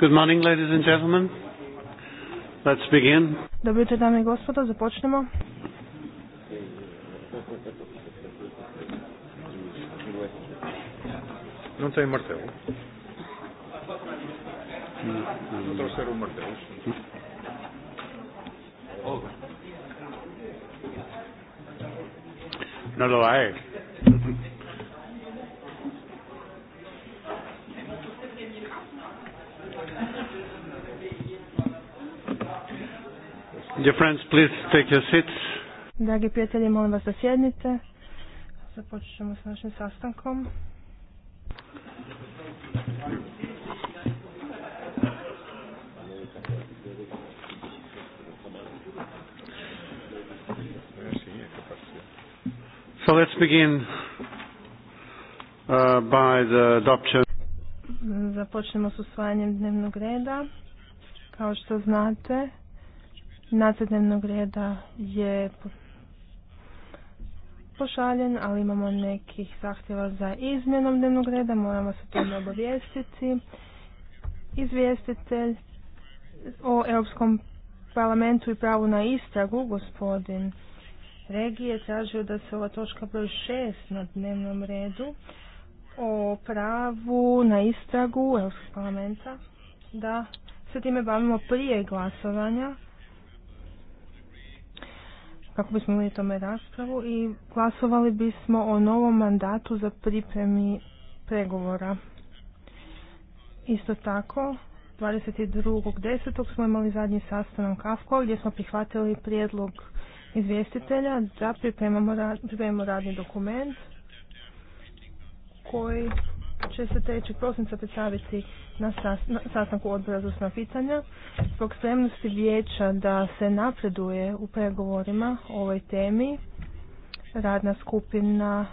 Good morning, ladies and gentlemen. Let's begin. Dobro jutro, dame i gospodo, započnemo. Non c'è il martello? Non trovo un martello. lo è. Dear friends, please take your seats. Dragi prijatelji, molim vas da sjednite. Započet ćemo s našim sastankom. So let's begin uh, by the adoption. Započnemo s usvajanjem dnevnog reda. Kao što znate, Nacrt dnevnog reda je pošaljen, ali imamo nekih zahtjeva za izmjenom dnevnog reda, Moramo se to tome obavijestiti. Izvjestitelj o Europskom parlamentu i pravu na istragu, gospodin regije je tražio da se ova točka broj 6 na dnevnom redu o pravu na istragu Europskog parlamenta, da se time bavimo prije glasovanja kako bismo imali tome raspravu i glasovali bismo o novom mandatu za pripremi pregovora. Isto tako, 22.10. smo imali zadnji sastanak KAFKO gdje smo prihvatili prijedlog izvjestitelja da pripremamo, pripremamo radni dokument koji će se treći prosinca predstaviti na, na sastanku odbora za osnovna pitanja zbog spremnosti vijeća da se napreduje u pregovorima o ovoj temi. Radna skupina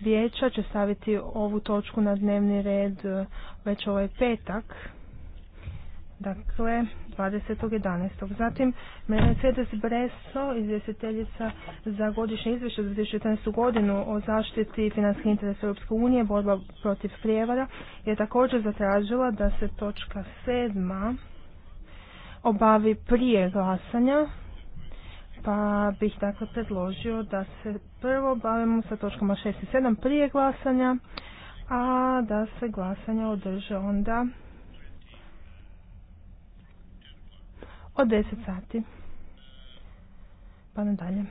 vijeća će staviti ovu točku na dnevni red e, već ovaj petak. Dakle, 20.11. Zatim Mercedes Bresso, izvjestiteljica za godišnje izvješće za 2014. godinu o zaštiti financijskih interesa Europske unije, borba protiv prijevara, je također zatražila da se točka sedma obavi prije glasanja, pa bih dakle predložio da se prvo bavimo sa točkama 6 i 7 prije glasanja, a da se glasanje održe onda od 10 sati. Pa nadalje.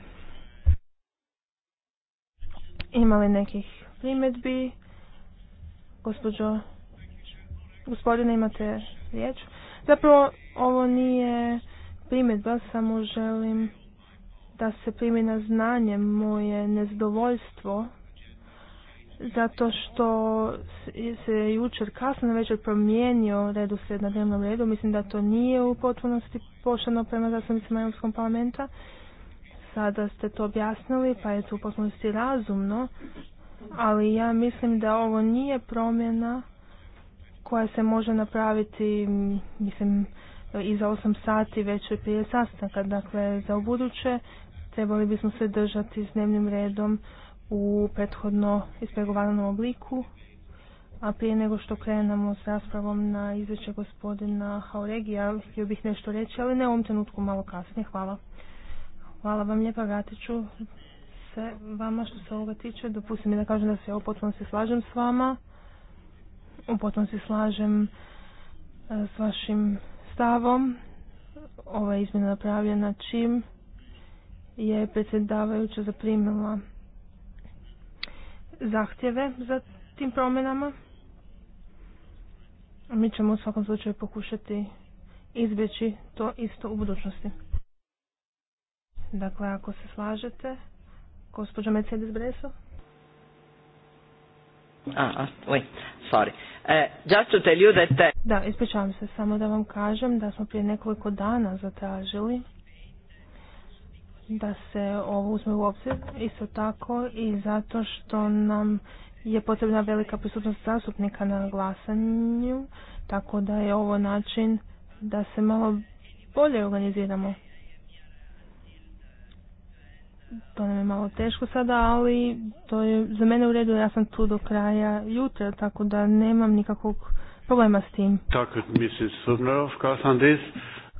Ima li nekih primjedbi? Gospođo, gospodine imate riječ. Zapravo ovo nije primjedba, samo želim da se primi na znanje moje nezdovoljstvo zato što se jučer kasno večer promijenio redu sred na dnevnom redu. Mislim da to nije u potpunosti pošteno prema zastavnicima Europskog parlamenta. Sada ste to objasnili, pa je to u potpunosti razumno, ali ja mislim da ovo nije promjena koja se može napraviti, mislim, i za 8 sati već prije sastanka. Dakle, za ubuduće trebali bismo se držati s dnevnim redom u prethodno ispregovaranom obliku. A prije nego što krenemo s raspravom na izveće gospodina Hauregija, htio bih nešto reći, ali ne u ovom trenutku, malo kasnije. Hvala. Hvala vam lijepa, vratit ću se vama što se ovoga tiče. Dopustim mi da kažem da se ja u potpunosti slažem s vama. U potpunosti slažem e, s vašim stavom. Ova izmjena napravljena čim je predsjedavajuća zaprimila zahtjeve za tim promjenama. Mi ćemo u svakom slučaju pokušati izbjeći to isto u budućnosti. Dakle, ako se slažete, gospođa Mercedes Breso. E, da, ispričavam se, samo da vam kažem da smo prije nekoliko dana zatražili da se ovo uzme u obzir isto tako i zato što nam je potrebna velika prisutnost zastupnika na glasanju, tako da je ovo način da se malo bolje organiziramo. To nam je malo teško sada, ali to je za mene u redu, ja sam tu do kraja jutra, tako da nemam nikakvog problema s tim. Tako, Mrs. of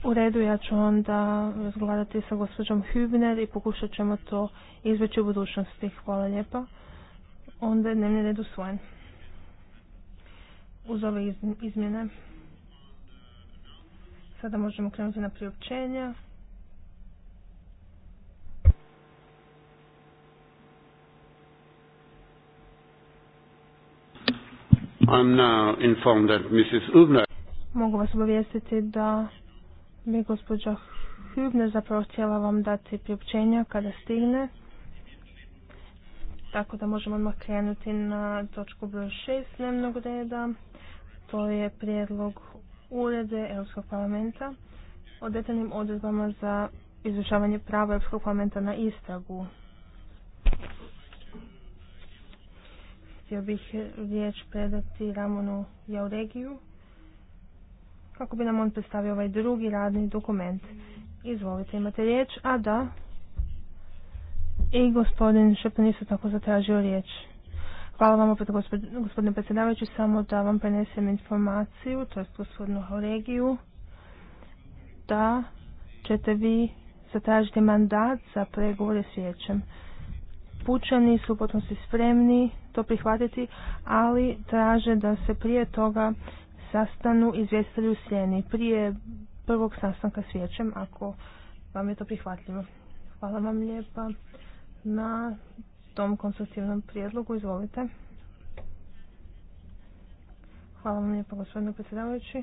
u redu, ja ću onda razgovarati sa gospođom Hübner i pokušat ćemo to izveći u budućnosti. Hvala lijepa. Onda je dnevni red usvojen. Uz ove izmjene. Sada možemo krenuti na priopćenja. Mogu vas obavijestiti da mi, gospođa Hübner zapravo htjela vam dati priopćenja kada stigne. Tako da možemo odmah krenuti na točku broj 6 dnevnog reda. To je prijedlog urede Europskog parlamenta o detaljnim odredbama za izvršavanje prava Europskog parlamenta na istragu. Htio bih riječ predati Ramonu Jauregiju kako bi nam on predstavio ovaj drugi radni dokument. Izvolite, imate riječ. A da, i gospodin Šepan isto tako zatražio riječ. Hvala vam opet gospodine predsjedavajući, samo da vam prenesem informaciju, to je gospodinu Horegiju, da ćete vi zatražiti mandat za pregovore s vijećem. Pučani su potom si spremni to prihvatiti, ali traže da se prije toga sastanu izvjestili u sjeni prije prvog sastanka s vijećem ako vam je to prihvatljivo. Hvala vam lijepa na tom konstruktivnom prijedlogu. Izvolite. Hvala vam lijepa gospodine predsjedavajući.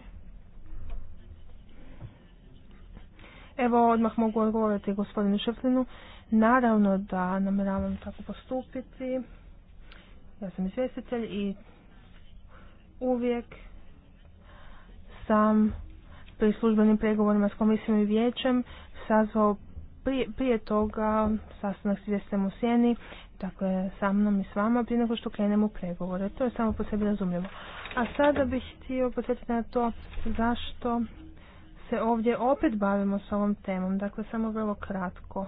Evo odmah mogu odgovoriti gospodinu Šeflinu. Naravno da namjeravam tako postupiti. Ja sam izvjestitelj i uvijek sam pri službenim pregovorima s komisijom i vijećem sazvao prije, prije toga sastanak s izvjestem u sjeni, dakle sa mnom i s vama prije nego što krenemo u pregovore. To je samo po sebi razumljivo. A sada bih htio podsjetiti na to zašto se ovdje opet bavimo s ovom temom, dakle samo vrlo kratko.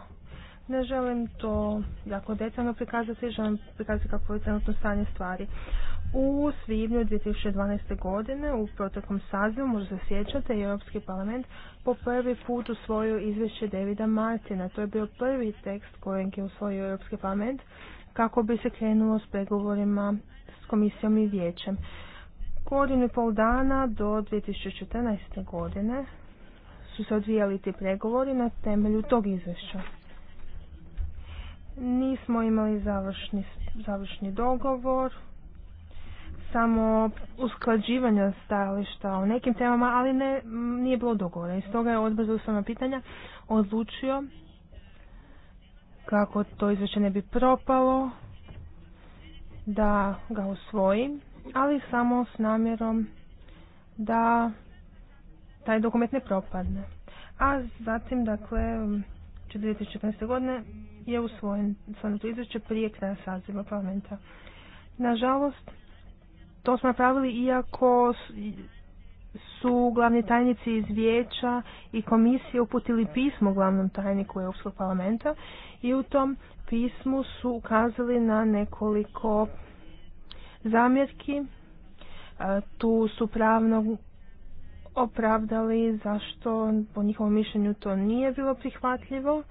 Ne želim to jako detaljno prikazati, želim prikazati kako je trenutno stanje stvari. U svibnju 2012. godine u protekom sazivu, možda se sjećate, Europski parlament po prvi put usvojio izvješće Davida Martina. To je bio prvi tekst kojeg je usvojio Europski parlament kako bi se krenulo s pregovorima s komisijom i vijećem. Godinu i pol dana do 2014. godine su se odvijali ti pregovori na temelju tog izvješća. Nismo imali završni, završni dogovor, samo usklađivanja stajališta o nekim temama, ali ne, nije bilo dogovora. I stoga je odbor za ustavna pitanja odlučio kako to izvješće ne bi propalo, da ga usvoji, ali samo s namjerom da taj dokument ne propadne. A zatim, dakle, 2014. godine je usvojen stvarno to izvješće prije kraja saziva parlamenta. Nažalost, to smo napravili iako su glavni tajnici iz vijeća i komisije uputili pismo glavnom tajniku Europskog parlamenta i u tom pismu su ukazali na nekoliko zamjerki. E, tu su pravno opravdali zašto po njihovom mišljenju to nije bilo prihvatljivo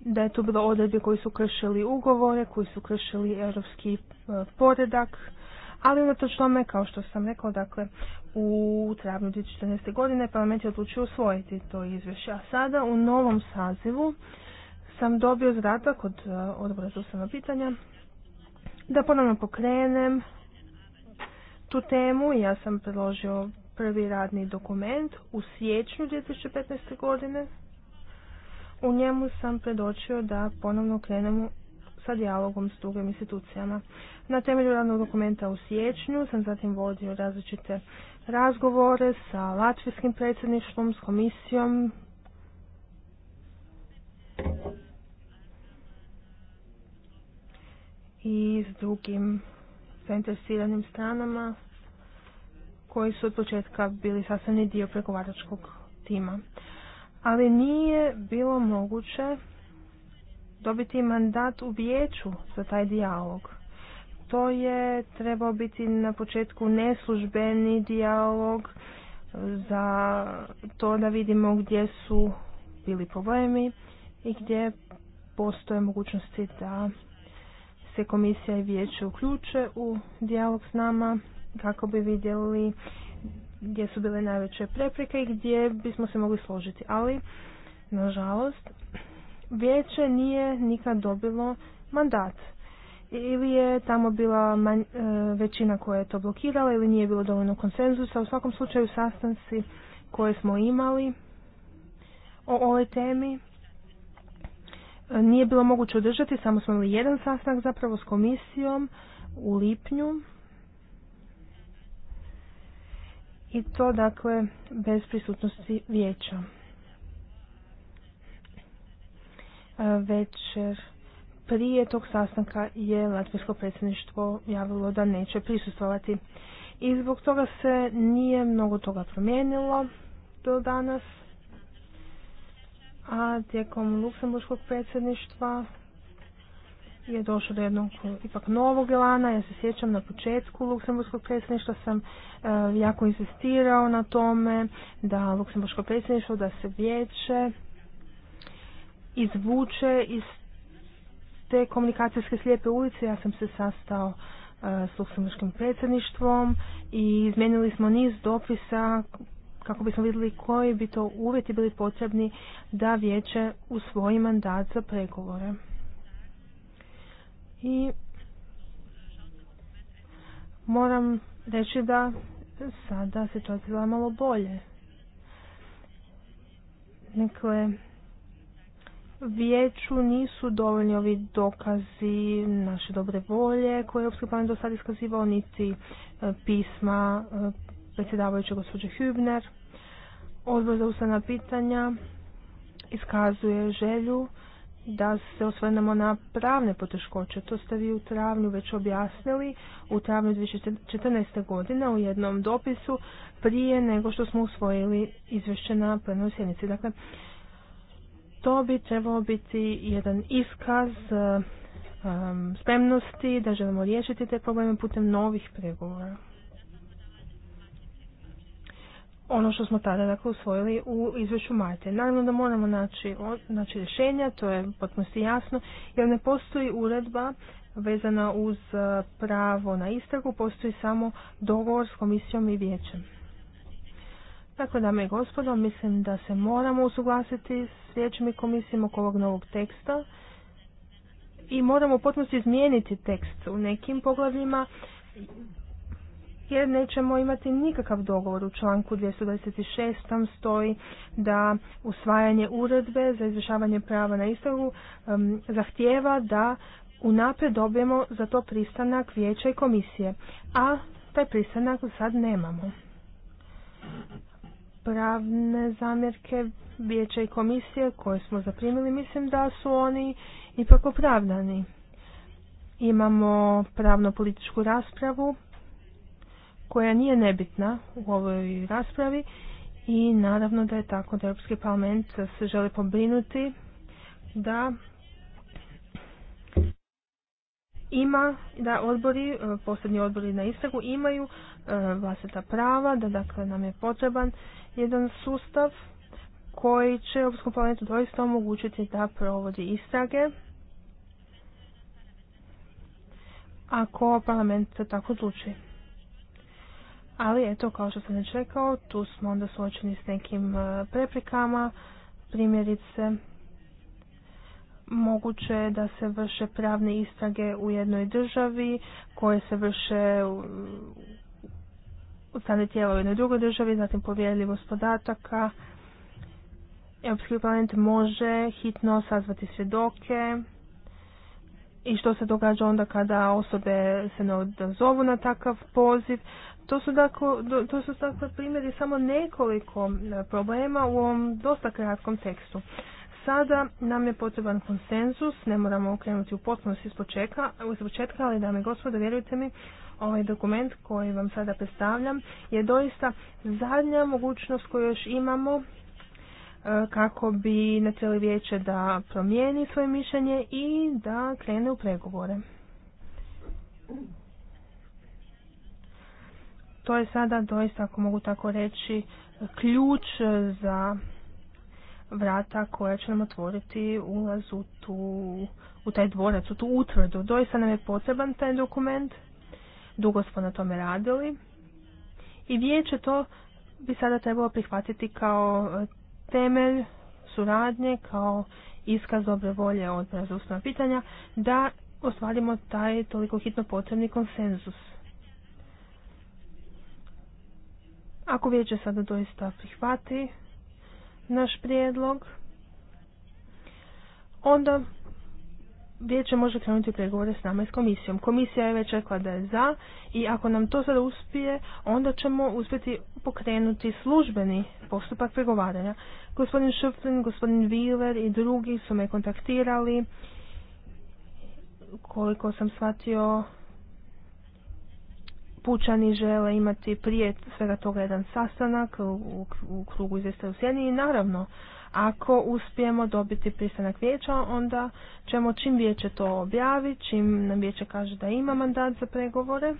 da je tu bilo odredbe koji su kršili ugovore, koji su kršili europski e, poredak, ali unatoč tome, kao što sam rekao, dakle, u travnju 2014. godine parlament je odlučio usvojiti to izvješće. A sada u novom sazivu sam dobio zadatak od e, odbora za ustavna pitanja da ponovno pokrenem tu temu. Ja sam predložio prvi radni dokument u siječnju 2015. godine u njemu sam predočio da ponovno krenemo sa dijalogom s drugim institucijama. Na temelju radnog dokumenta u siječnju sam zatim vodio različite razgovore sa latvijskim predsjedništvom, s komisijom. i s drugim zainteresiranim stranama koji su od početka bili sastavni dio pregovaračkog tima ali nije bilo moguće dobiti mandat u vijeću za taj dijalog. To je trebao biti na početku neslužbeni dijalog za to da vidimo gdje su bili problemi i gdje postoje mogućnosti da se komisija i vijeće uključe u dijalog s nama kako bi vidjeli gdje su bile najveće prepreke i gdje bismo se mogli složiti. Ali, nažalost, vijeće nije nikad dobilo mandat. Ili je tamo bila e, većina koja je to blokirala ili nije bilo dovoljno konsenzusa. U svakom slučaju sastanci koje smo imali o ovoj temi e, nije bilo moguće održati, samo smo imali jedan sastanak zapravo s komisijom u lipnju i to dakle bez prisutnosti vijeća. Večer prije tog sastanka je Latvijsko predsjedništvo javilo da neće prisustovati. I zbog toga se nije mnogo toga promijenilo do danas. A tijekom Luksemburškog predsjedništva je došlo do jednog ipak novog elana. Ja se sjećam na početku Luksemburskog predsjedništva sam e, jako insistirao na tome da Luksemburško predsjedništvo da se vijeće izvuče iz te komunikacijske slijepe ulice. Ja sam se sastao e, s Luksemburškim predsjedništvom i izmijenili smo niz dopisa kako bismo vidjeli koji bi to uvjeti bili potrebni da vijeće usvoji mandat za pregovore. I moram reći da sada situacija je malo bolje. Dakle, vijeću nisu dovoljni ovi dokazi naše dobre volje koje je Europski plan do sada iskazivao, niti e, pisma e, predsjedavajućeg gospođe Hübner. Odbor za ustavna pitanja iskazuje želju da se osvrnemo na pravne poteškoće. To ste vi u travnju već objasnili, u travnju 2014. godine u jednom dopisu prije nego što smo usvojili izvješće na plenoj sjednici. Dakle, to bi trebalo biti jedan iskaz eh, spremnosti da želimo riješiti te probleme putem novih pregovora ono što smo tada dakle, usvojili u izvješću Marte. Naravno da moramo naći, naći rješenja, to je potpunosti jasno, jer ne postoji uredba vezana uz e, pravo na istragu, postoji samo dogovor s komisijom i vijećem. Dakle, dame i gospodo, mislim da se moramo usuglasiti s vijećem i komisijom oko ovog novog teksta i moramo potpuno izmijeniti tekst u nekim poglavljima jer nećemo imati nikakav dogovor. U članku 226. stoji da usvajanje uredbe za izvršavanje prava na istragu um, da unaprijed dobijemo za to pristanak vijeća i komisije, a taj pristanak sad nemamo. Pravne zamjerke vijeća i komisije koje smo zaprimili mislim da su oni ipak opravdani. Imamo pravno-političku raspravu koja nije nebitna u ovoj raspravi i naravno da je tako da Europski parlament se želi pobrinuti da ima da odbori, e, posljednji odbori na istragu imaju e, vlastita prava, da dakle nam je potreban jedan sustav koji će Europskom parlamentu doista omogućiti da provodi istrage ako parlament tako odluči. Ali eto, kao što sam ne čekao, tu smo onda suočeni s nekim e, preprekama, primjerice moguće je da se vrše pravne istrage u jednoj državi koje se vrše u strane tijela u jednoj drugoj državi, zatim povjerljivost podataka. Europski parlament može hitno sazvati svjedoke i što se događa onda kada osobe se ne odazovu na takav poziv. To su, tako to su primjeri samo nekoliko e, problema u ovom dosta kratkom tekstu. Sada nam je potreban konsenzus, ne moramo okrenuti u potpunosti iz početka, ali dame i gospodo, vjerujte mi, ovaj dokument koji vam sada predstavljam je doista zadnja mogućnost koju još imamo e, kako bi na cijeli vijeće da promijeni svoje mišljenje i da krene u pregovore. To je sada doista, ako mogu tako reći, ključ za vrata koja će nam otvoriti ulaz u, tu, u taj dvorac, u tu utvrdu. Doista nam je potreban taj dokument, dugo smo na tome radili i vijeće to bi sada trebalo prihvatiti kao e, temelj suradnje, kao iskaz dobre volje od za pitanja, da ostvarimo taj toliko hitno potrebni konsenzus. Ako vijeće sada doista prihvati naš prijedlog, onda vijeće može krenuti pregovore s nama i s komisijom. Komisija je već rekla da je za i ako nam to sada uspije, onda ćemo uspjeti pokrenuti službeni postupak pregovaranja. Gospodin Šuflin, gospodin Viler i drugi su me kontaktirali. Koliko sam shvatio, pučani žele imati prije svega toga jedan sastanak u, u krugu izvjesta u sjeni i naravno ako uspijemo dobiti pristanak vijeća onda ćemo čim vijeće to objavi, čim nam vijeće kaže da ima mandat za pregovore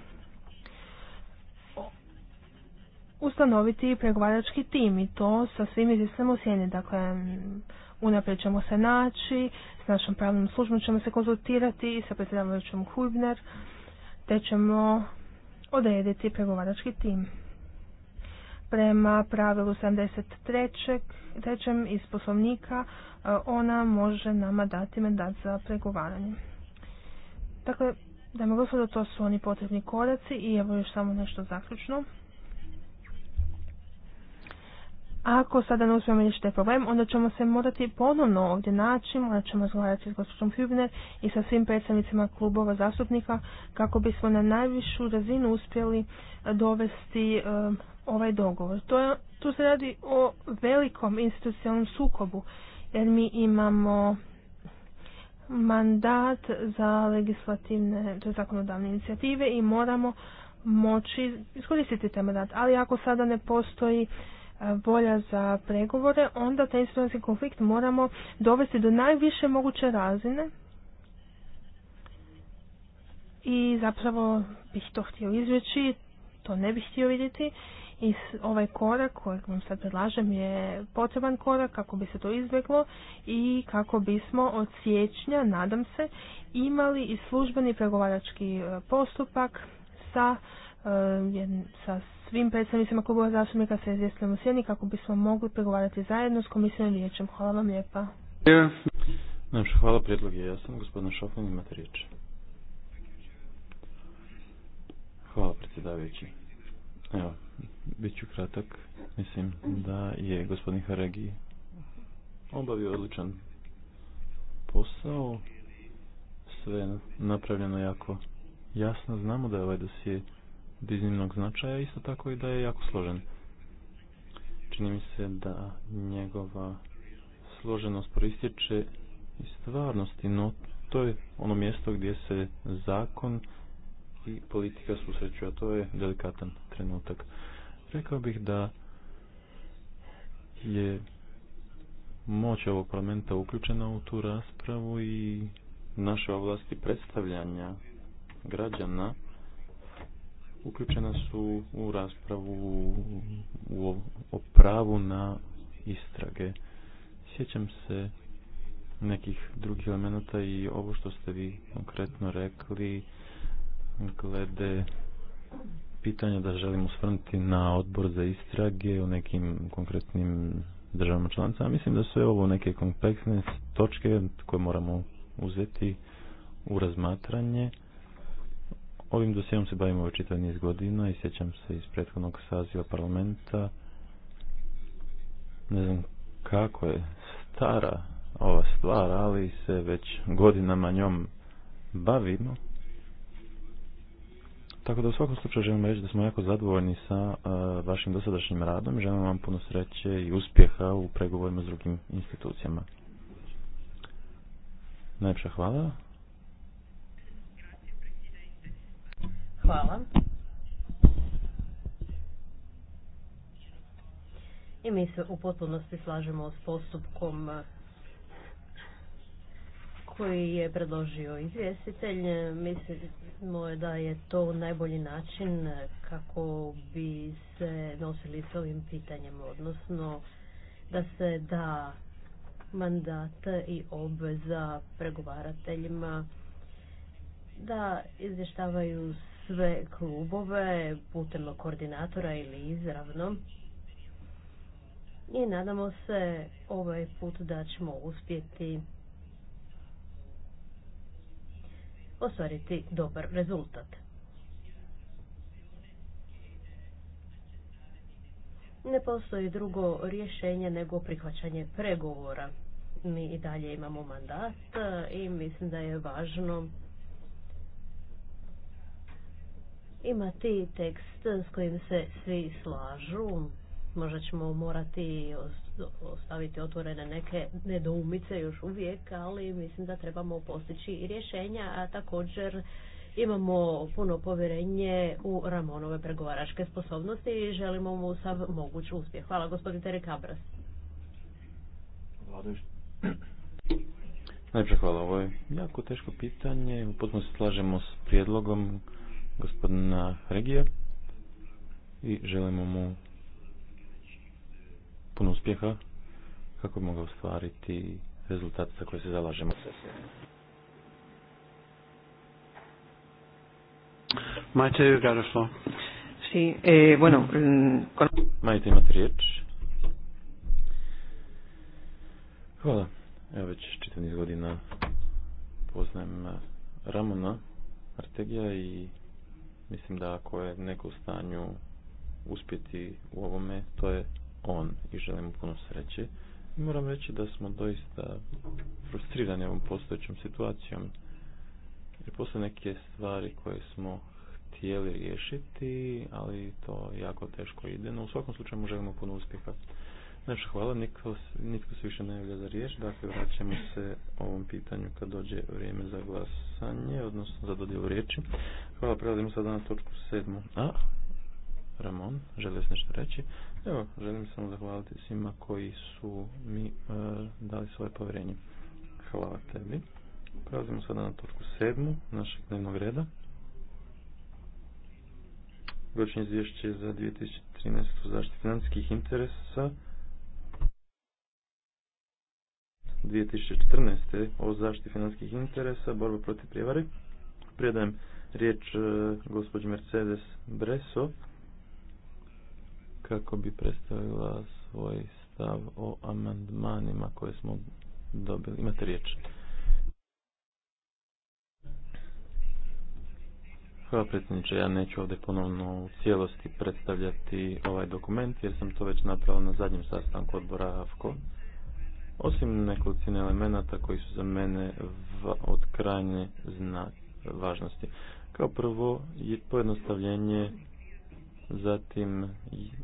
ustanoviti pregovarački tim i to sa svim izvjestom u sjeni. Dakle, unaprijed ćemo se naći, s našom pravnom službom ćemo se konzultirati sa predsjedavajućom Hubner, te ćemo odrediti pregovarački tim. Prema pravilu 73. iz poslovnika e, ona može nama dati mandat za pregovaranje. Dakle, da me gospodo, to su oni potrebni koraci i evo još samo nešto zaključno. Ako sada ne uspijemo riješiti problem, onda ćemo se morati ponovno ovdje naći, onda ćemo razgovarati s gospođom Hübner i sa svim predstavnicima klubova zastupnika kako bismo na najvišu razinu uspjeli e, dovesti e, ovaj dogovor. To tu se radi o velikom institucionalnom sukobu, jer mi imamo mandat za legislativne, to je zakonodavne inicijative i moramo moći iskoristiti taj mandat. Ali ako sada ne postoji volja za pregovore, onda taj instrumenski konflikt moramo dovesti do najviše moguće razine i zapravo bih to htio izveći, to ne bih htio vidjeti i ovaj korak kojeg vam sad predlažem je potreban korak kako bi se to izbjeglo i kako bismo od siječnja, nadam se, imali i službeni pregovarački e, postupak sa Eh, sa svim predstavnicima klubova zastupnika se izvjestljom u kako bismo mogli pregovarati zajedno s komisijom liječem. Hvala vam lijepa. Najpša hvala, prijedlog je jasan. Gospodin Šofan, imate riječ. Hvala, predsjedavajući. Evo, bit ću kratak. Mislim da je gospodin Haregi obavio odličan posao. Sve je napravljeno jako jasno. Znamo da je ovaj dosje od iznimnog značaja, isto tako i da je jako složen. Čini mi se da njegova složenost proistječe iz stvarnosti, no to je ono mjesto gdje se zakon i politika susreću, a to je delikatan trenutak. Rekao bih da je moć ovog parlamenta uključena u tu raspravu i naše ovlasti predstavljanja građana uključena su u raspravu u, o pravu na istrage. Sjećam se nekih drugih elemenata i ovo što ste vi konkretno rekli glede pitanja da želimo svrnuti na odbor za istrage u nekim konkretnim državama članicama. Mislim da sve ovo neke kompleksne točke koje moramo uzeti u razmatranje Ovim dosijom se bavimo čitav niz godina i sjećam se iz prethodnog saziva parlamenta. Ne znam kako je stara ova stvar, ali se već godinama njom bavimo. Tako da u svakom slučaju želim reći da smo jako zadovoljni sa e, vašim dosadašnjim radom. Želim vam puno sreće i uspjeha u pregovorima s drugim institucijama. Najpša hvala. Hvala. I mi se u potpunosti slažemo s postupkom koji je predložio izvjestitelj. Mislimo da je to najbolji način kako bi se nosili s ovim pitanjem, odnosno da se da mandat i obveza pregovarateljima da izvještavaju sve klubove putem koordinatora ili izravno. I nadamo se ovaj put da ćemo uspjeti ostvariti dobar rezultat. Ne postoji drugo rješenje nego prihvaćanje pregovora. Mi i dalje imamo mandat e, i mislim da je važno imati tekst s kojim se svi slažu. Možda ćemo morati ostaviti otvorene neke nedoumice još uvijek, ali mislim da trebamo postići i rješenja, a također imamo puno povjerenje u Ramonove pregovaračke sposobnosti i želimo mu sav moguć uspjeh. Hvala gospodin Terek Abras. Najprej hvala, ovo je jako teško pitanje. Potpuno se slažemo s prijedlogom gospodina Regija i želimo mu puno uspjeha kako bi mogao ostvariti rezultat za koje se zalažemo. Majte, što? Si, eh, bueno, mm, con... Majte, imate riječ. Hvala. Evo već čitav godina poznajem Ramona Artegija i Mislim da ako je neko u stanju uspjeti u ovome, to je on i želim mu puno sreće. I moram reći da smo doista frustrirani ovom postojećom situacijom. Jer postoje neke stvari koje smo htjeli riješiti, ali to jako teško ide. No u svakom slučaju mu želimo puno uspjeha. Znači, hvala, nitko, nitko se više ne javlja za riječ, dakle vraćamo se ovom pitanju kad dođe vrijeme za glasanje, odnosno za dodjelu riječi. Hvala, prelazimo sada na točku sedmu. A, Ramon, želio se nešto reći. Evo, želim samo zahvaliti svima koji su mi e, dali svoje povjerenje. Hvala tebi. Prelazimo sada na točku sedmu našeg dnevnog reda. Godišnje izvješće za 2013. zaštiti financijskih interesa 2014. o zaštiti finanskih interesa, borba protiv prijevare. Prijedajem riječ e, gospođi Mercedes Breso kako bi predstavila svoj stav o amandmanima koje smo dobili. Imate riječ. Hvala predsjedniče, ja neću ovdje ponovno u cijelosti predstavljati ovaj dokument jer sam to već napravio na zadnjem sastanku odbora AFKO. Osim nekolicine elemenata koji su za mene od krajnje važnosti. Kao prvo je pojednostavljenje, zatim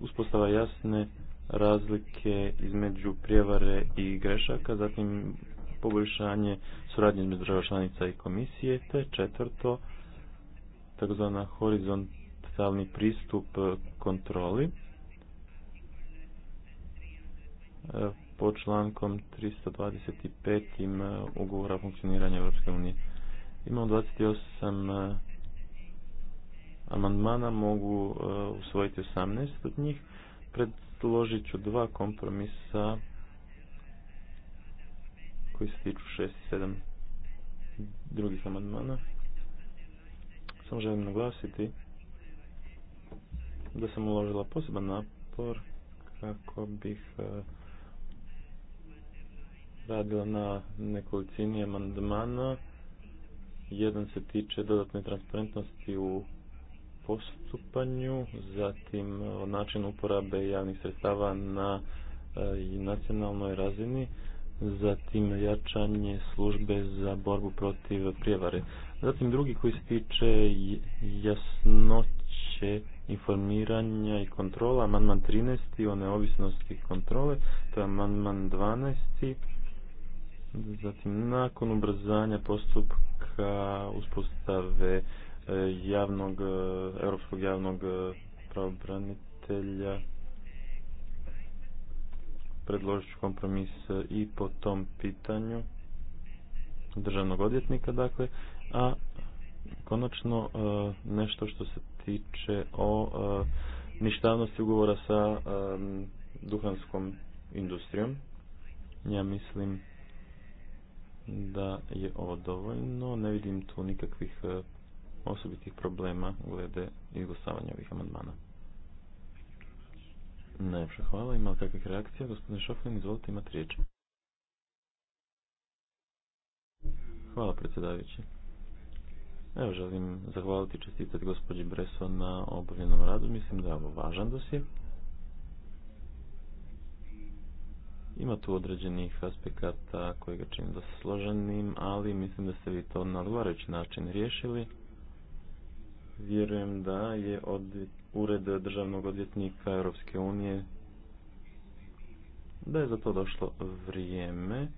uspostava jasne razlike između prijevare i grešaka, zatim poboljšanje suradnje između država članica i komisije, te četvrto, takozvana horizontalni pristup kontroli. E, po člankom 325. ugovora o funkcioniranju Europske unije. Imamo 28 e, amandmana, mogu e, usvojiti 18 od njih. Predložit ću dva kompromisa koji se tiču 6 i 7 drugih amandmana. Samo želim naglasiti da sam uložila poseban napor kako bih e, radila na nekolicini amandmana. Jedan se tiče dodatne transparentnosti u postupanju, zatim e, o načinu uporabe javnih sredstava na e, nacionalnoj razini, zatim jačanje službe za borbu protiv prijevare. Zatim drugi koji se tiče jasnoće informiranja i kontrola, amandman 13. o neovisnosti kontrole, to je amandman 12. Zatim, nakon ubrzanja postupka uspostave e, javnog, e, europskog javnog e, pravobranitelja, predložit ću kompromis i po tom pitanju državnog odvjetnika, dakle, a konačno nešto što se tiče o ništavnosti ugovora sa duhanskom industrijom. Ja mislim da je ovo dovoljno. Ne vidim tu nikakvih e, osobitih problema glede izglasavanja ovih amandmana. Najljepša hvala. Ima li kakvih reakcija? Gospodin Šoflin, izvolite, imati riječ. Hvala predsjedavajući. Evo želim zahvaliti i čestitati gospođi Breso na obavljenom radu. Mislim da je ovo važan dosje Ima tu određenih aspekata koji ga čini dosta složenim, ali mislim da ste vi to na odgovarajući način riješili. Vjerujem da je od Ured državnog odvjetnika Europske unije da je za to došlo vrijeme.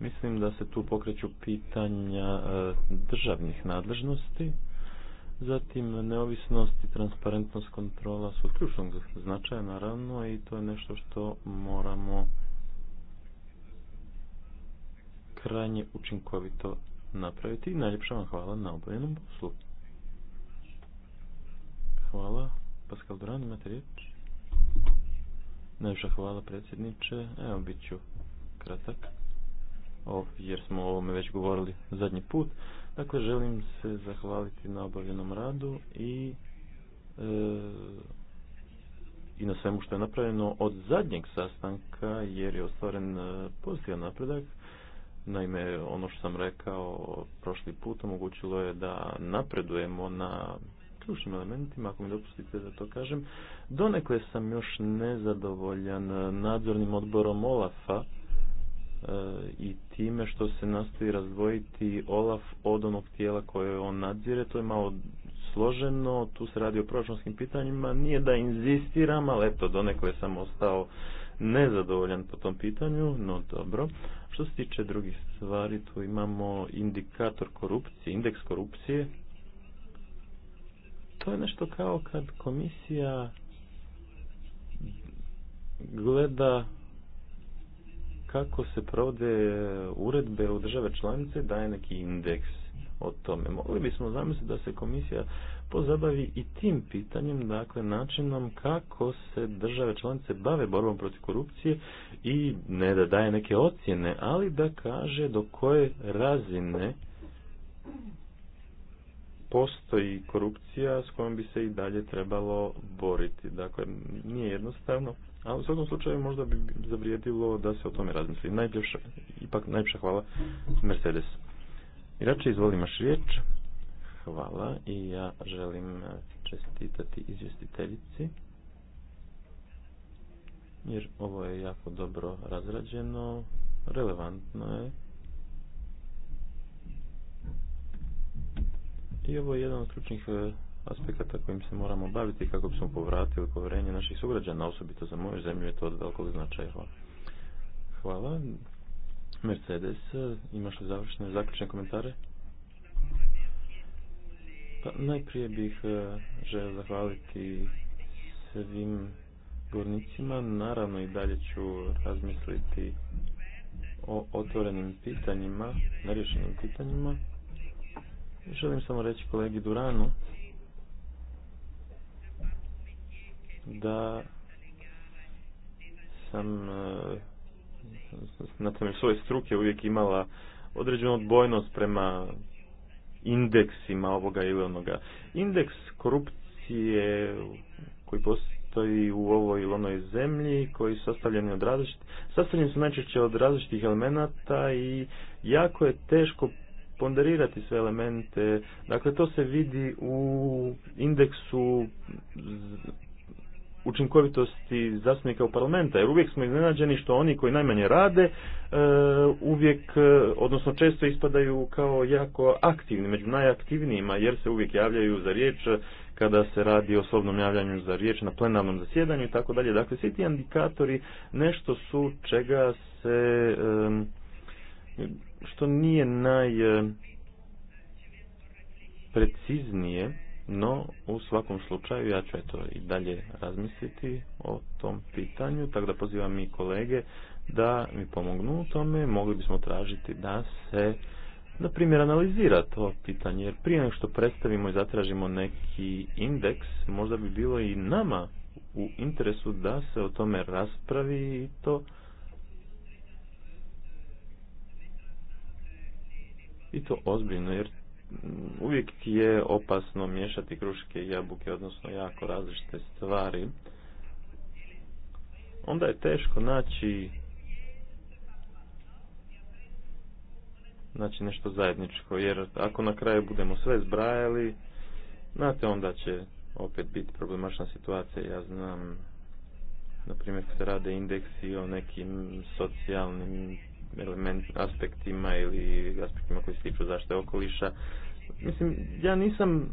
Mislim da se tu pokreću pitanja e, državnih nadležnosti. Zatim, neovisnost i transparentnost kontrola su ključnog značaja, naravno, i to je nešto što moramo krajnje učinkovito napraviti. I najljepša vam hvala na obojenom poslu. Hvala. Pascal Duran, imate riječ? Najljepša hvala predsjedniče. Evo, bit ću kratak. jer smo o ovome već govorili zadnji put. Dakle, želim se zahvaliti na obavljenom radu i e, i na svemu što je napravljeno od zadnjeg sastanka jer je ostvaren e, pozitivan napredak. Naime, ono što sam rekao prošli put omogućilo je da napredujemo na ključnim elementima, ako mi dopustite da to kažem. Donekle sam još nezadovoljan nadzornim odborom OLAF-a i time što se nastoji razdvojiti Olaf od onog tijela koje on nadzire, to je malo složeno, tu se radi o proračunskim pitanjima, nije da inzistiram, ali eto, donekle sam ostao nezadovoljan po tom pitanju, no dobro. Što se tiče drugih stvari, tu imamo indikator korupcije, indeks korupcije. To je nešto kao kad komisija gleda kako se provode uredbe u države članice daje neki indeks o tome. Mogli bismo zamisliti da se komisija pozabavi i tim pitanjem, dakle načinom kako se države članice bave borbom protiv korupcije i ne da daje neke ocjene, ali da kaže do koje razine postoji korupcija s kojom bi se i dalje trebalo boriti. Dakle, nije jednostavno, a u svakom slučaju možda bi zavrijedilo da se o tome razmisli. Najljepša, ipak najljepša hvala Mercedes. Inače izvolim još riječ. Hvala i ja želim eh, čestitati izvjestiteljici. Jer ovo je jako dobro razrađeno, relevantno je. I ovo je jedan od ključnih eh, aspekata kojim se moramo baviti kako bismo povratili povjerenje naših sugrađana, osobito za moju zemlju je to od velikog značaja. Hvala. Hvala. Mercedes, imaš li završne zaključne komentare? Pa, najprije bih e, želio zahvaliti svim gornicima. Naravno i dalje ću razmisliti o otvorenim pitanjima, nerješenim pitanjima. Želim samo reći kolegi Duranu da sam e, na temelju svoje struke uvijek imala određenu odbojnost prema indeksima ovoga ili onoga. Indeks korupcije koji postoji u ovoj ili onoj zemlji, koji su sastavljeni od različitih, sastavljeni su najčešće od različitih elemenata i jako je teško ponderirati sve elemente. Dakle, to se vidi u indeksu učinkovitosti zastupnika u parlamenta, jer uvijek smo iznenađeni što oni koji najmanje rade, e, uvijek, e, odnosno često ispadaju kao jako aktivni, među najaktivnijima, jer se uvijek javljaju za riječ kada se radi o osobnom javljanju za riječ na plenarnom zasjedanju i tako dalje. Dakle, svi ti indikatori nešto su čega se, što nije naj e, preciznije no, u svakom slučaju ja ću eto i dalje razmisliti o tom pitanju, tako da pozivam i kolege da mi pomognu u tome, mogli bismo tražiti da se na primjer analizira to pitanje, jer prije nego što predstavimo i zatražimo neki indeks, možda bi bilo i nama u interesu da se o tome raspravi i to i to ozbiljno, jer uvijek je opasno miješati kruške i jabuke, odnosno jako različite stvari. Onda je teško naći znači nešto zajedničko, jer ako na kraju budemo sve zbrajali, znate, onda će opet biti problemačna situacija, ja znam, na primjer, se rade indeksi o nekim socijalnim element, aspektima ili aspektima koji se tiču zaštite okoliša. Mislim, ja nisam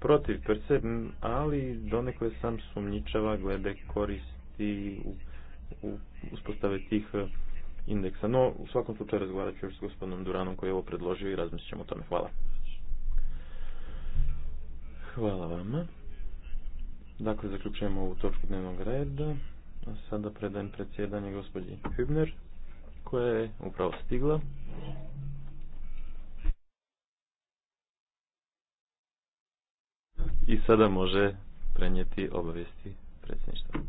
protiv per se, ali donekle sam sumnjičava glede koristi u, u uspostave tih eh, indeksa. No, u svakom slučaju razgovarat ću još s gospodinom Duranom koji je ovo predložio i razmislit ćemo o tome. Hvala. Hvala vama. Dakle, zaključujemo ovu točku dnevnog reda. A sada predajem predsjedanje gospođi Hübner koja je upravo stigla. I sada može prenijeti obavijesti predsjedništva.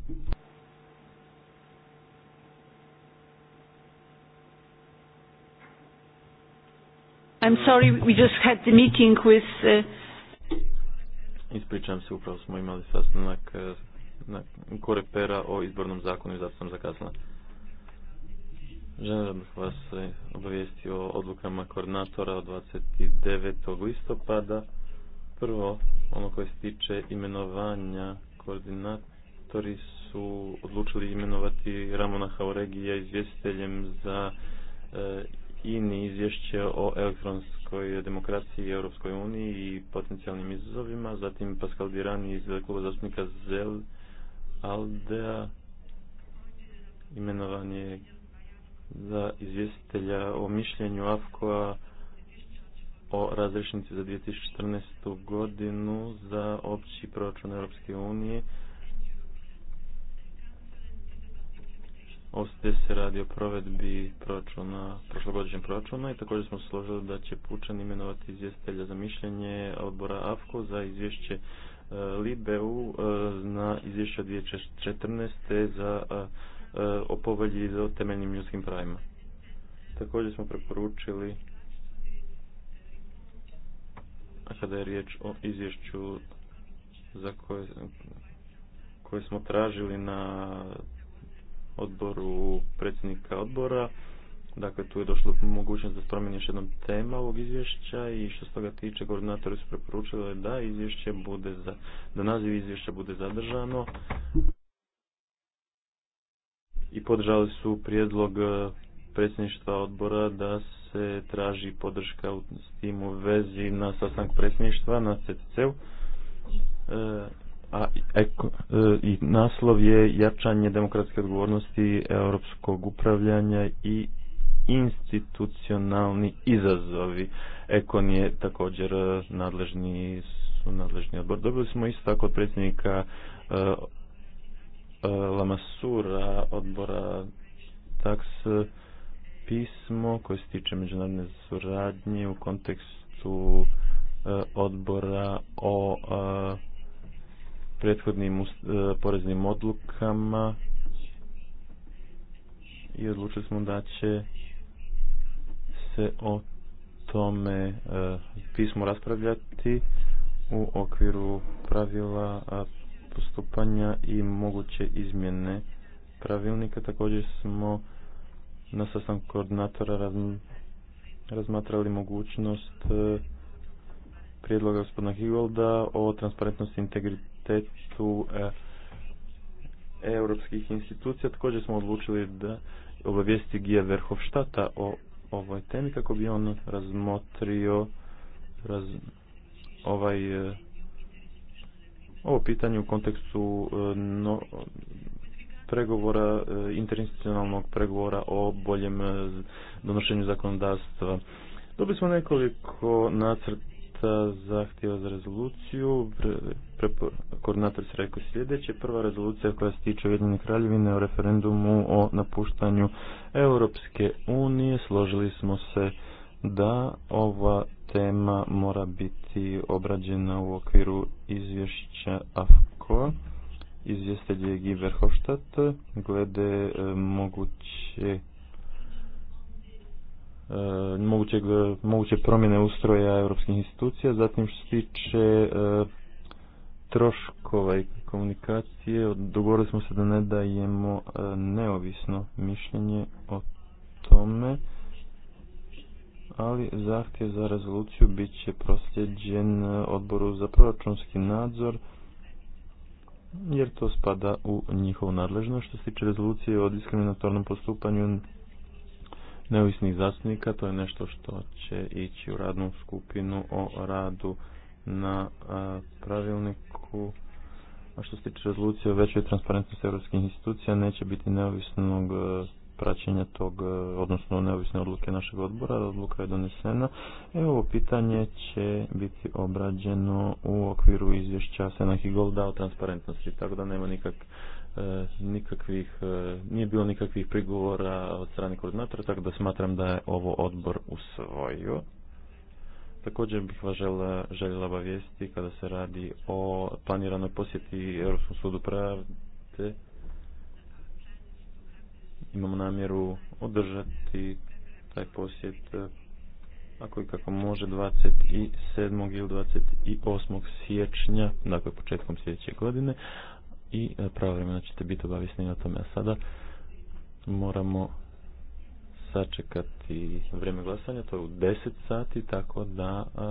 I'm sorry, we just had the meeting with... Uh, se, upravo smo imali sastanak uh, na korepera o izbornom zakonu i zato sam zakazala. Želim bih vas obavijesti o odlukama koordinatora od 29. listopada. Prvo, ono koje se tiče imenovanja koordinatori su odlučili imenovati Ramona Hauregija izvjestiteljem za e, INI izvješće o elektronskoj demokraciji i Europskoj uniji i potencijalnim izazovima. Zatim Pascal Dirani iz kluba zastupnika ZEL Aldea Imenovanje za izvjestitelja o mišljenju afko o razrešnici za 2014. godinu za opći proračun Europske unije. Ovdje se radi o provedbi proračuna, prošlogodišnjeg proračuna i također smo složili da će Pučan imenovati izvjestitelja za mišljenje odbora AFKO za izvješće e, Libeu e, na izvješće 2014. za e, Eh, o povelji za temeljnim ljudskim pravima. Također smo preporučili a kada je riječ o izvješću za koje, koje smo tražili na odboru predsjednika odbora, Dakle, tu je došlo mogućnost da se promijeni još jednom tema ovog izvješća i što se toga tiče, koordinatori su preporučili da izvješće bude, za, da naziv izvješća bude zadržano, i podržali su prijedlog e, predsjedništva odbora da se traži podrška u, s tim u vezi na sastanak predsjedništva na ctc u e, a e, i naslov je jačanje demokratske odgovornosti europskog upravljanja i institucionalni izazovi. Ekon je također nadležni su nadležni odbor. Dobili smo isto tako od predsjednika e, Lamasura odbora taks pismo koje se tiče međunarodne suradnje u kontekstu e, odbora o e, prethodnim e, poreznim odlukama i odlučili smo da će se o tome pismo raspravljati u okviru pravila postupanja i moguće izmjene pravilnika. Također smo na sastanku koordinatora razmatrali mogućnost e, prijedloga gospodina Higolda o transparentnosti i integritetu e, europskih institucija. Također smo odlučili da obavijesti Gija Verhofštata o ovoj temi kako bi on razmotrio ovaj e, ovo pitanje u kontekstu e, pregovora, e, interinstitucionalnog pregovora o boljem e, donošenju zakonodavstva. Dobili smo nekoliko nacrta zahtjeva za rezoluciju. Koordinator se rekao sljedeće. Prva rezolucija koja se tiče Ujedinjene kraljevine o referendumu o napuštanju Europske unije. Složili smo se da ova tema mora biti biti obrađena u okviru izvješća AFKO. izvjestelje Giberhofstadt, glede e, moguće e, mogućeg, moguće promjene ustroja europskih institucija, zatim što se tiče e, troškova i komunikacije, dogovorili smo se da ne dajemo neovisno mišljenje o tome ali zahtjev za rezoluciju bit će prosljeđen e, odboru za proračunski nadzor jer to spada u njihovu nadležnost. Što se tiče rezolucije o diskriminatornom postupanju neovisnih zastupnika, to je nešto što će ići u radnu skupinu o radu na e, pravilniku. A što se tiče rezolucije o većoj transparentnosti europskih institucija, neće biti neovisnog e, praćenja tog, e, odnosno neovisne odluke našeg odbora, odluka je donesena. Evo ovo pitanje će biti obrađeno u okviru izvješća Senak i Golda o transparentnosti, tako da nema nikak, e, nikakvih, e, nije bilo nikakvih prigovora od strane koordinatora, tako da smatram da je ovo odbor usvojio. Također bih vas žela, željela obavijestiti kada se radi o planiranoj posjeti Europskom sudu pravde imamo namjeru održati taj posjet e, ako i kako može 27. ili 28. siječnja, dakle početkom sljedeće godine i e, vremena ćete biti obavisni na tome. A sada moramo sačekati vrijeme glasanja, to je u 10 sati, tako da e,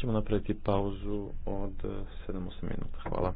ćemo napraviti pauzu od 7-8 minuta. Hvala.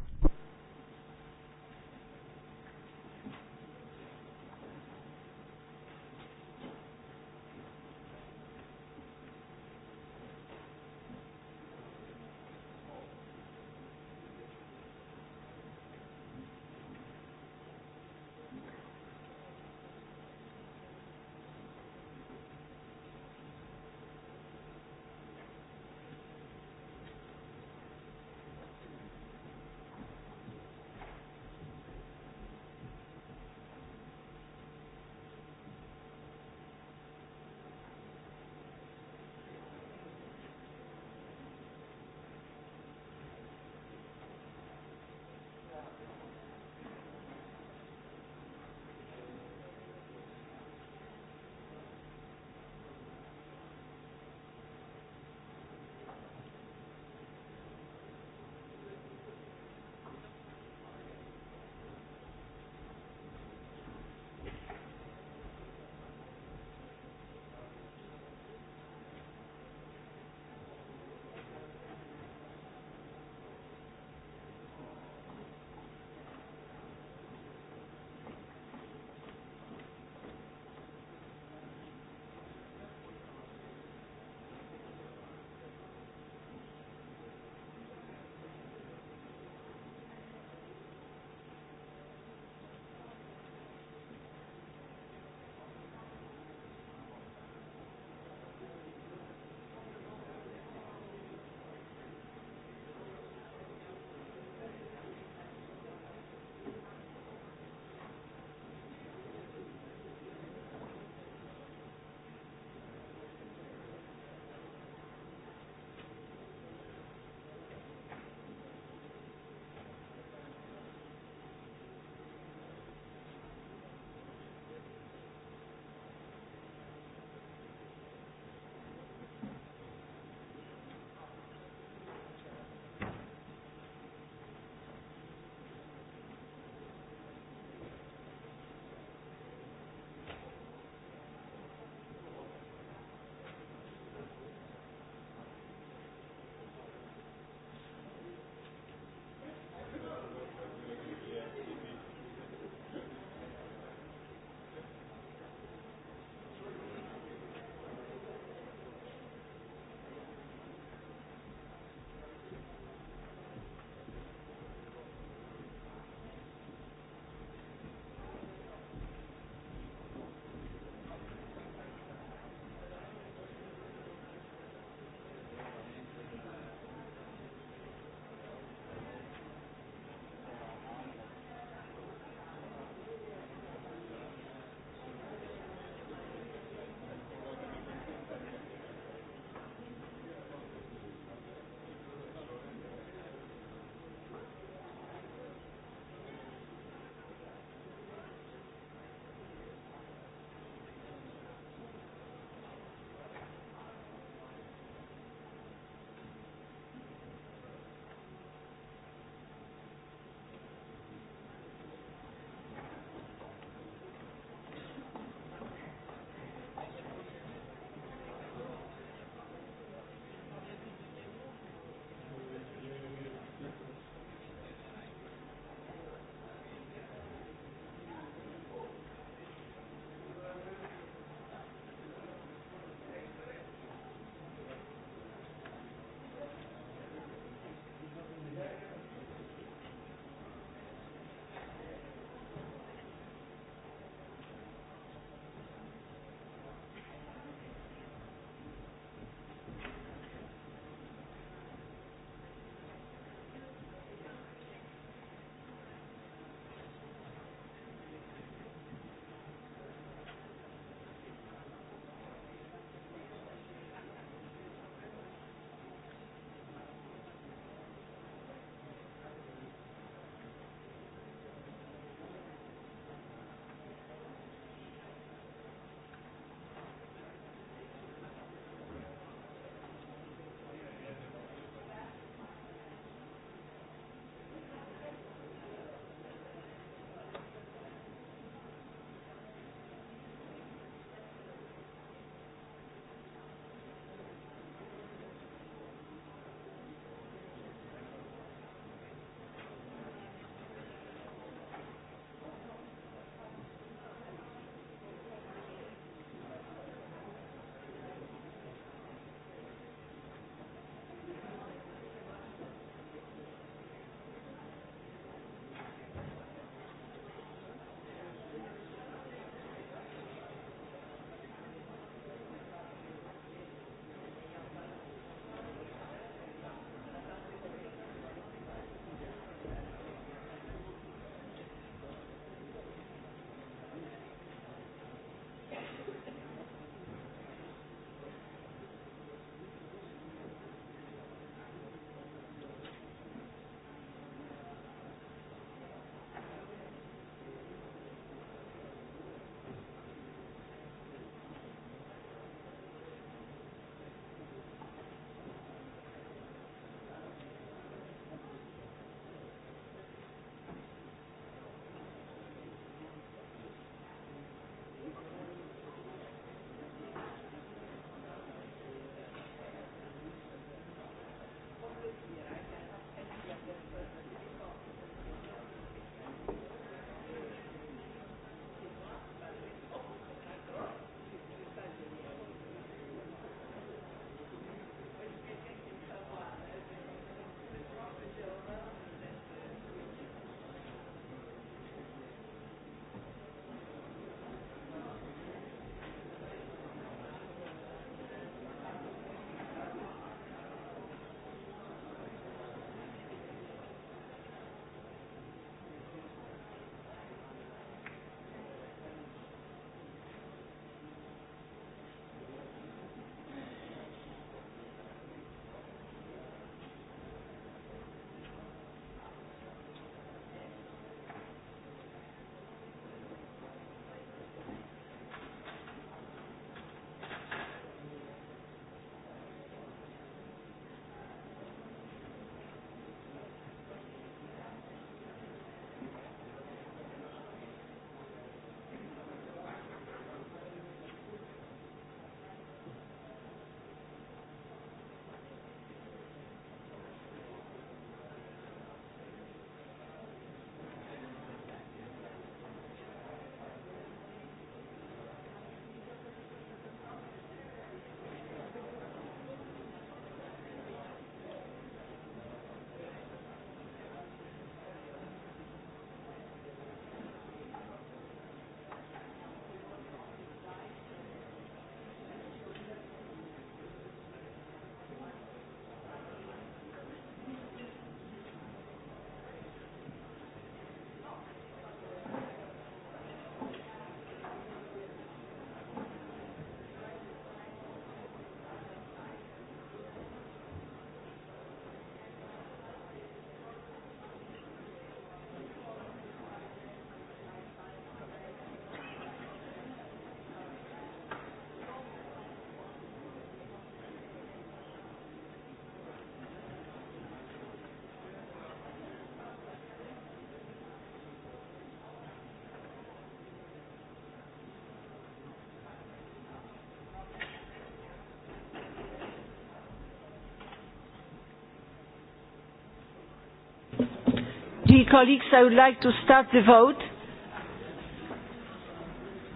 Dear colleagues, I would like to start the vote.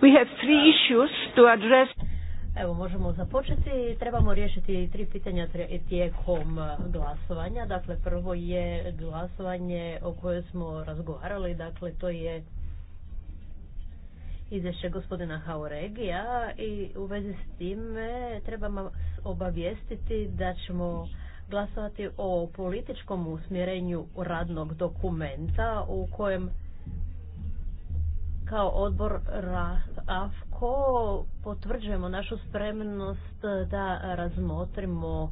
We have three issues to address. Evo, možemo započeti. Trebamo riješiti tri pitanja tijekom e, glasovanja. Dakle, prvo je glasovanje o kojoj smo razgovarali. Dakle, to je izvješće gospodina Hauregija i u vezi s time trebamo obavijestiti da ćemo glasovati o političkom usmjerenju radnog dokumenta u kojem kao odbor AFKO potvrđujemo našu spremnost da razmotrimo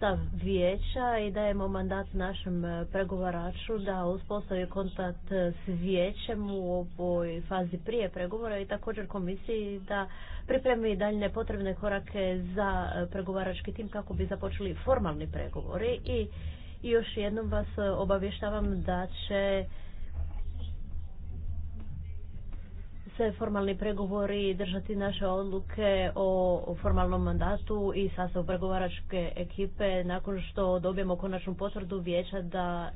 stav vijeća i dajemo mandat našem e, pregovaraču da uspostavi kontakt s vijećem u ovoj fazi prije pregovora i također komisiji da pripremi daljne potrebne korake za e, pregovarački tim kako bi započeli formalni pregovori i još jednom vas e, obavještavam da će se formalni pregovori držati naše odluke o formalnom mandatu i sastavu pregovaračke ekipe nakon što dobijemo konačnu potvrdu vijeća da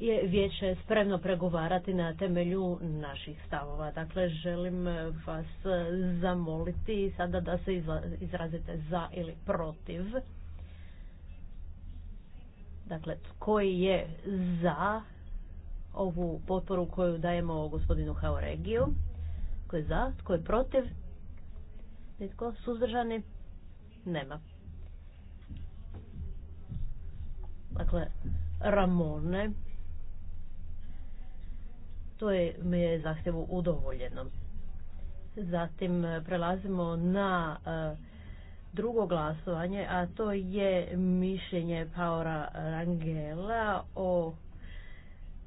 je vijeće spremno pregovarati na temelju naših stavova. Dakle, želim vas zamoliti sada da se izrazite za ili protiv. Dakle, koji je za ovu potporu koju dajemo gospodinu Haoregiju? Tko je za? Tko je protiv? Nitko? Suzdržani? Nema. Dakle, Ramone. To je mi je zahtjevu udovoljeno. Zatim e, prelazimo na e, drugo glasovanje, a to je mišljenje Paora Rangela o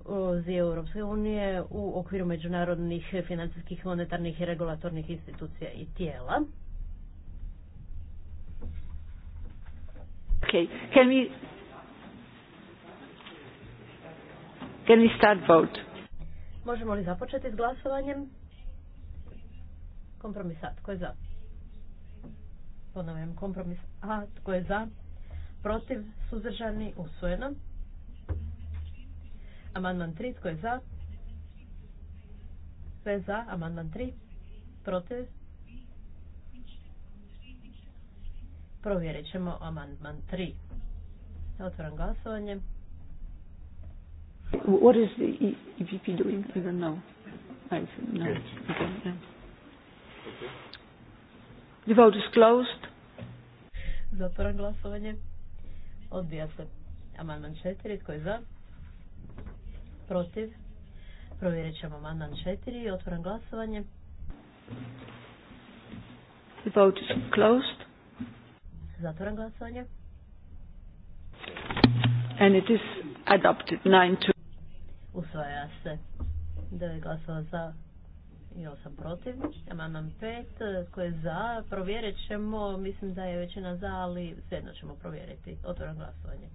o Europske unije u okviru međunarodnih financijskih, monetarnih i regulatornih institucija i tijela. Okay. Can we, start vote? Možemo li započeti s glasovanjem? Kompromis A, tko je za? Ponavljam, kompromis A, tko je za? Protiv, suzdržani, usvojeno. Amandman 3, tko je za? Sve za, amandman 3. Protiv? Provjerit ćemo amandman 3. Otvoram glasovanje. What is the EPP doing? I don't know. I don't know. Okay, The vote is closed. Zatvoram glasovanje. Odbija se amandman 4. Tko je za? protiv, provjerit ćemo mandan 4, otvoram glasovanje. The vote is closed. Zatvoram glasovanje. And it is adopted to... Usvaja se. je glasova za i osam protiv. Amandman pet. tko je za, provjerit ćemo, mislim da je većina za, ali jedno ćemo provjeriti. Otvoram glasovanje.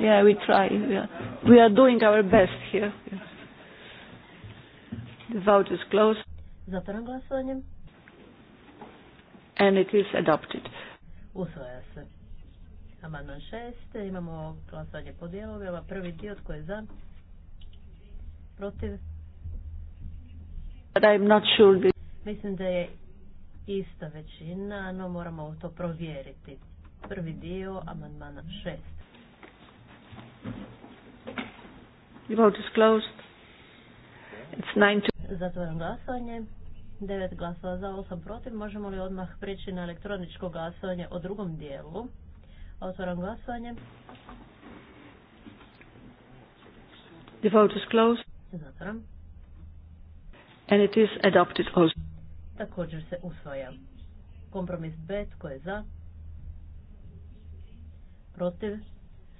Yeah, we try. Yeah. We are doing our best here. The vote is closed. Zatvaram glasovanje. And it is adopted. Usvaja se. Amandman šest Imamo glasovanje po dijelovima. Prvi dio tko je za? Protiv? But I'm not sure. Mislim da je ista većina, no moramo to provjeriti. Prvi dio amandmana šest The vote closed. It's nine to... glasovanje. Devet glasova za, osam protiv. Možemo li odmah prići na elektroničko glasovanje o drugom dijelu? Otvaram glasovanje. The Također se usvaja. Kompromis B, tko je za? Protiv?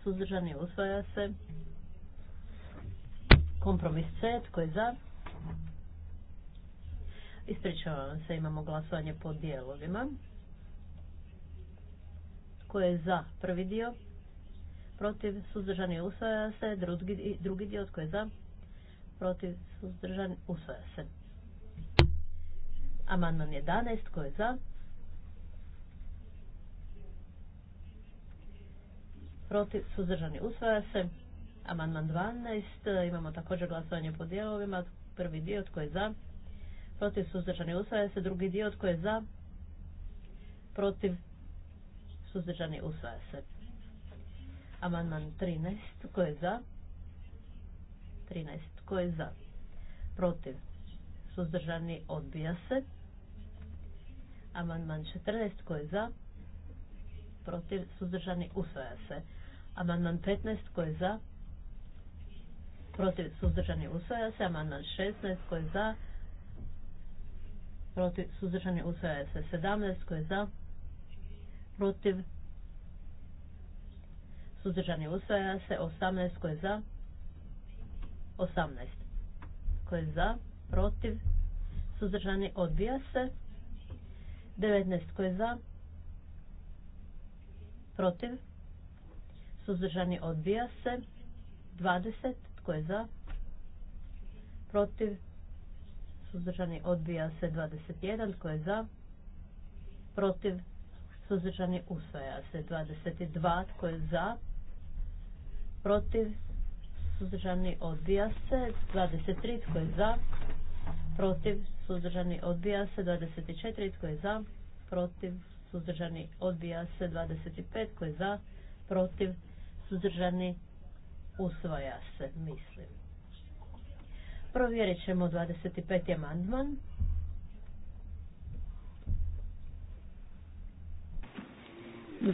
suzdržani, usvaja se. Kompromis C, tko je za? Ispričavam se, imamo glasovanje po dijelovima. Tko je za prvi dio? Protiv, suzdržani, usvaja se. Drugi, drugi dio, tko je za? Protiv, suzdržani, usvaja se. Amandman 11, tko je za? protiv, suzdržani, usvaja se. Amandman 12, imamo također glasovanje po dijelovima, prvi dio tko je za, protiv, suzdržani, usvaja se, drugi dio tko je za, protiv, suzdržani, usvaja se. Amandman 13, tko je za, 13, tko je za, protiv, suzdržani, odbija se. Amandman 14, tko je za, protiv, suzdržani, usvaja se. Amandman 15 koji je za, protiv suzdržani usvaja se. Amandman 16 koji je za, protiv suzdržani usvaja se. 17 koji je za, protiv suzdržani usvaja se. 18 koji je za, 18 koji je za, protiv suzdržani odbija se. 19 koji je za, protiv suzdržani odbija se 20 tko je za protiv suzdržani odbija se 21 tko je za protiv suzdržani usvaja se 22 tko je za protiv suzdržani odbija se 23 tko je za protiv suzdržani odbija se 24 tko je za protiv suzdržani odbija se 25 tko je za protiv suzdržani, usvaja se, mislim. Provjerit ćemo 25. amandman.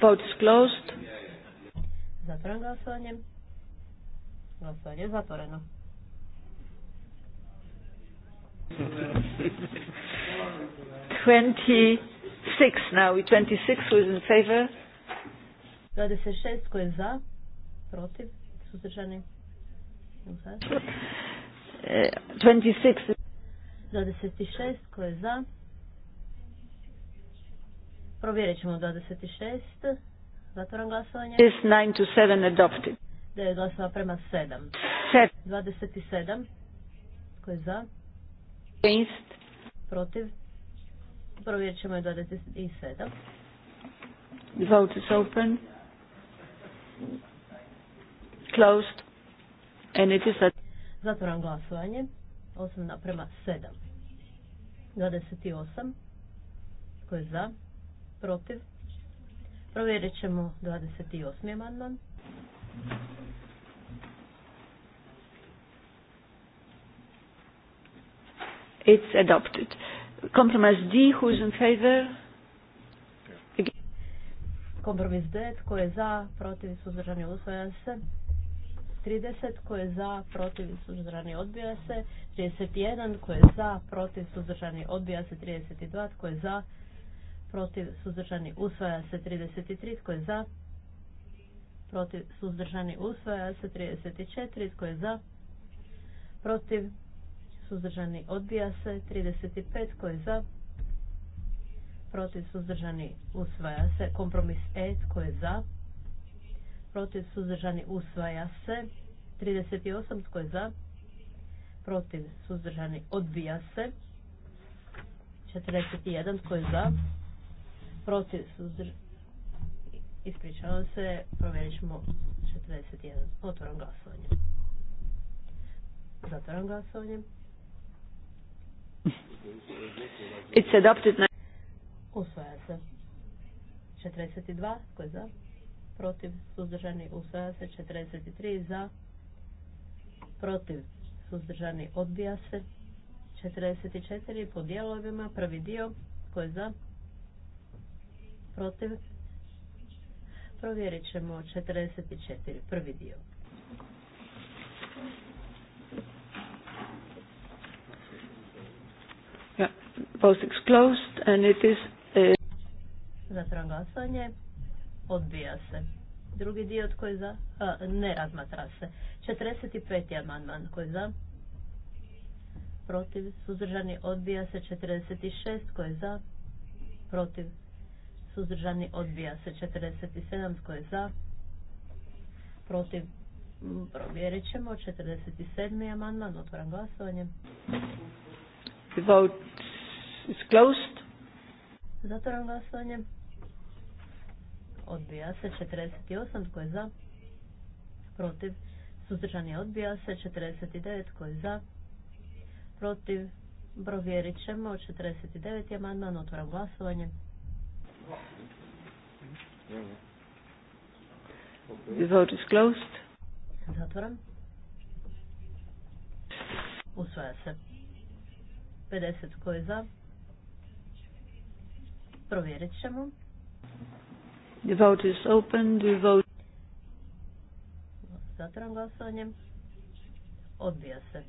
Vote is closed. Zatvoren glasovanje. Glasovanje je zatvoreno. Twenty-six now. Twenty-six who is in favor? Dvadeset šest tko je za? protiv, suzdržani, usvaja 26. 26, ko je za? Provjerit ćemo 26. Zatvoram glasovanje. Is 9 to 7 adopted. 9 glasova prema 7. 27. Ko je za? Against. Protiv. Provjerit ćemo 27. vote is open. Closed. And it is a... Zatvoram glasovanje. 8 naprema 7. 28. Ko je za? Protiv? Provjerit ćemo 28. amandman. It's adopted. Kompromis D, who is in favor? Kompromis D, tko je za, protiv, je usvojan se. 30 koje je za, protiv, suzdržani, odbija se. 31 koje je za, protiv, suzdržani, odbija se. 32 tko je za, protiv, suzdržani, usvaja se. 33 tko je za, protiv, suzdržani, usvaja se. 34 tko je za, protiv, suzdržani, odbija se. 35 tko je za, protiv, suzdržani, usvaja se. Kompromis E tko je za, protiv, suzdržani, usvaja se. 38, tko je za, protiv, suzdržani, odbija se. 41, tko je za, protiv, suzdržani, ispričavam se, provjerit ćemo 41. Otvoram glasovanje. Zatvoram glasovanje. It's adopted. Usvaja se. 42, tko je za? protiv, suzdržani, usvaja se. 43 za, protiv, suzdržani, odbija se. 44 po dijelovima, prvi dio, tko je za, protiv, provjerit ćemo 44, prvi dio. Post is closed and it is... Uh, glasovanje odbija se. Drugi dio tko je za? ne razmatra se. 45. amandman tko je za? Protiv. Suzdržani odbija se. 46. Tko je za? Protiv. Suzdržani odbija se. 47. Tko je za? Protiv. Provjerit ćemo. 47. amandman. Otvoram glasovanje. The vote is closed. Zatvoram glasovanje odbija se 48 tko je za protiv je. odbija se 49 tko je za protiv provjerit ćemo 49 amandman otvaram glasovanje The vote is closed. Zatvoram. Usvaja se. 50 tko je za? Provjerit ćemo. The vote is open. The vote... Zatvaram glasovanje. Odbija se.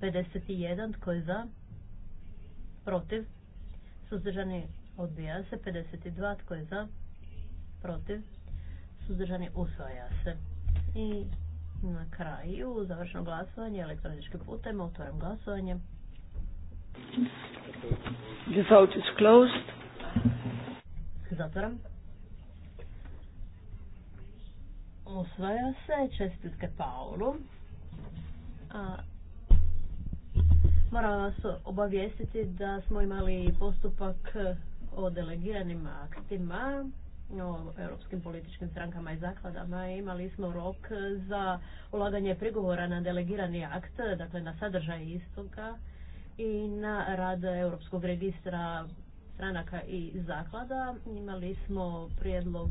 51. Tko je za? Protiv. Suzdržani odbija se. 52. Tko je za? Protiv. Suzdržani usvaja se. I na kraju završno glasovanje Elektronički putem. Otvaram glasovanje. The vote is closed. Zatvaram. Osvaja se, čestitke Paulu. A, moram vas obavijestiti da smo imali postupak o delegiranim aktima o europskim političkim strankama i zakladama imali smo rok za ulaganje prigovora na delegirani akt, dakle na sadržaj istoga i na rad Europskog registra stranaka i zaklada. Imali smo prijedlog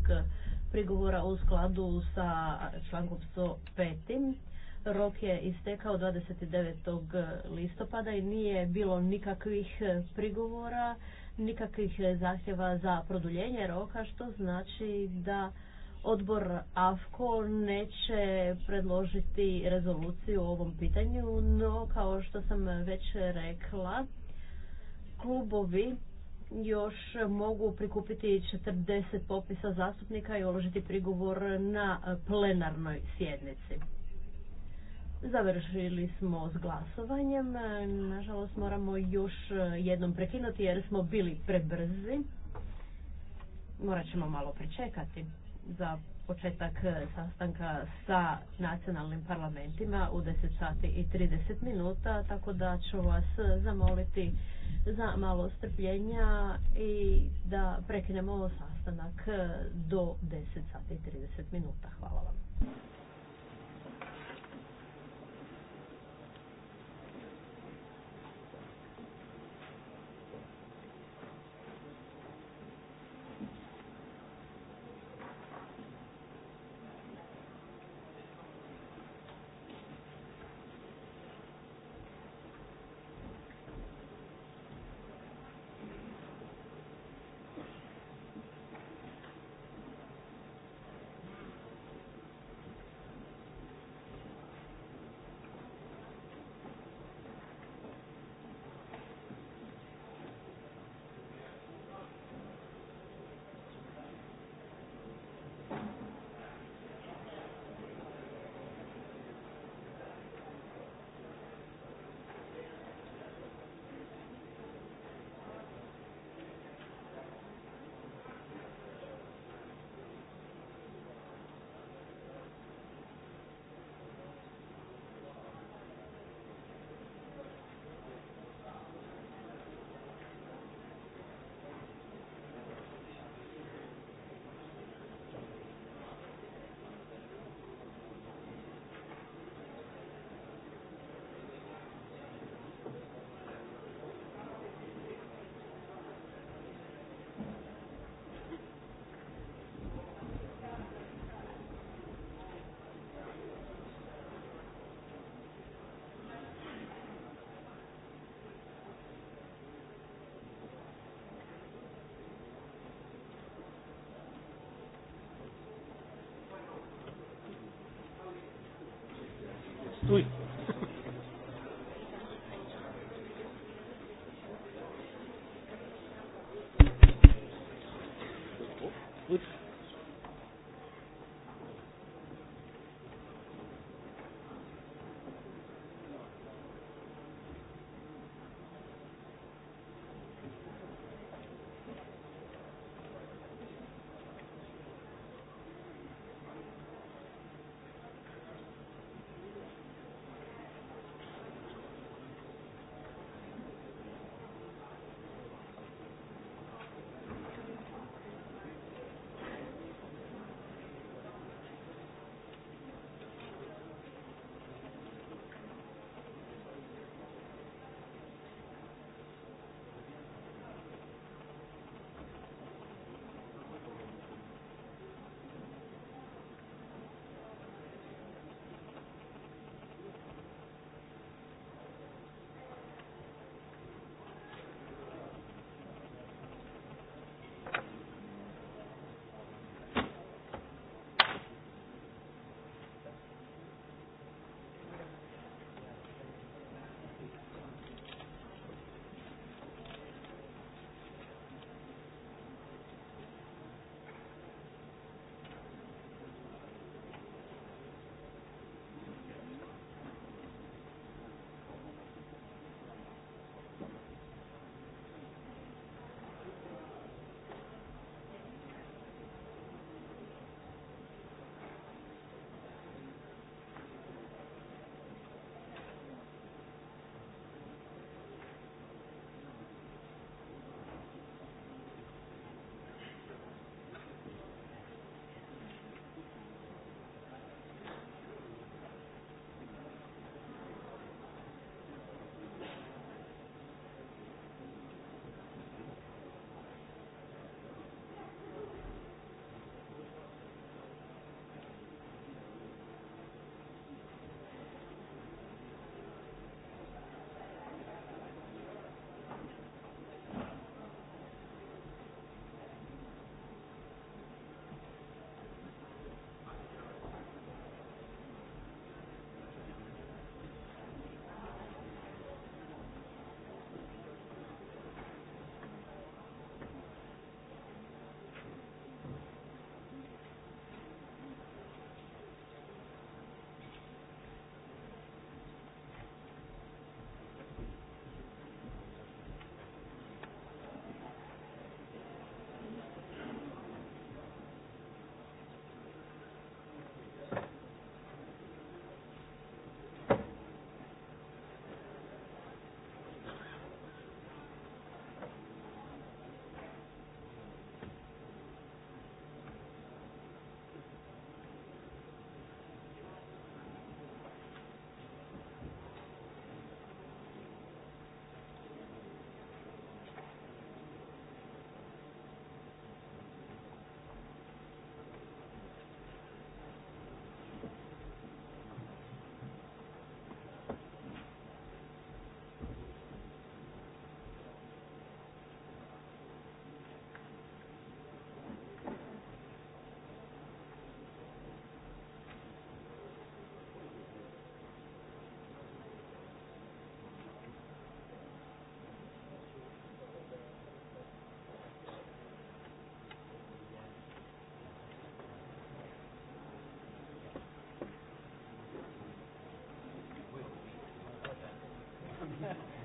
prigovora u skladu sa člankom 105. Rok je istekao 29. listopada i nije bilo nikakvih prigovora, nikakvih zahtjeva za produljenje roka, što znači da odbor AFKO neće predložiti rezoluciju o ovom pitanju, no kao što sam već rekla, klubovi još mogu prikupiti 40 popisa zastupnika i uložiti prigovor na plenarnoj sjednici. Završili smo s glasovanjem. Nažalost moramo još jednom prekinuti jer smo bili prebrzi. Morat ćemo malo pričekati za početak sastanka sa nacionalnim parlamentima u 10 sati i 30 minuta, tako da ću vas zamoliti za malo strpljenja i da prekinemo sastanak eh, do 10.30 i minuta. Hvala vam. tu ih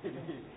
mm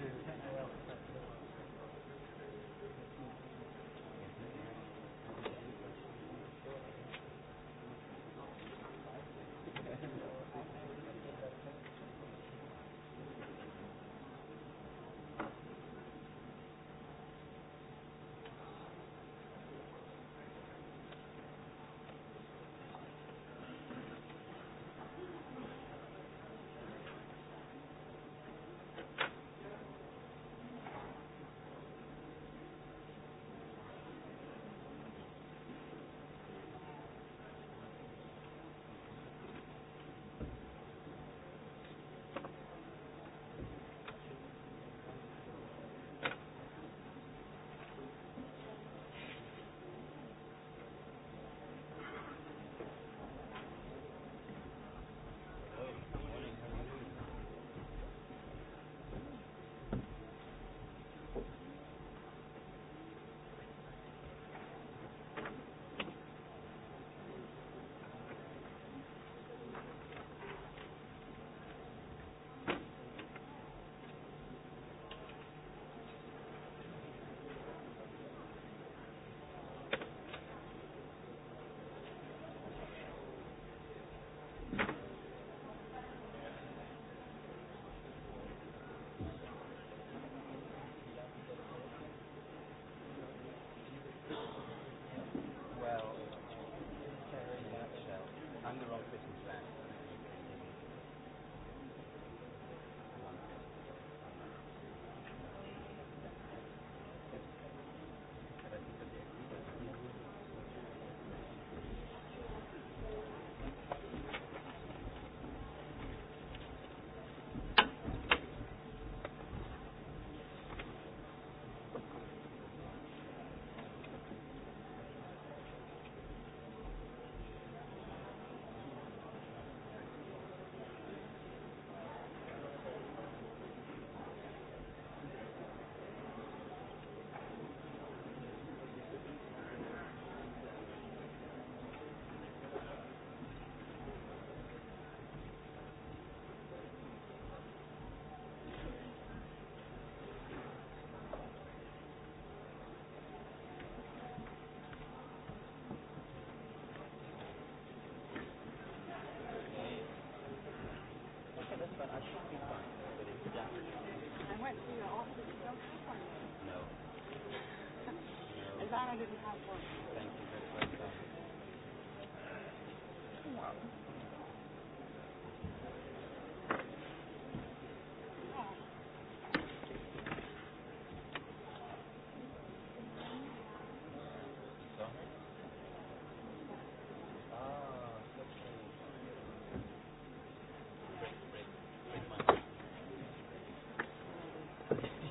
Elvira didn't have one.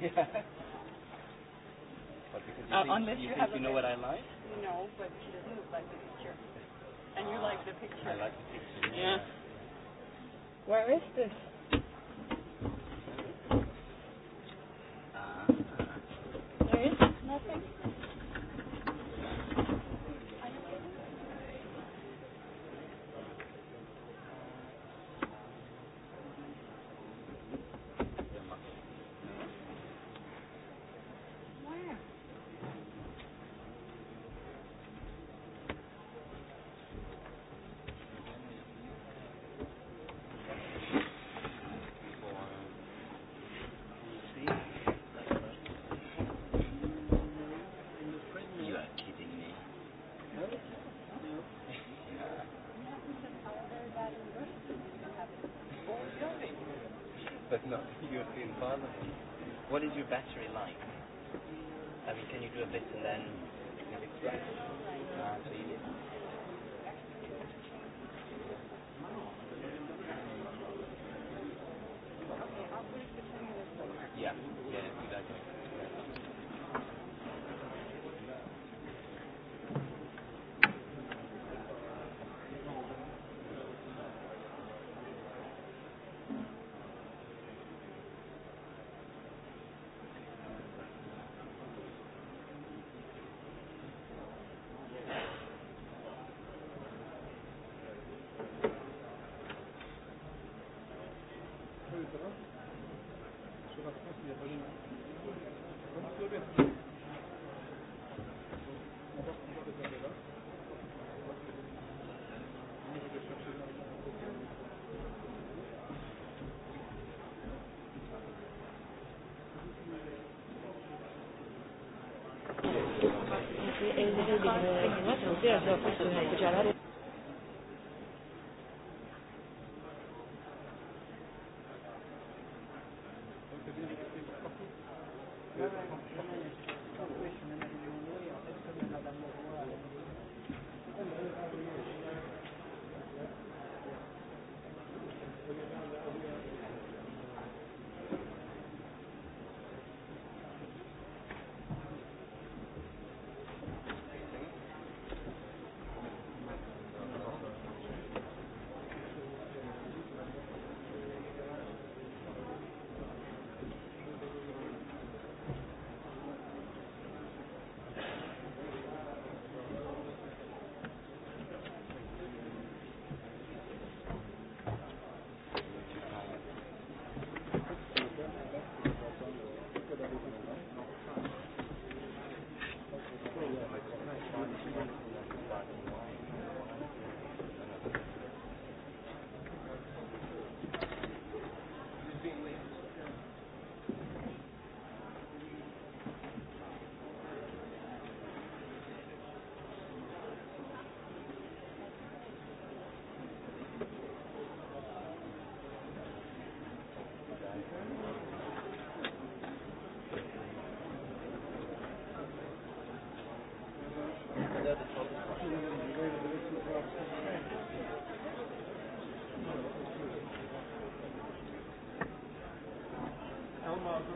Yeah. Oh, but because you uh, think, unless you, you, think you know what I like? No, but she doesn't look like the picture. And you ah, like the picture. I like the picture. Yeah. yeah. Where is this? il-individwi għu għu għu għu għu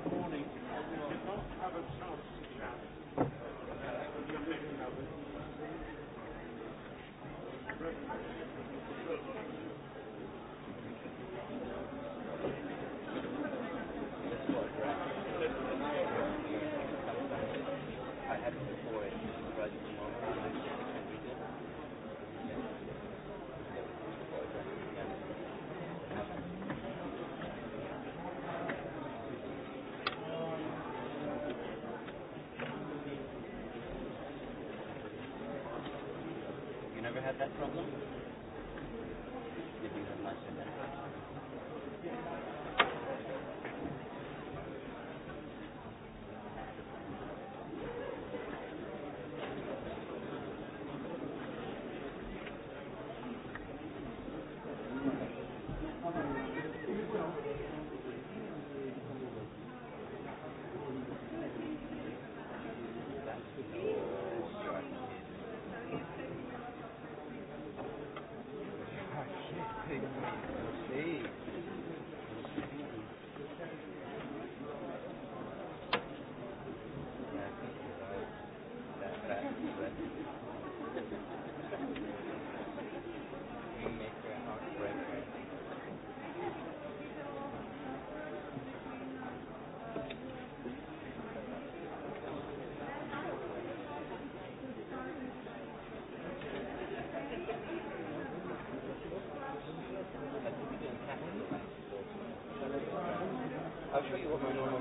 Good morning. that problem? I'll show you what my normal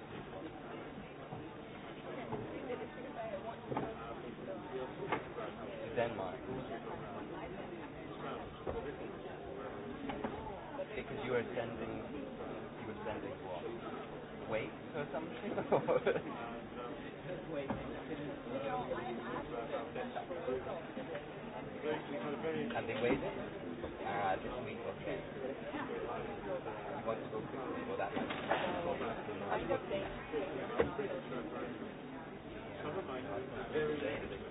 Can they wait? Uh, this okay.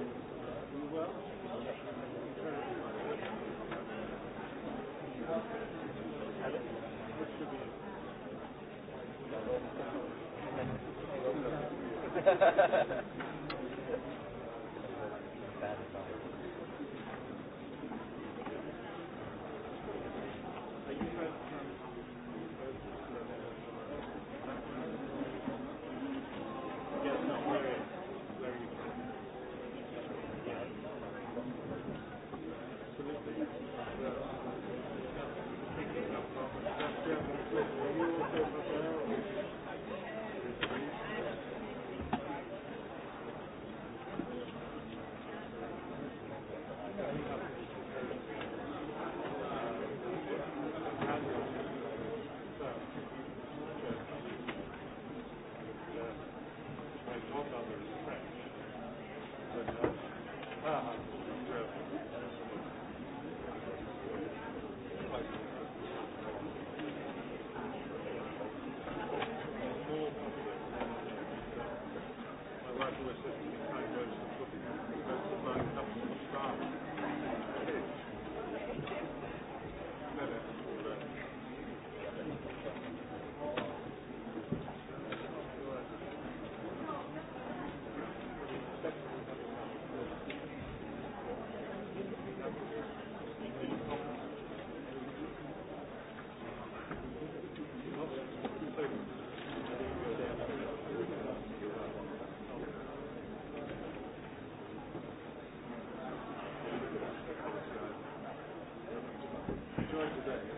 Ha today.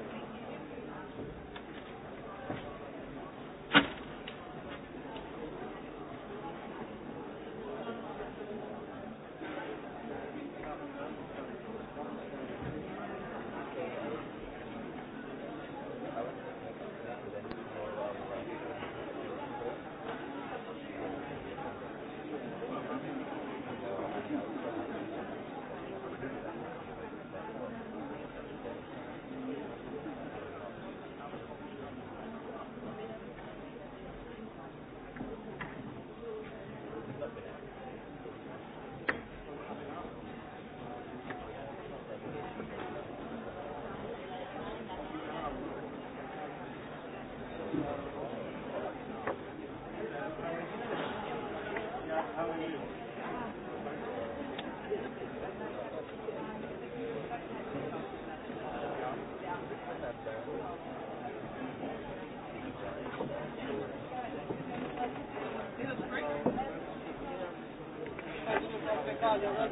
Hvala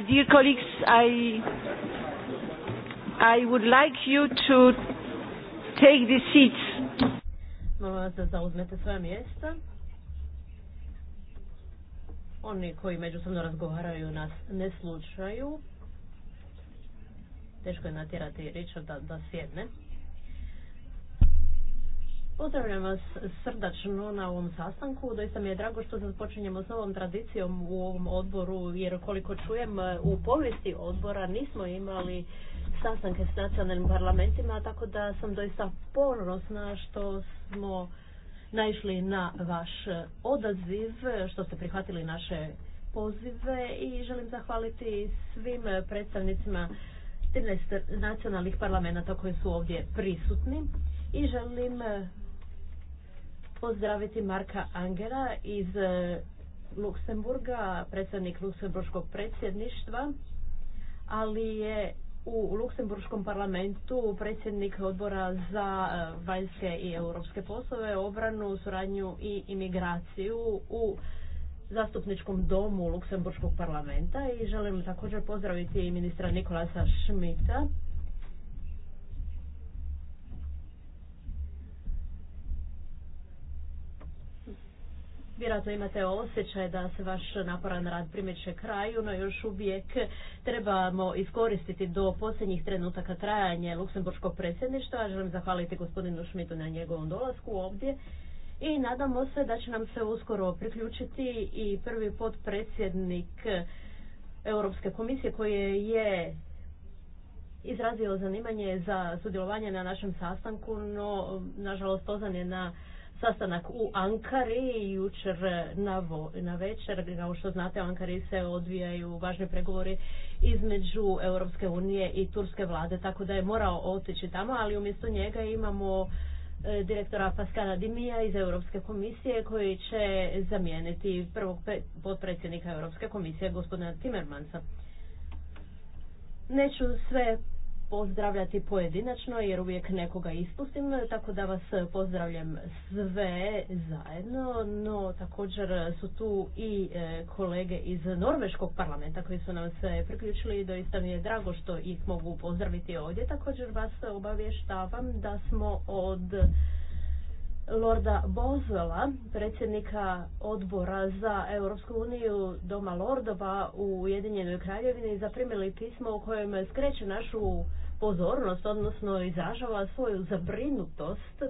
dear colleagues, I, I would like you to take the seats. Molim vas da zauzmete svoja mjesta. Oni koji međusobno razgovaraju nas ne slučaju. Teško je natjerati Richarda da, da sjedne. Pozdravljam vas srdačno na ovom sastanku. Doista mi je drago što započinjemo s novom tradicijom u ovom odboru, jer koliko čujem u povijesti odbora nismo imali sastanke s nacionalnim parlamentima, tako da sam doista ponosna što smo naišli na vaš odaziv, što ste prihvatili naše pozive i želim zahvaliti svim predstavnicima 13 nacionalnih parlamenta koji su ovdje prisutni i želim pozdraviti Marka Angela iz e, Luksemburga, predsjednik Luksemburškog predsjedništva, ali je u Luksemburškom parlamentu predsjednik odbora za e, vanjske i europske poslove, obranu, suradnju i imigraciju u zastupničkom domu Luksemburškog parlamenta i želim također pozdraviti ministra Nikolasa Šmita Vjerojatno imate osjećaj da se vaš naporan rad primjeće kraju, no još uvijek trebamo iskoristiti do posljednjih trenutaka trajanje Luksemburškog predsjedništva. Želim zahvaliti gospodinu Šmitu na njegovom dolasku ovdje i nadamo se da će nam se uskoro priključiti i prvi potpredsjednik Europske komisije koji je izrazio zanimanje za sudjelovanje na našem sastanku, no nažalost pozvan je na sastanak u Ankari jučer na, na večer. Kao što znate, u Ankari se odvijaju važni pregovori između Europske unije i Turske vlade, tako da je morao otići tamo, ali umjesto njega imamo e, direktora Paskana Dimija iz Europske komisije koji će zamijeniti prvog potpredsjednika Europske komisije gospodina Timmermansa. Neću sve pozdravljati pojedinačno jer uvijek nekoga ispustim, tako da vas pozdravljam sve zajedno, no također su tu i e, kolege iz Norveškog parlamenta koji su nam se priključili i doista mi je drago što ih mogu pozdraviti ovdje. Također vas obavještavam da smo od Lorda Bozela, predsjednika odbora za Europsku uniju Doma Lordova u Ujedinjenoj Kraljevini zaprimili pismo u kojem skreće našu pozornost, odnosno izražava svoju zabrinutost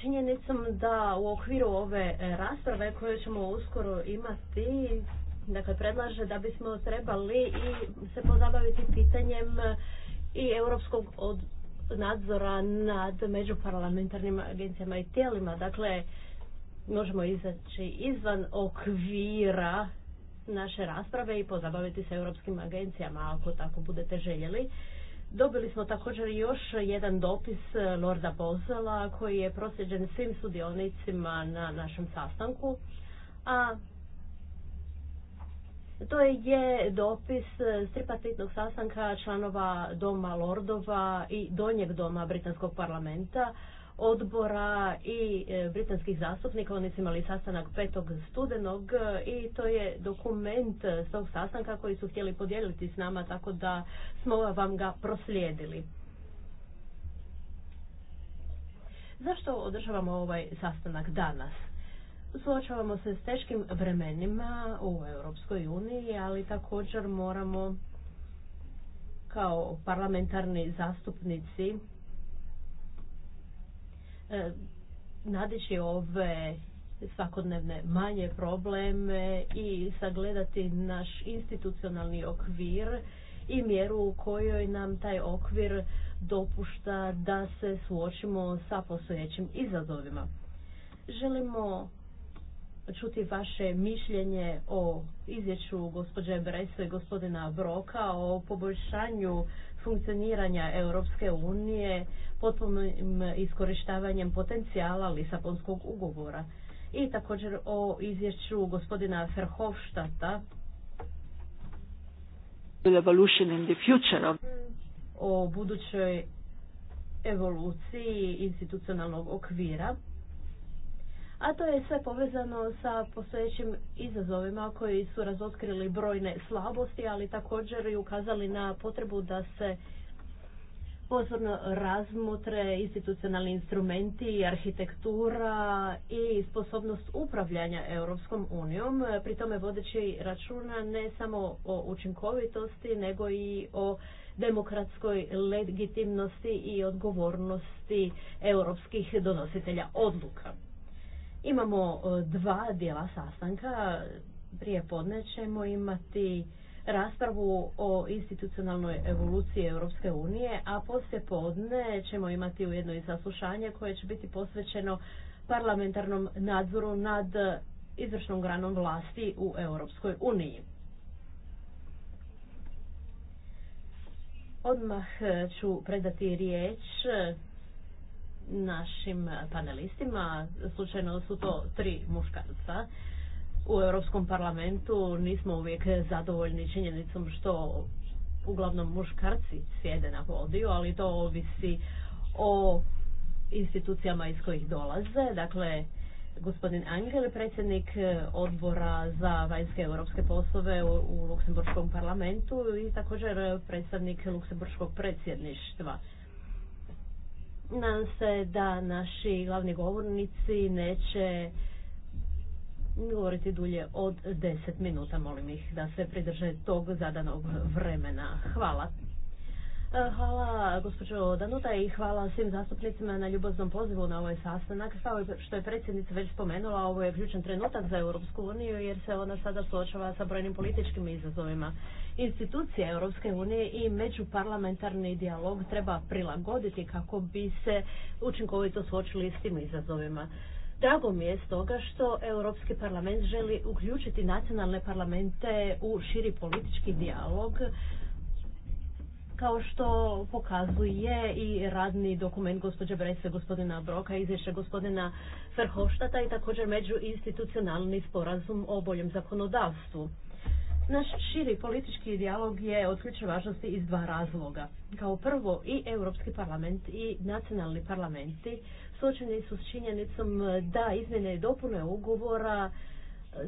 činjenicom da u okviru ove rasprave koje ćemo uskoro imati dakle predlaže da bismo trebali i se pozabaviti pitanjem i europskog nadzora nad međuparlamentarnim agencijama i tijelima. Dakle, možemo izaći izvan okvira naše rasprave i pozabaviti se europskim agencijama ako tako budete željeli. Dobili smo također još jedan dopis Lorda Bozela koji je prosjeđen svim sudionicima na našem sastanku, a to je dopis e, s tripartitnog sastanka članova Doma Lordova i Donjeg doma Britanskog parlamenta, odbora i e, britanskih zastupnika. Oni su imali sastanak 5. studenog e, i to je dokument s tog sastanka koji su htjeli podijeliti s nama, tako da smo vam ga proslijedili. Zašto održavamo ovaj sastanak danas? suočavamo se s teškim vremenima u Europskoj uniji, ali također moramo kao parlamentarni zastupnici e, nadići ove svakodnevne manje probleme i sagledati naš institucionalni okvir i mjeru u kojoj nam taj okvir dopušta da se suočimo sa postojećim izazovima. Želimo čuti vaše mišljenje o izvješću gospođe bresa i gospodina Broka o poboljšanju funkcioniranja Europske unije potpunim iskorištavanjem potencijala Lisabonskog ugovora i također o izvješću gospodina Verhofstadta o budućoj evoluciji institucionalnog okvira a to je sve povezano sa postojećim izazovima koji su razotkrili brojne slabosti, ali također i ukazali na potrebu da se pozorno razmotre institucionalni instrumenti, arhitektura i sposobnost upravljanja Europskom unijom, pri tome vodeći računa ne samo o učinkovitosti, nego i o demokratskoj legitimnosti i odgovornosti europskih donositelja odluka. Imamo e, dva dijela sastanka. Prije podne ćemo imati raspravu o institucionalnoj evoluciji Europske unije, a poslije podne ćemo imati ujedno i saslušanje koje će biti posvećeno parlamentarnom nadzoru nad izvršnom granom vlasti u Europskoj uniji. Odmah ću predati riječ našim panelistima. Slučajno su to tri muškarca. U Europskom parlamentu nismo uvijek zadovoljni činjenicom što uglavnom muškarci sjede na podiju, ali to ovisi o institucijama iz kojih dolaze. Dakle, gospodin Angel, predsjednik odbora za vanjske europske poslove u Luksemburgskom parlamentu i također predstavnik Luksemburškog predsjedništva. Nadam se da naši glavni govornici neće govoriti dulje od 10 minuta. Molim ih da se pridrže tog zadanog vremena. Hvala. E, hvala gospođo Danuta i hvala svim zastupnicima na ljubaznom pozivu na ovaj sastanak. Kao što je predsjednica već spomenula, ovo je ključan trenutak za Europsku uniju jer se ona sada suočava sa brojnim političkim izazovima. Institucija Europske unije i međuparlamentarni dijalog treba prilagoditi kako bi se učinkovito suočili s tim izazovima. Drago mi je stoga što Europski parlament želi uključiti nacionalne parlamente u širi politički dijalog kao što pokazuje i radni dokument gospođe Brese, gospodina Broka, izvješće gospodina Frhoštata i također međuinstitucionalni sporazum o boljem zakonodavstvu. Naš širi politički dijalog je od ključne važnosti iz dva razloga. Kao prvo i Europski parlament i nacionalni parlamenti suočeni su s činjenicom da izmjene i dopune ugovora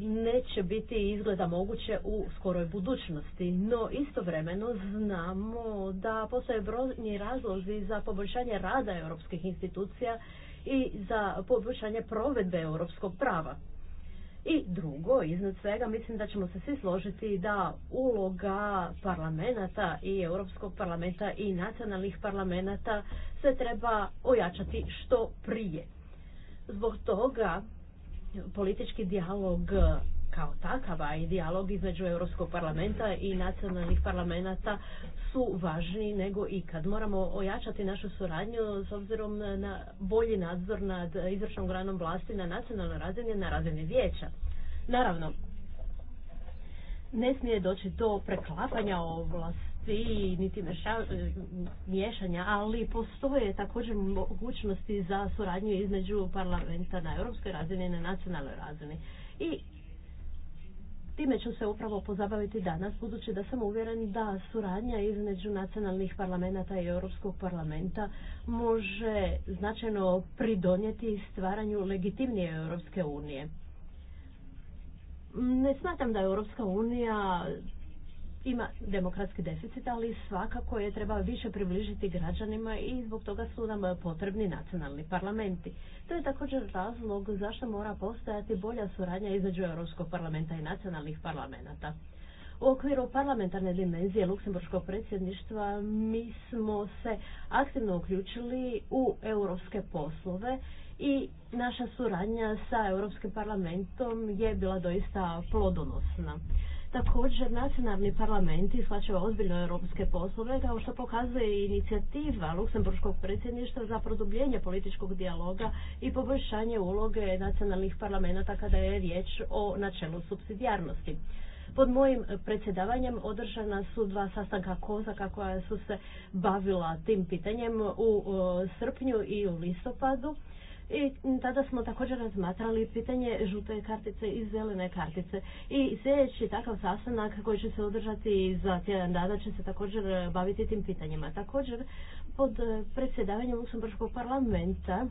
neće biti izgleda moguće u skoroj budućnosti. No istovremeno znamo da postoje brojni razlozi za poboljšanje rada europskih institucija i za poboljšanje provedbe europskog prava. I drugo, iznad svega, mislim da ćemo se svi složiti da uloga parlamenta i Europskog parlamenta i nacionalnih parlamenta se treba ojačati što prije. Zbog toga politički dijalog kao takav, a i dijalog između Europskog parlamenta i nacionalnih parlamenta su važniji nego ikad. Moramo ojačati našu suradnju s obzirom na bolji nadzor nad izvršnom granom vlasti na nacionalnoj razini, na razini vijeća. Naravno, ne smije doći do preklapanja ovlasti i niti e, miješanja, ali postoje također mogućnosti za suradnju između parlamenta na europskoj razini i na nacionalnoj razini. I time ću se upravo pozabaviti danas, budući da sam uvjeren da suradnja između nacionalnih parlamenta i Europskog parlamenta može značajno pridonijeti stvaranju legitimnije Europske unije. Ne smatram da Europska unija ima demokratski deficit, ali svakako je treba više približiti građanima i zbog toga su nam potrebni nacionalni parlamenti. To je također razlog zašto mora postojati bolja suradnja između Europskog parlamenta i nacionalnih parlamenta. U okviru parlamentarne dimenzije Luksemburškog predsjedništva mi smo se aktivno uključili u europske poslove i naša suradnja sa Europskim parlamentom je bila doista plodonosna. Također nacionalni parlamenti shvaćaju ozbiljno europske poslove kao što pokazuje i inicijativa Luksemburškog predsjedništva za produbljenje političkog dijaloga i poboljšanje uloge nacionalnih parlamenta kada je riječ o načelu subsidijarnosti. Pod mojim predsjedavanjem održana su dva sastanka kozaka koja su se bavila tim pitanjem u srpnju i u listopadu i tada smo također razmatrali pitanje žute kartice i zelene kartice. I sljedeći takav sastanak koji će se održati za tjedan dana će se također baviti tim pitanjima. Također pod predsjedavanjem Luksemburškog parlamenta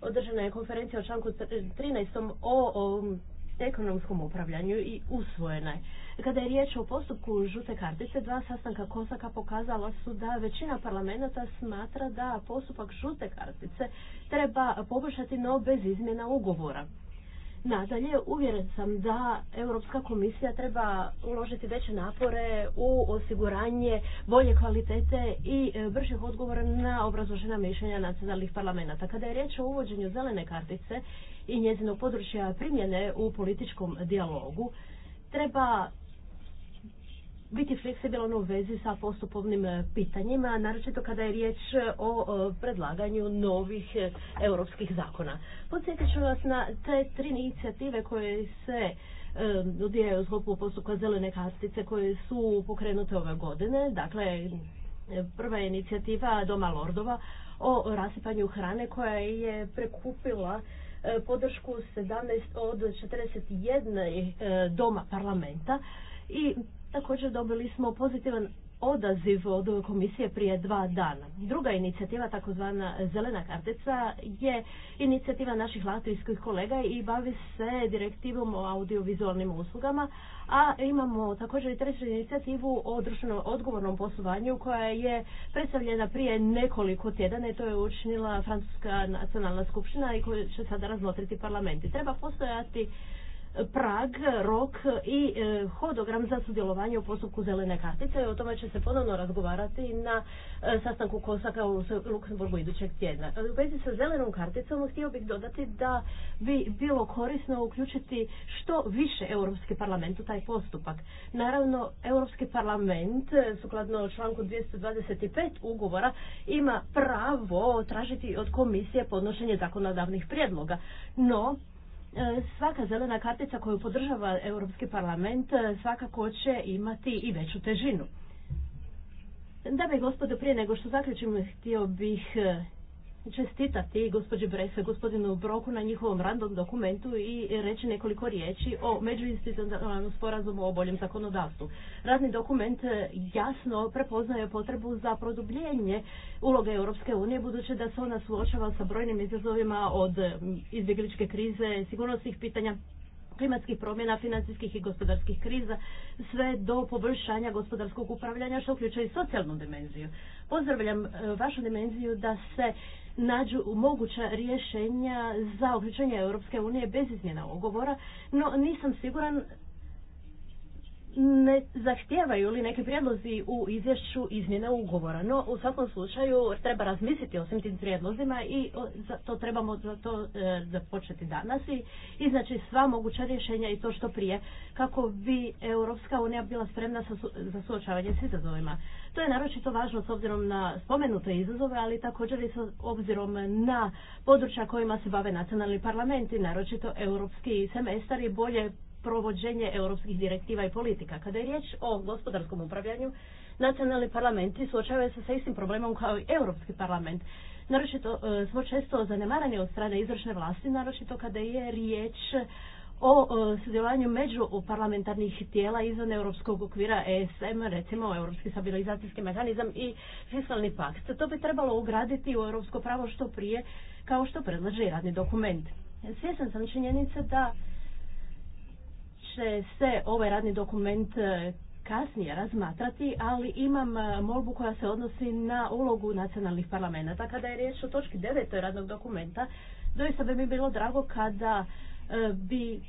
održana je konferencija o članku 13. o ekonomskom upravljanju i usvojena je. Kada je riječ o postupku žute kartice, dva sastanka Kosaka pokazala su da većina parlamenta smatra da postupak žute kartice treba poboljšati, no bez izmjena ugovora. Nadalje, uvjeren sam da Europska komisija treba uložiti veće napore u osiguranje bolje kvalitete i bržih odgovora na obrazložena mišljenja nacionalnih parlamenta. Kada je riječ o uvođenju zelene kartice i njezinog područja primjene u političkom dijalogu, treba biti fleksibilan u vezi sa postupovnim e, pitanjima, naročito kada je riječ e, o e, predlaganju novih europskih zakona. Podsjetit ću vas na te tri inicijative koje se odvijaju u sklopu postupka zelene kartice koje su pokrenute ove godine. Dakle, prva je inicijativa Doma Lordova o rasipanju hrane koja je prekupila podršku 17 od 41 doma parlamenta i Također dobili smo pozitivan odaziv od komisije prije dva dana. Druga inicijativa, takozvana zelena kartica, je inicijativa naših latvijskih kolega i bavi se direktivom o audiovizualnim uslugama, a imamo također i treću inicijativu o društveno odgovornom poslovanju koja je predstavljena prije nekoliko tjedana i to je učinila Francuska nacionalna skupština i koju će sada razmotriti parlamenti. Treba postojati prag, rok i e, hodogram za sudjelovanje u postupku zelene kartice. O tome će se ponovno razgovarati na e, sastanku Kosaka u Luksemburgu idućeg tjedna. E, u vezi sa zelenom karticom htio bih dodati da bi bilo korisno uključiti što više Europski parlament u taj postupak. Naravno, Europski parlament, sukladno članku 225 ugovora, ima pravo tražiti od komisije podnošenje zakonodavnih prijedloga. No, E, svaka zelena kartica koju podržava Europski parlament e, svakako će imati i veću težinu. Dame i gospodo, prije nego što zaključim, htio bih e, čestitati gospođi Brese, gospodinu Broku na njihovom random dokumentu i reći nekoliko riječi o međuinstitucionalnom sporazumu o boljem zakonodavstvu. Radni dokument e, jasno prepoznaje potrebu za produbljenje uloge Europske unije, budući da se ona suočava sa brojnim izazovima od izbjegličke krize, sigurnosnih pitanja, klimatskih promjena, financijskih i gospodarskih kriza, sve do poboljšanja gospodarskog upravljanja, što uključuje i socijalnu dimenziju. Pozdravljam e, vašu dimenziju da se nađu moguća rješenja za uključenje Europske unije bez izmjena ugovora, no nisam siguran ne zahtijevaju li neki prijedlozi u izvješću izmjene ugovora. No, u svakom slučaju treba razmisliti o svim tim prijedlozima i to trebamo za to e, započeti danas i iznači sva moguća rješenja i to što prije kako bi Europska unija bila spremna za suočavanje s izazovima. To je naročito važno s obzirom na spomenute izazove, ali također i s obzirom na područja kojima se bave nacionalni parlamenti, naročito europski semestar i bolje provođenje europskih direktiva i politika. Kada je riječ o gospodarskom upravljanju, nacionalni parlamenti suočavaju se sa istim problemom kao i europski parlament. Naročito e, smo često zanemarani od strane izvršne vlasti, naročito kada je riječ o e, sudjelovanju među parlamentarnih tijela izvan europskog okvira ESM, recimo europski stabilizacijski mehanizam i fiskalni pakt. To bi trebalo ugraditi u europsko pravo što prije, kao što predlaže i radni dokument. Svjesan sam činjenice da će se ovaj radni dokument e, kasnije razmatrati, ali imam e, molbu koja se odnosi na ulogu nacionalnih parlamenta. Kada je riječ o točki 9. radnog dokumenta, doista bi mi bilo drago kada e, bi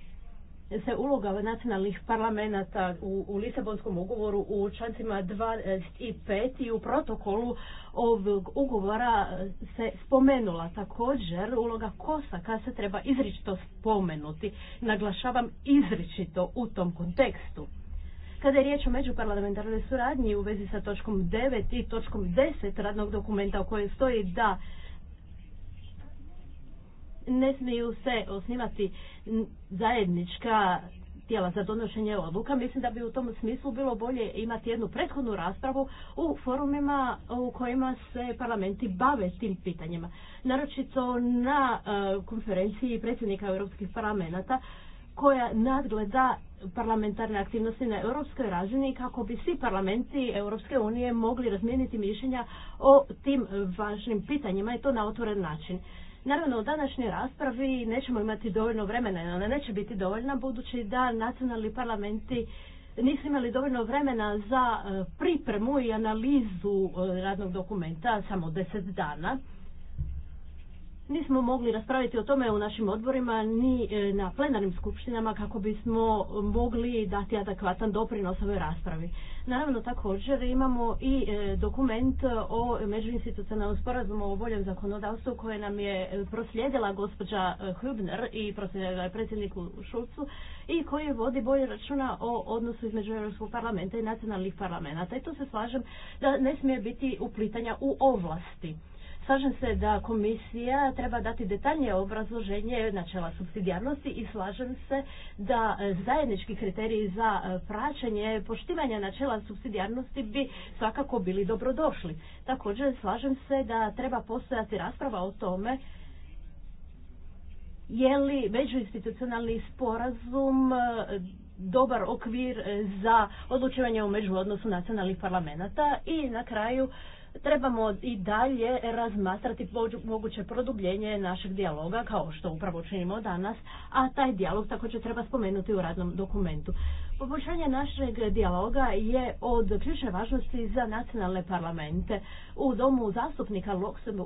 se uloga nacionalnih parlamenta u, u Lisabonskom ugovoru u člancima 25 i u protokolu ovog ugovora se spomenula također uloga Kosaka se treba izričito spomenuti. Naglašavam izričito u tom kontekstu. Kada je riječ o međuparlamentarnoj suradnji u vezi sa točkom 9 i točkom 10 radnog dokumenta u kojem stoji da ne smiju se osnivati zajednička tijela za donošenje odluka. Mislim da bi u tom smislu bilo bolje imati jednu prethodnu raspravu u forumima u kojima se parlamenti bave tim pitanjima. Naročito na e, konferenciji predsjednika europskih parlamenta koja nadgleda parlamentarne aktivnosti na europskoj razini kako bi svi parlamenti Europske unije mogli razmijeniti mišljenja o tim važnim pitanjima i to na otvoren način. Naravno, u današnjoj raspravi nećemo imati dovoljno vremena, ona neće biti dovoljna budući da nacionalni parlamenti nisu imali dovoljno vremena za e, pripremu i analizu e, radnog dokumenta, samo deset dana nismo mogli raspraviti o tome u našim odborima ni e, na plenarnim skupštinama kako bismo mogli dati adekvatan doprinos ovoj raspravi. Naravno također imamo i e, dokument o međuinstitucionalnom sporazumu o boljem zakonodavstvu koje nam je e, proslijedila gospođa Hübner i proslijedila je predsjedniku Šulcu i koji vodi bolje računa o odnosu između Europskog parlamenta i nacionalnih parlamenta. I tu se slažem da ne smije biti uplitanja u ovlasti. Slažem se da komisija treba dati detaljnije obrazloženje načela subsidijarnosti i slažem se da e, zajednički kriteriji za e, praćenje poštivanja načela subsidijarnosti bi svakako bili dobrodošli. Također slažem se da treba postojati rasprava o tome je li međuinstitucionalni sporazum e, dobar okvir za odlučivanje u međuodnosu nacionalnih parlamenta i na kraju trebamo i dalje razmatrati moguće produbljenje našeg dijaloga kao što upravo činimo danas, a taj dijalog tako će treba spomenuti u radnom dokumentu. Poboljšanje našeg dijaloga je od ključne važnosti za nacionalne parlamente. U domu zastupnika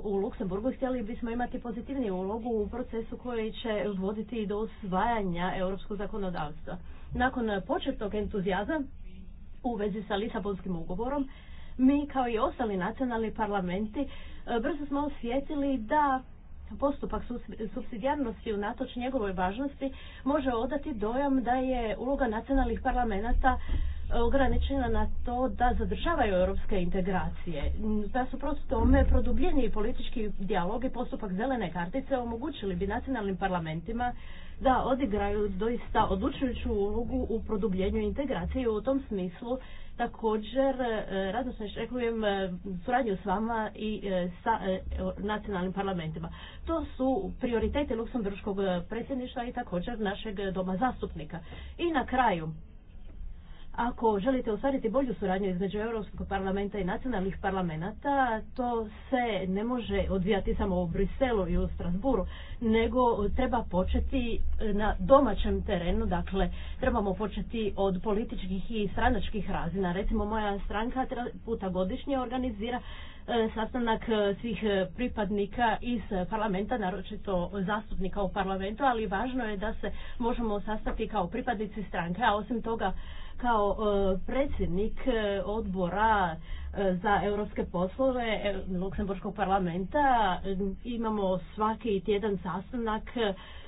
u Luksemburgu htjeli bismo imati pozitivniju ulogu u procesu koji će voditi do osvajanja europskog zakonodavstva. Nakon početnog entuzijazma u vezi sa Lisabonskim ugovorom, mi kao i ostali nacionalni parlamenti e, brzo smo osjetili da postupak subsidijarnosti unatoč njegovoj važnosti može odati dojam da je uloga nacionalnih parlamenta e, ograničena na to da zadržavaju europske integracije. Da su prosto tome produbljeni politički dijalog i postupak zelene kartice omogućili bi nacionalnim parlamentima da odigraju doista odlučujuću ulogu u produbljenju integracije. U tom smislu Također, e, radno se očekujem e, suradnju s vama i e, sa nacionalnim parlamentima. To su prioriteti Luksemburškog predsjedništva i također našeg doma zastupnika. I na kraju, ako želite ostvariti bolju suradnju između Europskog parlamenta i nacionalnih parlamenta, to se ne može odvijati samo u Briselu i u Strasburu, nego treba početi e, na domaćem terenu, dakle trebamo početi od političkih i stranačkih razina. Recimo moja stranka puta godišnje organizira e, sastanak e, svih pripadnika iz parlamenta, naročito zastupnika u parlamentu, ali važno je da se možemo sastati kao pripadnici stranke, a osim toga kao e, predsjednik e, odbora e, za europske poslove luksemburgskog parlamenta imamo svaki tjedan sastanak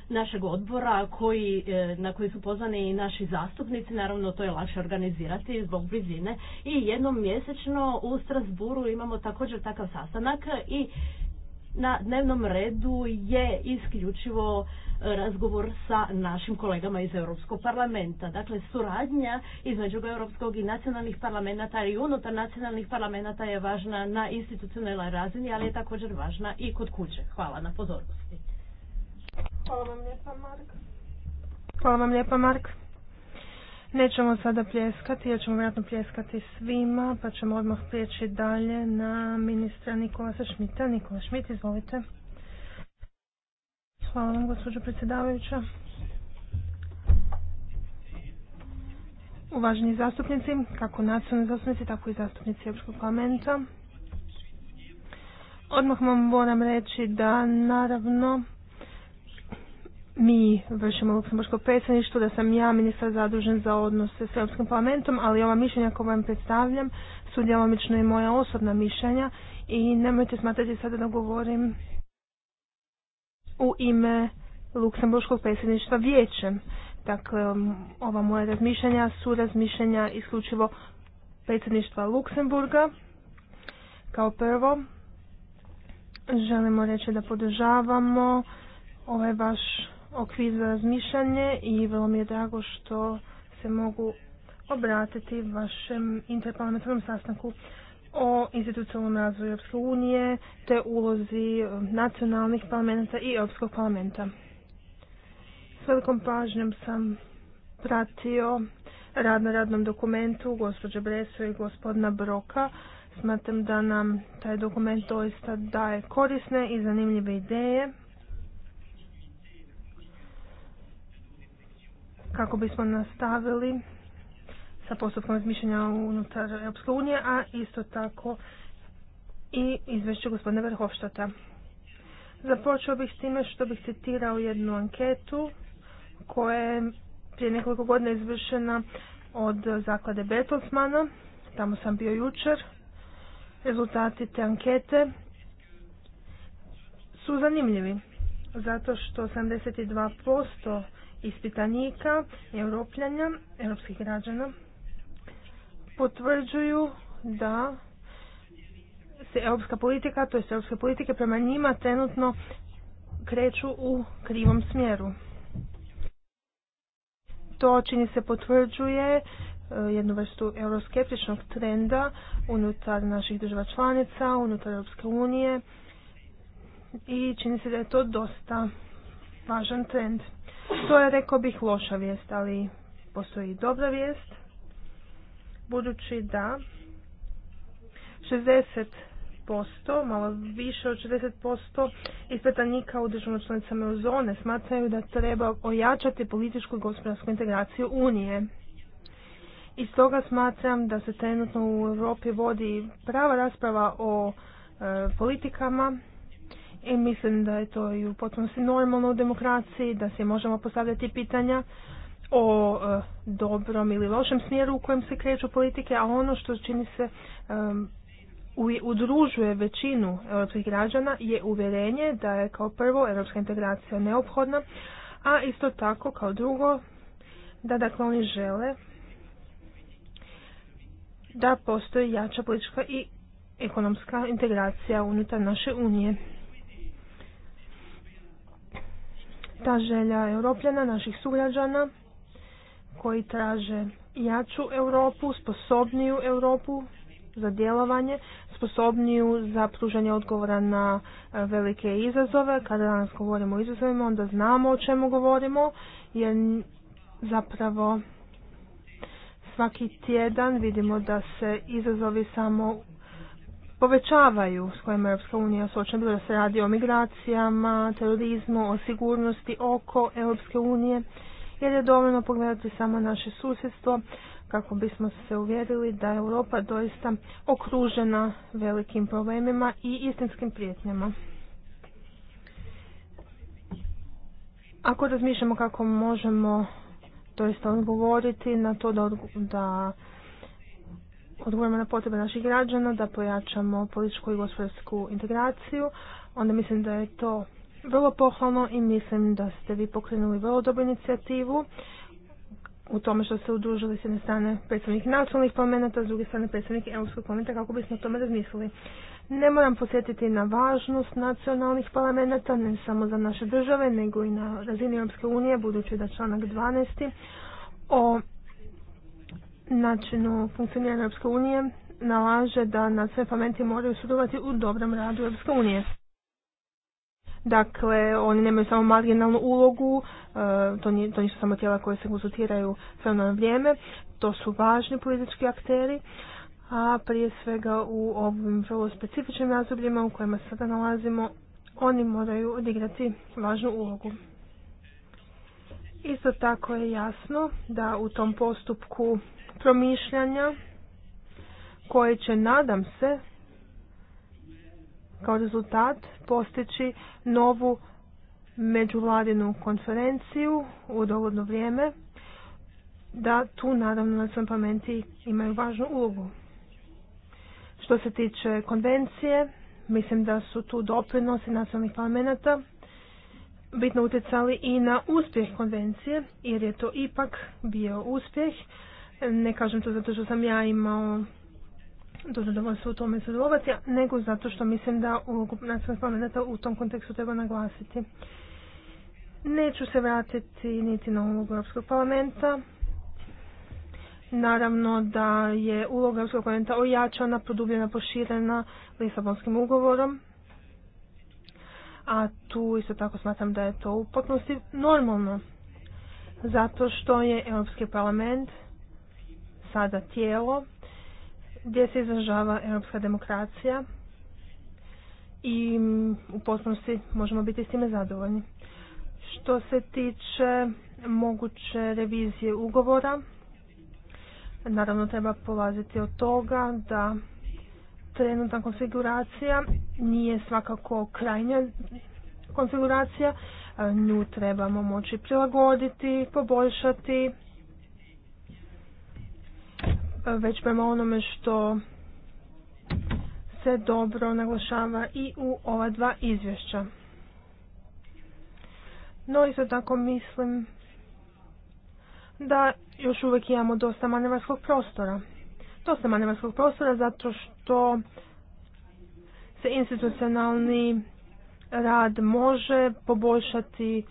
našeg odbora koji, na koji su pozvani i naši zastupnici. Naravno, to je lakše organizirati zbog blizine. I jednom mjesečno u Strasburu imamo također takav sastanak i na dnevnom redu je isključivo e, razgovor sa našim kolegama iz Europskog parlamenta. Dakle, suradnja između Europskog i nacionalnih parlamenta i unutar nacionalnih parlamenta je važna na institucionalnoj razini, ali je također važna i kod kuće. Hvala na pozornosti. Hvala Mark. Hvala vam lijepa, Mark. Nećemo sada pljeskati, jer ćemo vjerojatno pljeskati svima, pa ćemo odmah prijeći dalje na ministra Nikola Šmita. Nikola Šmit, izvolite. Hvala vam, gospođo predsjedavajuća. Uvaženi zastupnici, kako nacionalni zastupnici, tako i zastupnici Europskog parlamenta. Odmah vam moram reći da naravno mi vršimo Luksemburško predsjedništvo, da sam ja ministar zadužen za odnose s Europskim parlamentom, ali ova mišljenja koja vam predstavljam su djelomično i moja osobna mišljenja i nemojte smatrati sada da govorim u ime Luksemburškog predsjedništva vijećem. Dakle, ova moja razmišljanja su razmišljanja isključivo predsjedništva Luksemburga. Kao prvo, želimo reći da podržavamo ovaj vaš okvir za razmišljanje i vrlo mi je drago što se mogu obratiti vašem interparlamentarnom sastanku o institucionalnom razvoju Europske unije te ulozi nacionalnih parlamenta i Europskog parlamenta. S velikom pažnjom sam pratio rad na radnom dokumentu gospođe Breso i gospodina Broka. Smatram da nam taj dokument doista daje korisne i zanimljive ideje kako bismo nastavili sa postupkom razmišljanja unutar Europske unije, a isto tako i izvješće gospodine Verhofštata. Započeo bih s time što bih citirao jednu anketu koja je prije nekoliko godina izvršena od zaklade Bertelsmana. Tamo sam bio jučer. Rezultati te ankete su zanimljivi zato što 72% ispitanika, europljanja, europskih građana potvrđuju da se europska politika, to je europske politike prema njima trenutno kreću u krivom smjeru. To čini se potvrđuje e, jednu vrstu euroskeptičnog trenda unutar naših država članica, unutar Europske unije i čini se da je to dosta važan trend. To je, rekao bih, loša vijest, ali postoji dobra vijest, budući da 60%, malo više od 60% ispitanika u državnom članicama zone smatraju da treba ojačati političku i gospodarsku integraciju Unije. I stoga smatram da se trenutno u Europi vodi prava rasprava o e, politikama i mislim da je to i u potpunosti normalno u demokraciji, da se možemo postavljati pitanja o e, dobrom ili lošem smjeru u kojem se kreću politike, a ono što čini se udružuje većinu europskih građana je uvjerenje da je kao prvo europska integracija neophodna, a isto tako kao drugo da dakle oni žele da postoji jača politička i ekonomska integracija unutar naše unije. ta želja europljana, naših sugrađana koji traže jaču Europu, sposobniju Europu za djelovanje, sposobniju za pružanje odgovora na e, velike izazove. Kada danas govorimo o izazovima, onda znamo o čemu govorimo, jer zapravo svaki tjedan vidimo da se izazovi samo povećavaju s kojima je Europska unija suočena, bilo da se radi o migracijama, terorizmu, o sigurnosti oko Europske unije, jer je dovoljno pogledati samo naše susjedstvo kako bismo se uvjerili da je Europa doista okružena velikim problemima i istinskim prijetnjama. Ako razmišljamo kako možemo doista odgovoriti na to da, da odgovorimo na potrebe naših građana, da pojačamo političku i gospodarsku integraciju, onda mislim da je to vrlo pohvalno i mislim da ste vi pokrenuli vrlo dobru inicijativu u tome što ste udružili s jedne strane predstavnik nacionalnih parlamenta, s druge strane predstavnik Europskog parlamenta kako bismo o tome razmislili. Ne moram posjetiti na važnost nacionalnih parlamenta, ne samo za naše države, nego i na razini Europske unije, budući da članak 12. o načinu funkcioniranja Europske unije nalaže da na sve pamenti moraju sudovati u dobrom radu Europske unije. Dakle, oni nemaju samo marginalnu ulogu, e, to, to nisu samo tijela koje se konzultiraju sve na vrijeme, to su važni politički akteri, a prije svega u ovim vrlo specifičnim razdobljima u kojima sada nalazimo, oni moraju odigrati važnu ulogu. Isto tako je jasno da u tom postupku promišljanja koje će, nadam se, kao rezultat postići novu međuvladinu konferenciju u dogodno vrijeme, da tu naravno nacionalni parlamenti imaju važnu ulogu. Što se tiče konvencije, mislim da su tu doprinosi nacionalnih parlamenta bitno utjecali i na uspjeh konvencije, jer je to ipak bio uspjeh ne kažem to zato što sam ja imao dobro se u tome sudjelovati, nego zato što mislim da ulogu nacionalnih parlamenta u tom kontekstu treba naglasiti. Neću se vratiti niti na ulogu Europskog parlamenta. Naravno da je uloga Europskog parlamenta ojačana, produbljena, poširena Lisabonskim ugovorom. A tu isto tako smatram da je to u normalno. Zato što je Europski parlament sada tijelo gdje se izražava europska demokracija i u potpunosti možemo biti s time zadovoljni. Što se tiče moguće revizije ugovora, naravno treba polaziti od toga da trenutna konfiguracija nije svakako krajnja konfiguracija, nju trebamo moći prilagoditi, poboljšati već prema onome što se dobro naglašava i u ova dva izvješća. No isto tako mislim da još uvijek imamo dosta manevarskog prostora. Dosta manevarskog prostora zato što se institucionalni rad može poboljšati,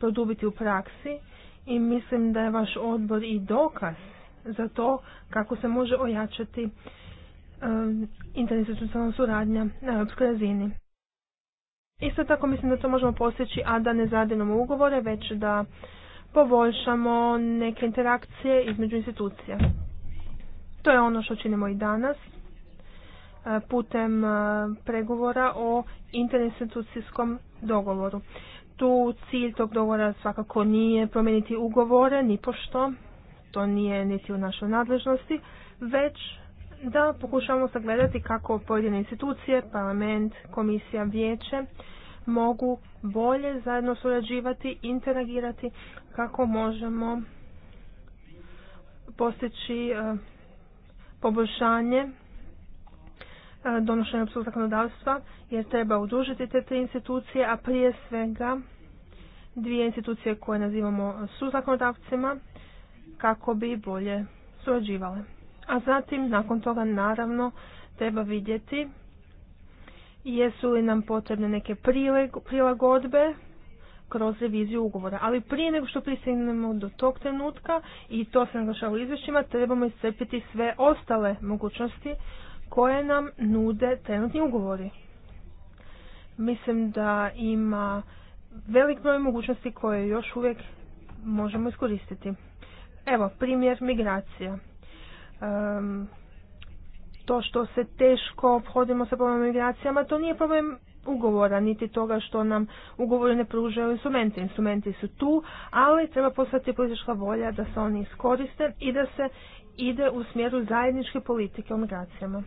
produbiti u praksi i mislim da je vaš odbor i dokaz za to kako se može ojačati um, interinstitucionalna suradnja na europskoj razini. Isto tako mislim da to možemo postići, a da ne zadinamo ugovore, već da poboljšamo neke interakcije između institucija. To je ono što činimo i danas uh, putem uh, pregovora o interinstitucijskom dogovoru. Tu cilj tog dogovora svakako nije promijeniti ugovore, ni pošto, to nije niti u našoj nadležnosti, već da pokušamo sagledati kako pojedine institucije, parlament, komisija, vijeće mogu bolje zajedno surađivati, interagirati, kako možemo postići e, poboljšanje e, donošenja opstvog zakonodavstva, jer treba udružiti te tri institucije, a prije svega dvije institucije koje nazivamo suzakonodavcima, kako bi bolje surađivale. A zatim, nakon toga, naravno, treba vidjeti jesu li nam potrebne neke prilagodbe kroz reviziju ugovora. Ali prije nego što pristignemo do tog trenutka, i to se naglašava u izvješćima, trebamo iscrpiti sve ostale mogućnosti koje nam nude trenutni ugovori. Mislim da ima velik broj mogućnosti koje još uvijek možemo iskoristiti. Evo, primjer migracija. to što se teško obhodimo sa problemom migracijama, to nije problem ugovora, niti toga što nam ugovori ne pružaju instrumente. Instrumenti su tu, ali treba postati politička volja da se oni iskoriste i da se ide u smjeru zajedničke politike o migracijama.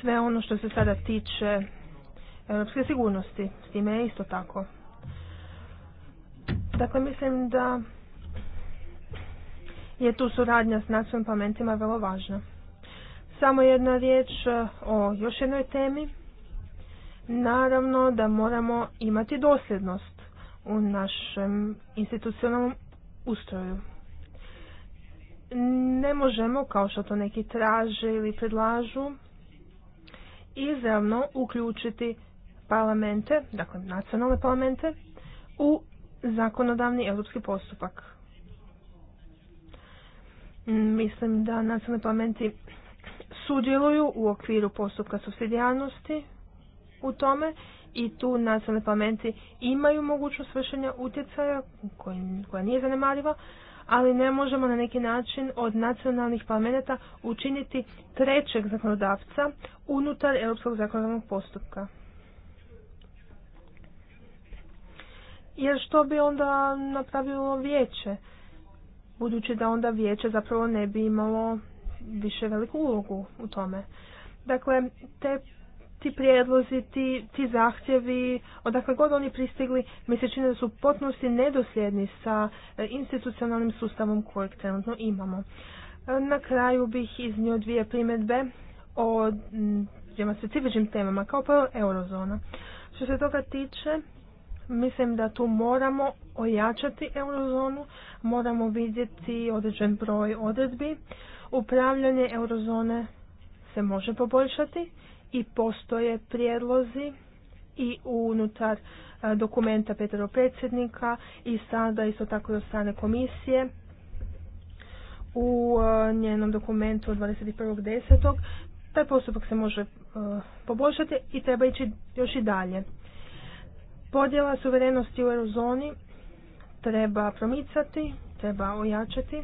Sve ono što se sada tiče europske sigurnosti, s time je isto tako Dakle, mislim da je tu suradnja s nacionalnim parlamentima vrlo važna. Samo jedna riječ e, o još jednoj temi. Naravno da moramo imati dosljednost u našem institucionalnom ustroju. Ne možemo, kao što to neki traže ili predlažu, izravno uključiti parlamente, dakle nacionalne parlamente, u zakonodavni europski postupak. Mislim da nacionalni parlamenti sudjeluju u okviru postupka subsidijalnosti u tome i tu nacionalni parlamenti imaju mogućnost vršenja utjecaja koja nije zanemariva, ali ne možemo na neki način od nacionalnih parlamenta učiniti trećeg zakonodavca unutar europskog zakonodavnog postupka. Jer što bi onda napravilo vijeće? Budući da onda vijeće zapravo ne bi imalo više veliku ulogu u tome. Dakle, te ti prijedlozi, ti, zahtjevi, odakle god oni pristigli, mi se čine da su potnosti nedosljedni sa e, institucionalnim sustavom kojeg trenutno imamo. E, na kraju bih iznio dvije primjedbe o dvijema specifičnim temama, kao prvo eurozona. Što se toga tiče, Mislim da tu moramo ojačati eurozonu, moramo vidjeti određen broj odredbi. Upravljanje eurozone se može poboljšati i postoje prijedlozi i unutar e, dokumenta Petro predsjednika i sada isto tako i od strane komisije u e, njenom dokumentu od 21.10. Taj postupak se može e, poboljšati i treba ići još i dalje. Podjela suverenosti u eurozoni treba promicati, treba ojačati.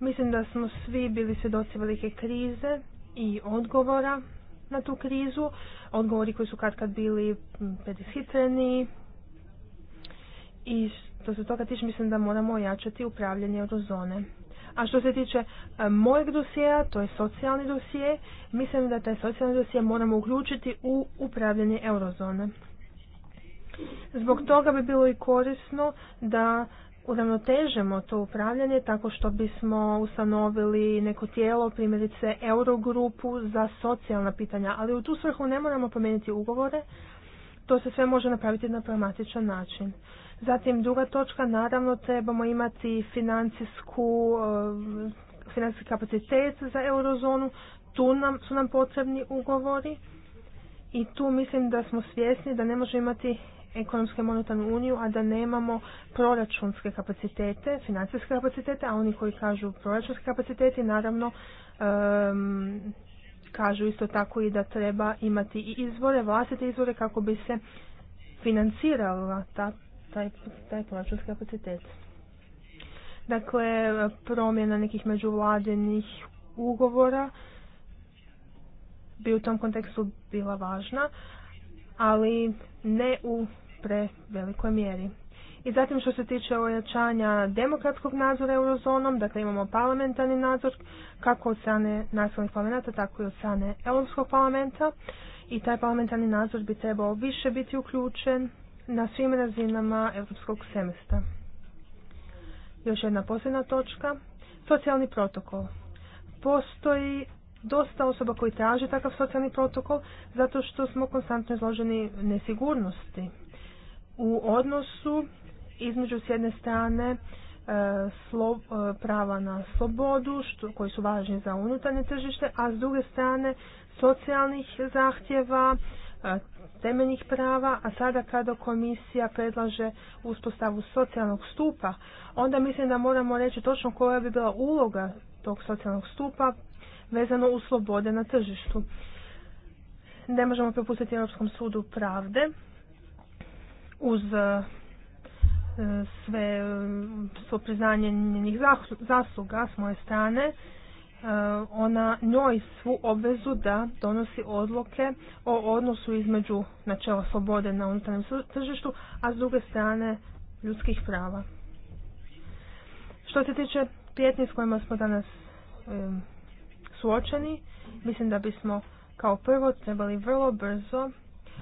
Mislim da smo svi bili svjedoci velike krize i odgovora na tu krizu. Odgovori koji su kad kad bili predishitreni i što se toga tiče mislim da moramo ojačati upravljanje eurozone. A što se tiče e, mojeg dosjea, to je socijalni dosje, mislim da taj socijalni dosje moramo uključiti u upravljanje eurozone. Zbog toga bi bilo i korisno da uravnotežemo to upravljanje tako što bismo ustanovili neko tijelo, primjerice Eurogrupu za socijalna pitanja, ali u tu svrhu ne moramo promijeniti ugovore, to se sve može napraviti na pragmatičan način. Zatim druga točka, naravno trebamo imati financijsku, eh, financijski kapacitet za eurozonu, tu nam, su nam potrebni ugovori i tu mislim da smo svjesni da ne možemo imati ekonomske monetarnu uniju, a da nemamo proračunske kapacitete, financijske kapacitete, a oni koji kažu proračunske kapacitete, naravno kažu isto tako i da treba imati i izvore, vlastite izvore kako bi se financirala ta, taj, taj proračunski kapacitet. Dakle, promjena nekih međuvladinih ugovora bi u tom kontekstu bila važna, ali ne u prevelikoj mjeri. I zatim što se tiče ojačanja demokratskog nadzora eurozonom, dakle imamo parlamentarni nadzor kako od strane nacionalnih parlamenta, tako i od strane Europskog parlamenta i taj parlamentarni nadzor bi trebao više biti uključen na svim razinama europskog semestra. Još jedna posljedna točka, socijalni protokol. Postoji dosta osoba koji traže takav socijalni protokol zato što smo konstantno izloženi nesigurnosti u odnosu između s jedne strane e, e, prava na slobodu koji su važni za unutarnje tržište, a s druge strane socijalnih zahtjeva, e, temeljnih prava, a sada kada komisija predlaže uspostavu socijalnog stupa, onda mislim da moramo reći točno koja bi bila uloga tog socijalnog stupa, vezano u slobode na tržištu. Ne možemo propustiti Europskom sudu pravde uz e, sve e, svo njenih zasluga s moje strane e, ona njoj svu obvezu da donosi odluke o odnosu između načela slobode na unutarnjem tržištu, a s druge strane ljudskih prava. Što se tiče prijetnji s kojima smo danas suočeni, mislim da bismo kao prvo trebali vrlo brzo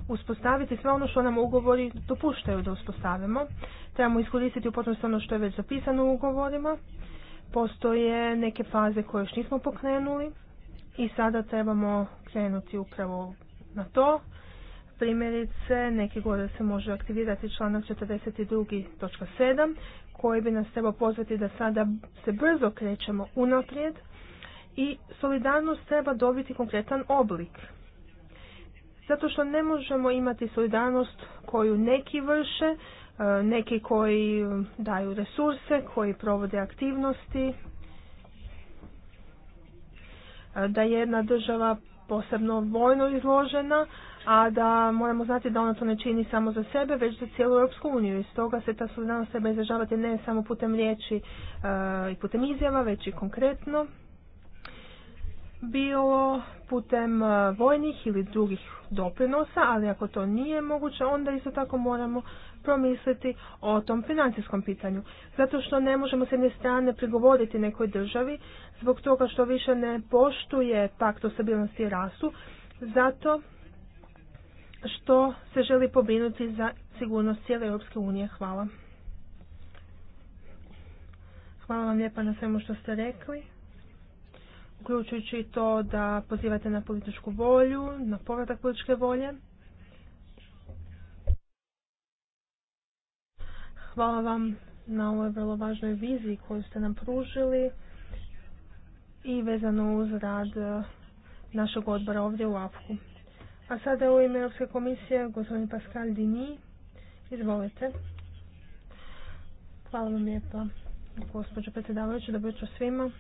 uspostaviti sve ono što nam ugovori dopuštaju da uspostavimo. Trebamo iskoristiti u ono što je već zapisano u ugovorima. Postoje neke faze koje još nismo pokrenuli i sada trebamo krenuti upravo na to. Primjerice, neki gore se može aktivirati članak 42.7 koji bi nas trebao pozvati da sada se brzo krećemo unaprijed i solidarnost treba dobiti konkretan oblik. Zato što ne možemo imati solidarnost koju neki vrše, e, neki koji daju resurse, koji provode aktivnosti, e, da je jedna država posebno vojno izložena, a da moramo znati da ona to ne čini samo za sebe, već za cijelu Europsku uniju. I stoga se ta solidarnost treba izražavati ne samo putem riječi e, i putem izjava, već i konkretno bilo putem e, vojnih ili drugih doprinosa, ali ako to nije moguće, onda isto tako moramo promisliti o tom financijskom pitanju. Zato što ne možemo s jedne strane prigovoriti nekoj državi zbog toga što više ne poštuje pakt o stabilnosti i rastu, zato što se želi pobrinuti za sigurnost cijele Europske unije. Hvala. Hvala vam lijepa na svemu što ste rekli uključujući i to da pozivate na političku volju, na povratak političke volje. Hvala vam na ovoj vrlo važnoj viziji koju ste nam pružili i vezano uz rad našeg odbora ovdje u AFKU. A sada u ime Europske komisije gospodin Pascal Dini. Izvolite. Hvala vam lijepa gospođo predsjedavajuća, dobro svima.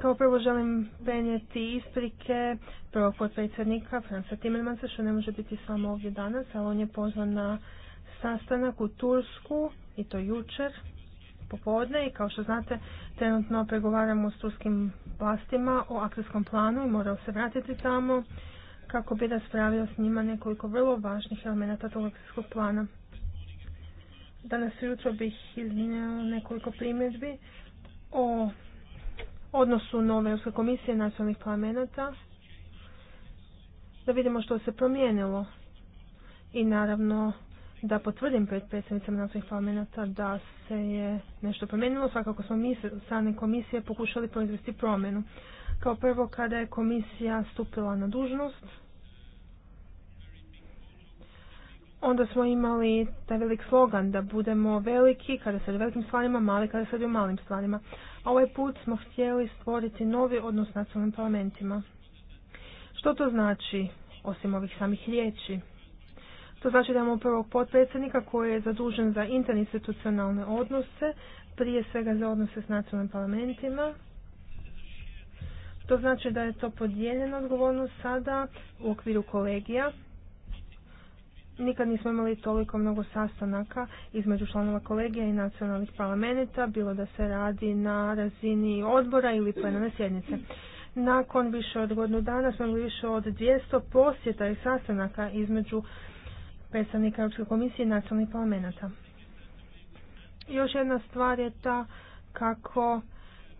Kao prvo želim prenijeti isprike prvog potpredsjednika Franca Timmermansa što ne može biti samo ovdje danas, ali on je pozvan na sastanak u Tursku i to jučer popodne i kao što znate trenutno pregovaramo s turskim vlastima o akcijskom planu i morao se vratiti tamo kako bi raspravio s njima nekoliko vrlo važnih elemenata tog akcijskog plana. Danas ujutro bih iznio nekoliko primjedbi o odnosu nove Europske komisije nacionalnih parlamenta da vidimo što se promijenilo i naravno da potvrdim pred predstavnicama nacionalnih parlamenta da se je nešto promijenilo. Svakako smo mi strane komisije pokušali proizvesti promjenu. Kao prvo kada je komisija stupila na dužnost, onda smo imali taj velik slogan da budemo veliki kada se radi o velikim stvarima, mali kada se radi o malim stvarima. Ovaj put smo htjeli stvoriti novi odnos s nacionalnim parlamentima. Što to znači, osim ovih samih riječi? To znači da imamo prvog potpredsjednika koji je zadužen za interinstitucionalne odnose, prije svega za odnose s nacionalnim parlamentima. To znači da je to podijeljena odgovornost sada u okviru kolegija nikad nismo imali toliko mnogo sastanaka između članova kolegija i nacionalnih parlamenta, bilo da se radi na razini odbora ili plenarne sjednice. Nakon više od godinu dana smo imali više od 200 posjeta i sastanaka između predstavnika Europske komisije i nacionalnih parlamenta. Još jedna stvar je ta kako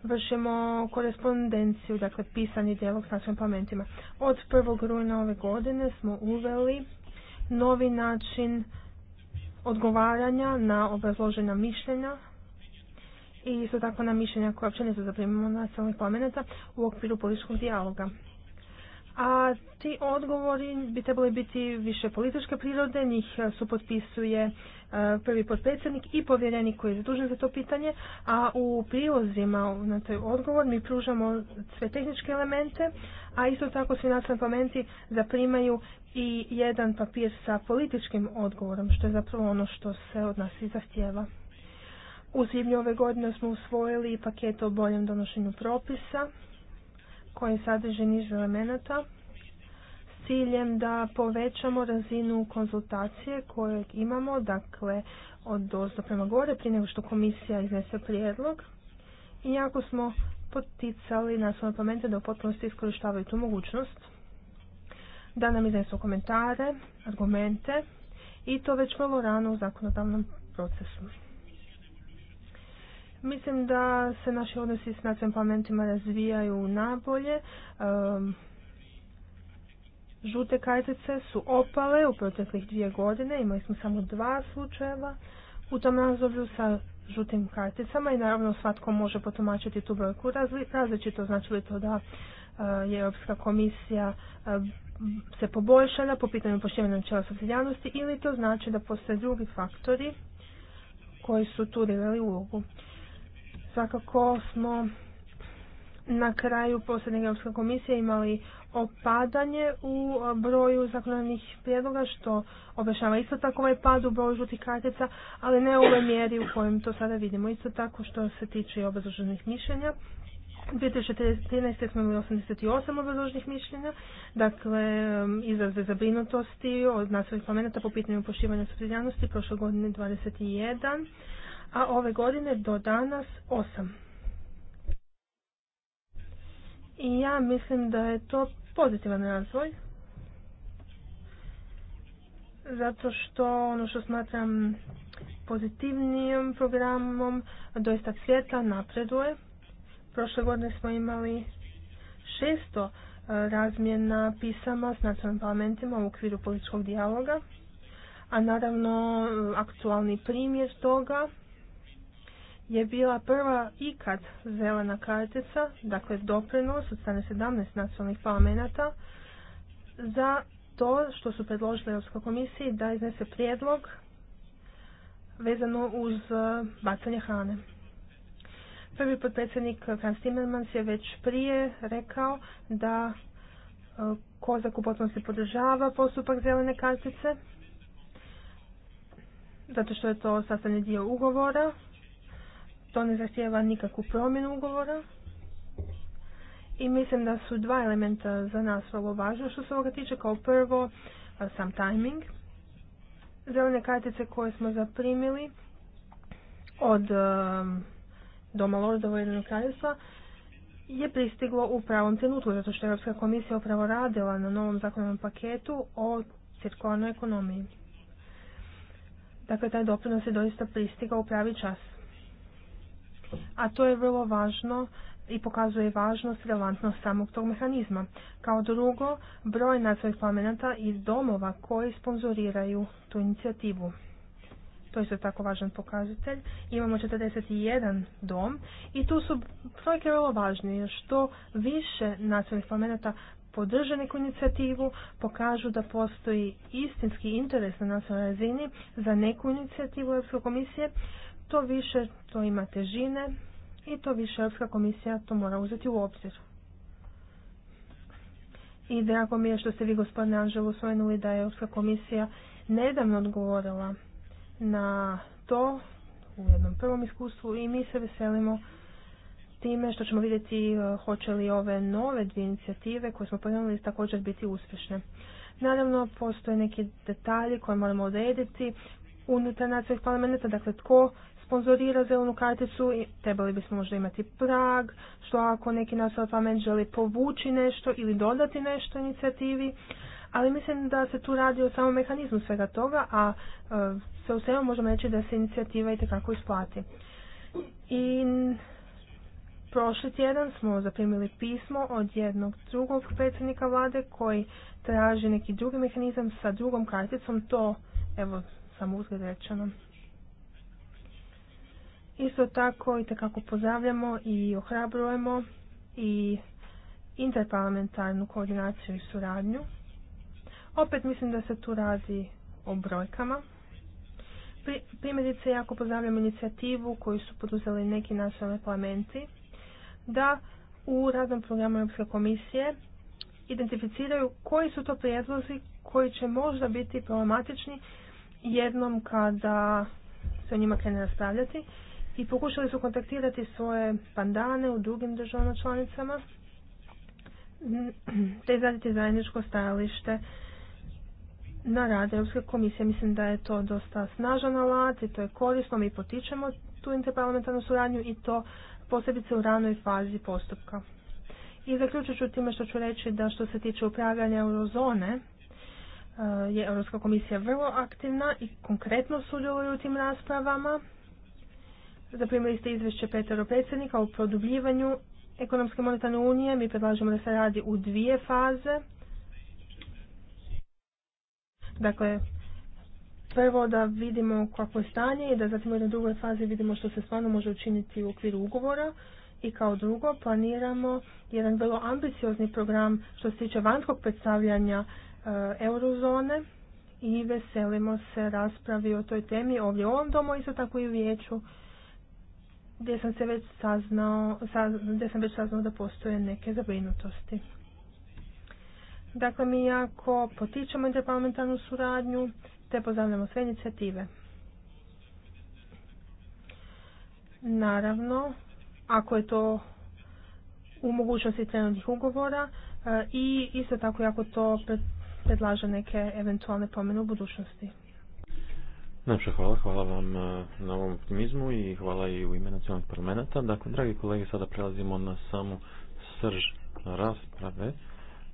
vršimo korespondenciju, dakle pisani dijelog s nacionalnim parlamentima. Od 1. rujna ove godine smo uveli novi način odgovaranja na obrazložena mišljenja i isto tako na mišljenja koja općenito zaprimimo nacionalnih plamenata u okviru političkog dijaloga. A ti odgovori bi trebali biti više političke prirode, njih e, su potpisuje e, prvi potpredsjednik i povjerenik koji je zadužen za to pitanje, a u prilozima na taj odgovor mi pružamo sve tehničke elemente, a isto tako svi nacionalni pamenti zaprimaju i jedan papir sa političkim odgovorom, što je zapravo ono što se od nas i zahtjeva. U svibnju ove godine smo usvojili paket o boljem donošenju propisa, koji sadrže nižu elemenata s ciljem da povećamo razinu konzultacije kojeg imamo, dakle od dozdo prema gore prije nego što komisija iznese prijedlog. Iako smo poticali na svoje pamente da u potpunosti iskorištavaju tu mogućnost, da nam iznesu komentare, argumente i to već malo rano u zakonodavnom procesu. Mislim da se naši odnosi s nacionalnim parlamentima razvijaju nabolje. žute kartice su opale u proteklih dvije godine, imali smo samo dva slučajeva u tom razdoblju sa žutim karticama i naravno svatko može potomačiti tu brojku različito, znači li to da e, je Europska komisija e, se poboljšala po pitanju poštivanja načela socijalnosti ili to znači da postoje drugi faktori koji su tu ulogu. Svakako smo na kraju posljednje Europske komisije imali opadanje u broju zakonodavnih prijedloga, što obešava isto tako ovaj pad u broju žutih kartica, ali ne u ovoj mjeri u kojem to sada vidimo. Isto tako što se tiče obrazloženih mišljenja, 2013. smo imali 88 obrazloženih mišljenja, dakle izraze zabrinutosti od nacionalnih pomenata po pitanju poštivanja subsidijalnosti, prošle godine 21, a ove godine do danas osam. I ja mislim da je to pozitivan razvoj, zato što ono što smatram pozitivnijim programom doista svijeta napreduje. Prošle godine smo imali šesto e, razmjena pisama s nacionalnim parlamentima u okviru političkog dijaloga, a naravno e, aktualni primjer toga je bila prva ikad zelena kartica, dakle doprinos od strane 17 nacionalnih parlamenta za to što su predložili Europskoj komisiji da iznese prijedlog vezano uz e, bacanje hrane. Prvi potpredsjednik Franz Timmermans je već prije rekao da e, Kozak u potpunosti podržava postupak zelene kartice, zato što je to sastavni dio ugovora to ne zahtjeva nikakvu promjenu ugovora. I mislim da su dva elementa za nas vrlo važna. Što se ovoga tiče kao prvo sam timing. Zelene kartice koje smo zaprimili od Doma Lordova jednog kraljevstva je pristiglo u pravom trenutku, zato što je Europska komisija upravo radila na novom zakonovnom paketu o cirkularnoj ekonomiji. Dakle, taj doprinos je doista pristigao u pravi čas a to je vrlo važno i pokazuje važnost i relevantnost samog tog mehanizma. Kao drugo, broj nacionalnih plamenata i domova koji sponzoriraju tu inicijativu. To je isto tako važan pokazatelj. Imamo 41 dom i tu su projekte vrlo važne jer što više nacionalnih plamenata podrže neku inicijativu, pokažu da postoji istinski interes na nacionalnoj razini za neku inicijativu Europske komisije, to više to ima težine i to više Europska komisija to mora uzeti u obzir. I drago mi je što ste vi, gospodine Anželu, spomenuli da je Europska komisija nedavno odgovorila na to u jednom prvom iskustvu i mi se veselimo time što ćemo vidjeti e, hoće li ove nove dvije inicijative koje smo pojavili također biti uspješne. Naravno, postoje neki detalji koje moramo odrediti unutar nacionalnih parlamenta, dakle tko sponzorira zelenu karticu, trebali bismo možda imati prag, što ako neki nas pamet želi povući nešto ili dodati nešto inicijativi, ali mislim da se tu radi o samom mehanizmu svega toga, a e, sve u svemu možemo reći da se inicijativa i tekako isplati. I prošli tjedan smo zaprimili pismo od jednog drugog predsjednika vlade koji traži neki drugi mehanizam sa drugom karticom, to evo samo uzgled rečeno. Isto tako i tekako pozdravljamo i ohrabrujemo i interparlamentarnu koordinaciju i suradnju. Opet mislim da se tu radi o brojkama. Pri, primjerice, jako pozdravljam inicijativu koju su poduzeli neki nacionalni parlamenti da u radnom programu Europske komisije identificiraju koji su to prijedlozi koji će možda biti problematični jednom kada se o njima krene raspravljati i pokušali su kontaktirati svoje pandane u drugim državama članicama te izraditi zajedničko stajalište na rad Europske komisije. Mislim da je to dosta snažan alat i to je korisno. Mi potičemo tu interparlamentarnu suradnju i to posebice u ranoj fazi postupka. I zaključit ću time što ću reći da što se tiče upravljanja eurozone, e, je Europska komisija vrlo aktivna i konkretno sudjeluje u tim raspravama Zaprimili ste izvješće Petero predsjednika o produbljivanju ekonomske monetarne unije. Mi predlažemo da se radi u dvije faze. Dakle, prvo da vidimo kakvo je stanje i da zatim u jednoj drugoj fazi vidimo što se stvarno može učiniti u okviru ugovora. I kao drugo planiramo jedan vrlo ambiciozni program što se tiče vanjskog predstavljanja e, eurozone i veselimo se raspravi o toj temi ovdje u ovom domu, isto tako i u vijeću gdje sam se već saznao, saz, gdje sam već da postoje neke zabrinutosti. Dakle, mi jako potičemo interparlamentarnu suradnju te pozdravljamo sve inicijative. Naravno, ako je to u mogućnosti trenutnih ugovora e, i isto tako jako to predlaže neke eventualne pomene u budućnosti. Najpša hvala, hvala vam e, na ovom optimizmu i hvala i u ime nacionalnih parlamenta. Dakle, dragi kolege, sada prelazimo na samu srž rasprave.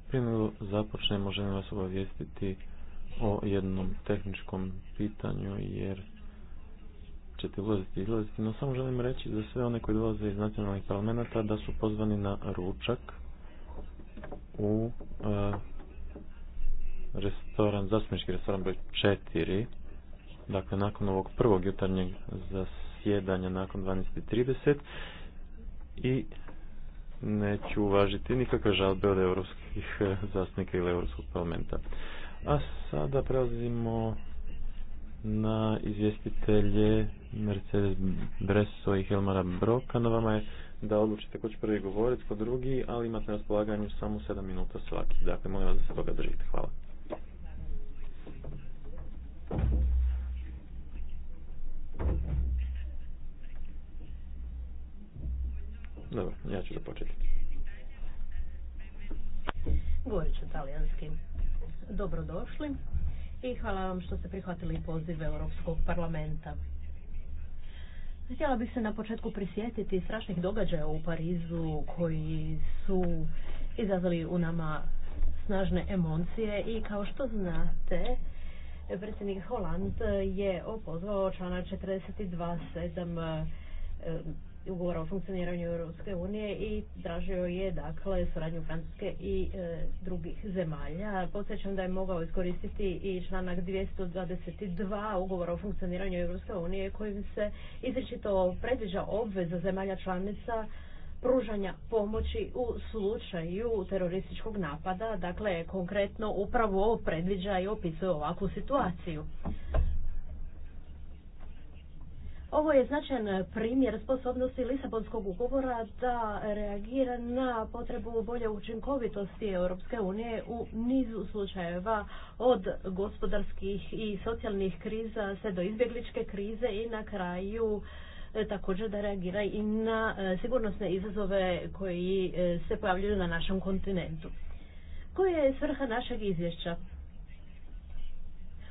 Prije nego započnemo, želim vas obavijestiti o jednom tehničkom pitanju, jer ćete ulaziti i izlaziti, no samo želim reći za sve one koji dolaze iz nacionalnih parlamenta da su pozvani na ručak u e, restoran, zastupnički restoran broj 4 dakle nakon ovog prvog jutarnjeg zasjedanja nakon 12.30 i neću uvažiti nikakve žalbe od europskih eh, zastupnika ili europskog parlamenta. A sada prelazimo na izvjestitelje Mercedes Bresso i Helmara Broka. Na vama je da odlučite ko će prvi govoriti, ko drugi, ali imate na raspolaganju samo 7 minuta svaki. Dakle, molim vas da se toga držite. Hvala. Dobro, ja ću započeti. Govorit ću talijanski. Dobrodošli i hvala vam što ste prihvatili poziv Europskog parlamenta. Htjela bih se na početku prisjetiti strašnih događaja u Parizu koji su izazvali u nama snažne emocije i kao što znate predsjednik Holland je opozvao člana 42.7 ugovora o funkcioniranju Europske unije i tražio je dakle suradnju Francuske i e, drugih zemalja. Podsjećam da je mogao iskoristiti i članak 222 ugovora o funkcioniranju Europske unije kojim se izričito predviđa obveza zemalja članica pružanja pomoći u slučaju terorističkog napada, dakle konkretno upravo ovo predviđa i opisuje ovakvu situaciju. Ovo je značajan primjer sposobnosti Lisabonskog ugovora da reagira na potrebu bolje učinkovitosti Europske unije u nizu slučajeva od gospodarskih i socijalnih kriza sve do izbjegličke krize i na kraju e, također da reagira i na e, sigurnosne izazove koji e, se pojavljuju na našem kontinentu. Koja je svrha našeg izvješća?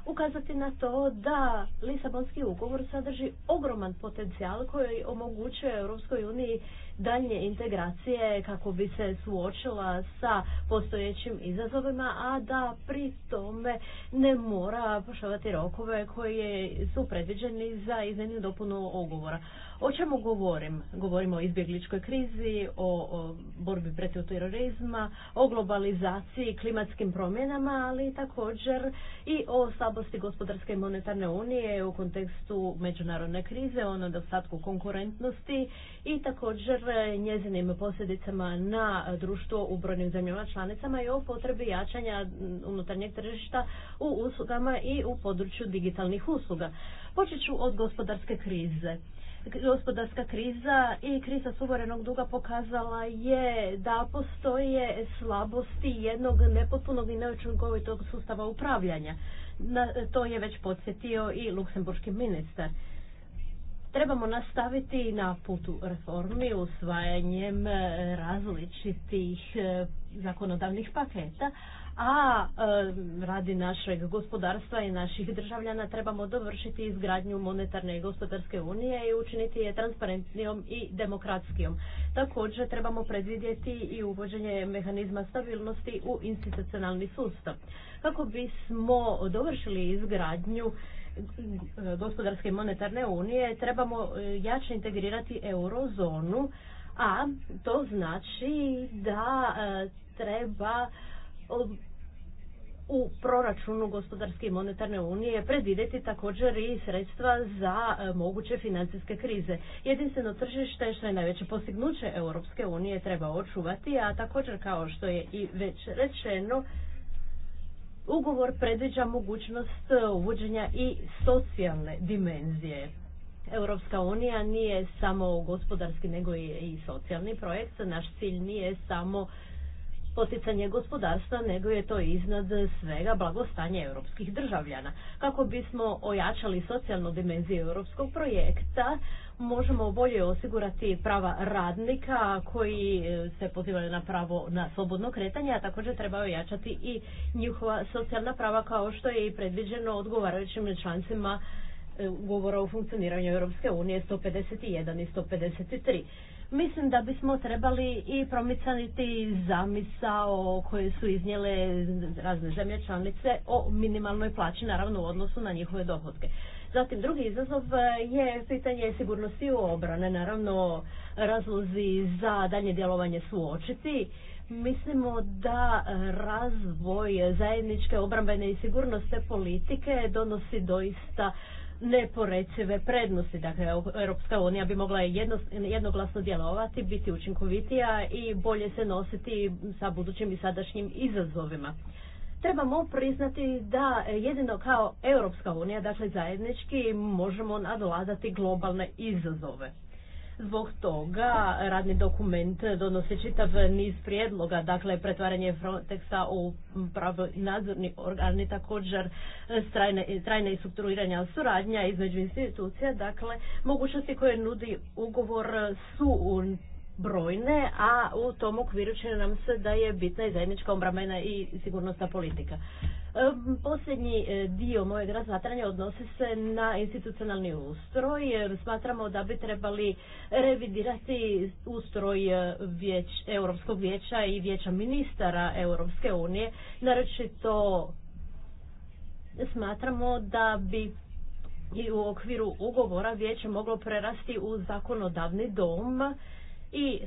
ukazati na to da Lisabonski ugovor sadrži ogroman potencijal koji omogućuje Europskoj uniji daljnje integracije kako bi se suočila sa postojećim izazovima, a da pri tome ne mora poštovati rokove koje su predviđeni za izmjenu dopunu ugovora. O čemu govorim? Govorimo o izbjegličkoj krizi, o, borbi protiv terorizma, o globalizaciji, klimatskim promjenama, ali također i o slabosti gospodarske i monetarne unije u kontekstu međunarodne krize, o nedostatku konkurentnosti i također njezinim posljedicama na društvo u brojnim zemljama članicama i o potrebi jačanja unutarnjeg tržišta u uslugama i u području digitalnih usluga. Počet ću od gospodarske krize. Gospodarska kriza i kriza suverenog duga pokazala je da postoje slabosti jednog nepotpunog i neočinkovitog sustava upravljanja. Na to je već podsjetio i luksemburški ministar. Trebamo nastaviti na putu reformi usvajanjem e, različitih e, zakonodavnih paketa, a e, radi našeg gospodarstva i naših državljana trebamo dovršiti izgradnju monetarne i gospodarske unije i učiniti je transparentnijom i demokratskijom. Također trebamo predvidjeti i uvođenje mehanizma stabilnosti u institucionalni sustav. Kako bismo dovršili izgradnju gospodarske i monetarne unije trebamo e, jače integrirati eurozonu, a to znači da e, treba e, u proračunu gospodarske i monetarne unije predvidjeti također i sredstva za moguće financijske krize. Jedinstveno tržište što je najveće postignuće Europske unije treba očuvati, a također kao što je i već rečeno ugovor predviđa mogućnost e, uvođenja i socijalne dimenzije. Europska unija nije samo gospodarski nego i socijalni projekt. Naš cilj nije samo poticanje gospodarstva, nego je to iznad svega blagostanje europskih državljana. Kako bismo ojačali socijalnu dimenziju europskog projekta, možemo bolje osigurati prava radnika koji e, se pozivaju na pravo na slobodno kretanje, a također treba ojačati i njihova socijalna prava kao što je i predviđeno odgovarajućim člancima e, ugovora o funkcioniranju Europske unije 151 i 153. Mislim da bismo trebali i promicati zamisao koje su iznijele razne zemlje članice o minimalnoj plaći, naravno u odnosu na njihove dohodke. Zatim drugi izazov e, je pitanje sigurnosti u obrane. Naravno, razlozi za dalje djelovanje su očiti. Mislimo da razvoj zajedničke obrambene i sigurnosne politike donosi doista neporećive prednosti. Dakle, Europska unija bi mogla jednoglasno djelovati, biti učinkovitija i bolje se nositi sa budućim i sadašnjim izazovima trebamo priznati da jedino kao Europska unija, dakle zajednički, možemo nadolazati globalne izazove. Zbog toga radni dokument donosi čitav niz prijedloga, dakle pretvaranje Frontexa u pravo nadzorni organ također trajne, i strukturiranja suradnja između institucija, dakle mogućnosti koje nudi ugovor su brojne, a u tom okviru čini nam se da je bitna i zajednička obrambena i sigurnosna politika. E, posljednji e, dio mojeg razmatranja odnosi se na institucionalni ustroj. Smatramo da bi trebali revidirati ustroj e, vijeća Europskog vijeća i vijeća ministara Europske unije. Naročito smatramo da bi i u okviru ugovora vijeće moglo prerasti u zakonodavni dom i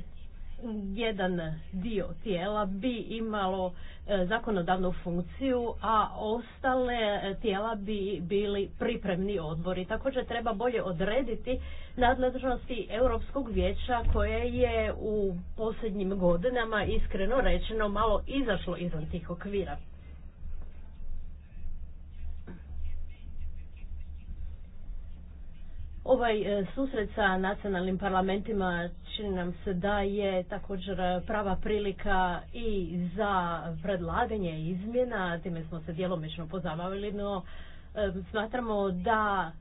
jedan dio tijela bi imalo e, zakonodavnu funkciju, a ostale e, tijela bi bili pripremni odbori. Također treba bolje odrediti nadležnosti Europskog vijeća koje je u posljednjim godinama iskreno rečeno malo izašlo izvan tih okvira. Ovaj e, susret sa nacionalnim parlamentima čini nam se da je također prava prilika i za predlaganje izmjena, time smo se djelomično pozabavili, no smatramo da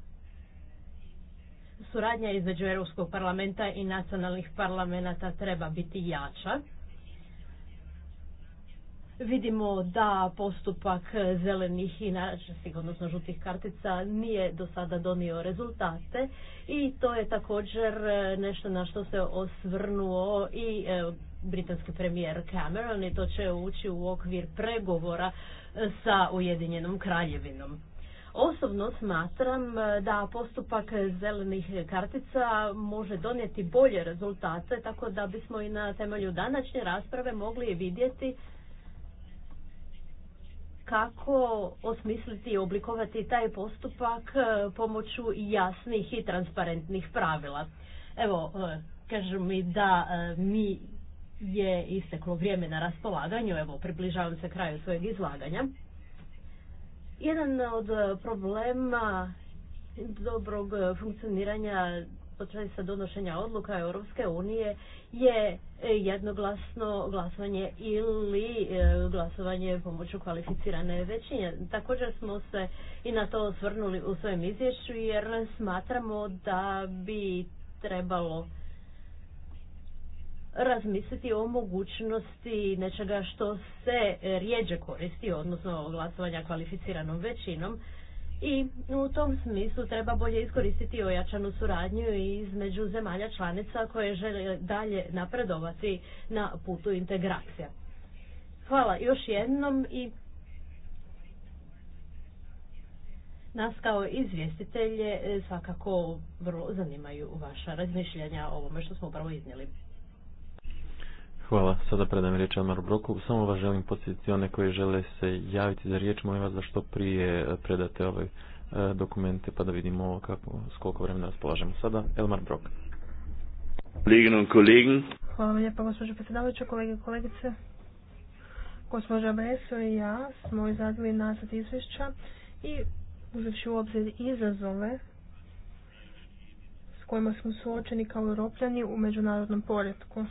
suradnja između Europskog parlamenta i nacionalnih parlamenta treba biti jača. Vidimo da postupak zelenih i sigurnosno odnosno žutih kartica nije do sada donio rezultate i to je također nešto na što se osvrnuo i e, britanski premijer Cameron i to će ući u okvir pregovora e, sa Ujedinjenom kraljevinom. Osobno smatram e, da postupak zelenih kartica može donijeti bolje rezultate, tako da bismo i na temelju današnje rasprave mogli vidjeti kako osmisliti i oblikovati taj postupak e, pomoću jasnih i transparentnih pravila. Evo, e, kažu mi da e, mi je isteklo vrijeme na raspolaganju, evo približavam se kraju svojeg izlaganja. Jedan od problema dobrog funkcioniranja sa donošenja odluka Europske unije je e, jednoglasno glasovanje ili e, glasovanje pomoću kvalificirane većine. Također smo se i na to osvrnuli u svojem izvješću jer smatramo da bi trebalo razmisliti o mogućnosti nečega što se rijeđe koristi, odnosno glasovanja kvalificiranom većinom, i u tom smislu treba bolje iskoristiti ojačanu suradnju između zemalja članica koje žele dalje napredovati na putu integracija. Hvala još jednom i nas kao izvjestitelje eh, svakako vrlo zanimaju vaša razmišljanja o ovome što smo upravo iznijeli. Hvala. Sada predam riječ Elmaru Broku. Samo vas želim podsjetiti one koji žele se javiti za riječ. Molim vas da što prije predate ove e, dokumente pa da vidimo kako, s koliko vremena raspolažemo. Sada Elmar Brok. Hvala vam lijepa gospođo predsjedavajuća, kolege i kolegice. Gospođa Breso i ja smo izradili nazad izvješća i uzevši u obzir izazove s kojima smo suočeni kao europljani u međunarodnom poretku.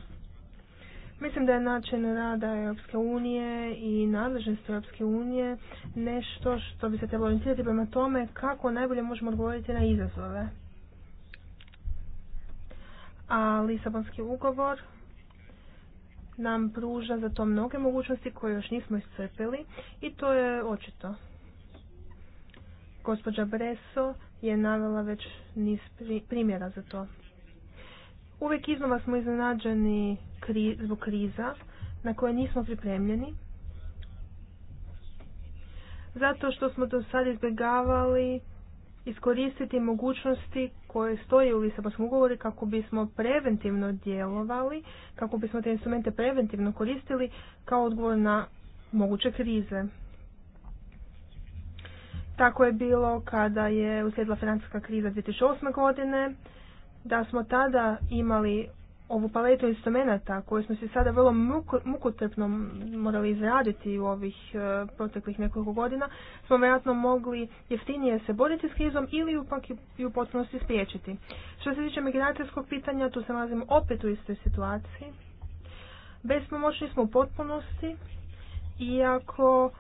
Mislim da je način rada Europske unije i nadležnosti Europske unije nešto što bi se trebalo orientirati prema tome kako najbolje možemo odgovoriti na izazove. A Lisabonski ugovor nam pruža za to mnoge mogućnosti koje još nismo iscrpili i to je očito. Gospođa Breso je navela već niz primjera za to. Uvijek iznova smo iznenađeni kri, zbog kriza na koje nismo pripremljeni. Zato što smo do sad izbjegavali iskoristiti mogućnosti koje stoje u Lisabonskom ugovoru kako bismo preventivno djelovali, kako bismo te instrumente preventivno koristili kao odgovor na moguće krize. Tako je bilo kada je uslijedila financijska kriza 2008. godine, da smo tada imali ovu paletu instrumenta koju smo se sada vrlo mukotrpno morali izraditi u ovih e, proteklih nekoliko godina, smo vjerojatno mogli jeftinije se boriti s krizom ili upak i u potpunosti spriječiti. Što se tiče migracijskog pitanja, tu se nalazimo opet u istoj situaciji. Bespomoćni smo u potpunosti, iako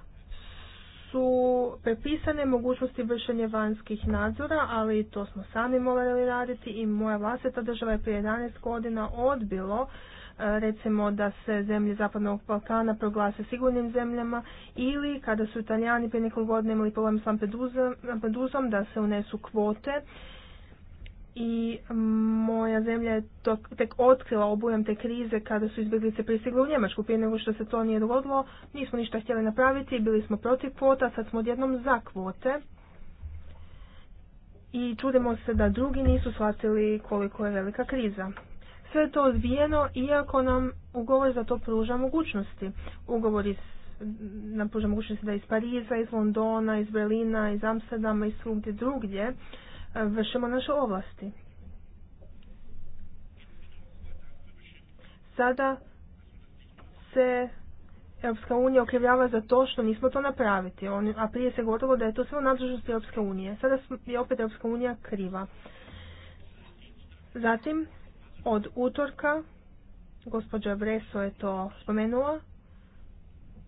su prepisane mogućnosti vršenje vanjskih nadzora, ali to smo sami morali raditi i moja vlastita država je prije 11 godina odbilo e, recimo da se zemlje Zapadnog Balkana proglase sigurnim zemljama ili kada su Italijani prije nekoliko godina imali problem s Lampeduzom da se unesu kvote i moja zemlja je tek otkrila obujem te krize kada su izbjeglice pristigle u Njemačku. Prije nego što se to nije dogodilo, nismo ništa htjeli napraviti, bili smo protiv kvota, sad smo odjednom za kvote. I čudimo se da drugi nisu shvatili koliko je velika kriza. Sve je to odbijeno, iako nam ugovor za to pruža mogućnosti. Ugovor nam pruža mogućnosti da iz Pariza, iz Londona, iz Berlina, iz Amsterdama i svugdje drugdje vršimo naše ovlasti. Sada se Europska unija okrivljava za to što nismo to napraviti, a prije se gotovo da je to sve u nadležnosti Europske unije. Sada je opet Europska unija kriva. Zatim, od utorka, gospođa Breso je to spomenula,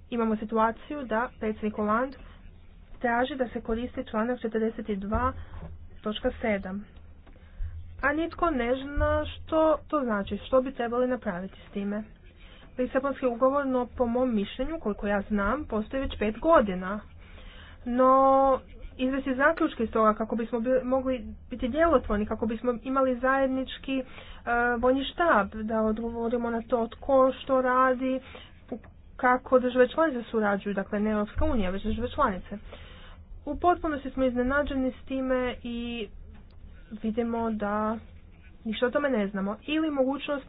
imamo situaciju da predsjednik Oland traži da se koristi članak 42 točka 7. A nitko ne zna što to znači, što bi trebali napraviti s time. Lisabonski ugovor, no po mom mišljenju, koliko ja znam, postoji već pet godina. No, izvesti zaključke iz toga kako bismo mogli biti djelotvorni, kako bismo imali zajednički e, vojni štab, da odgovorimo na to tko što radi, kako države članice surađuju, dakle ne Europska unija, već države članice. U potpunosti smo iznenađeni s time i vidimo da ništa o tome ne znamo. Ili mogućnost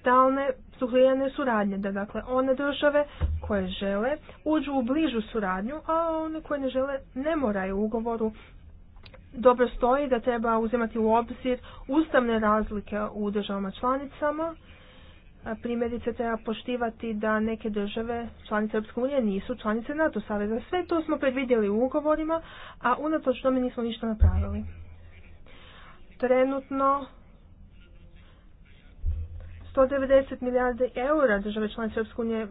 stalne suhlijene suradnje, da dakle one države koje žele uđu u bližu suradnju, a one koje ne žele ne moraju u ugovoru. Dobro stoji da treba uzimati u obzir ustavne razlike u državama članicama, primjerice treba poštivati da neke države članice Europske unije nisu članice NATO saveza. Sve to smo predvidjeli u ugovorima, a unatoč tome nismo ništa napravili. Trenutno 190 milijarde eura države članice Europske unije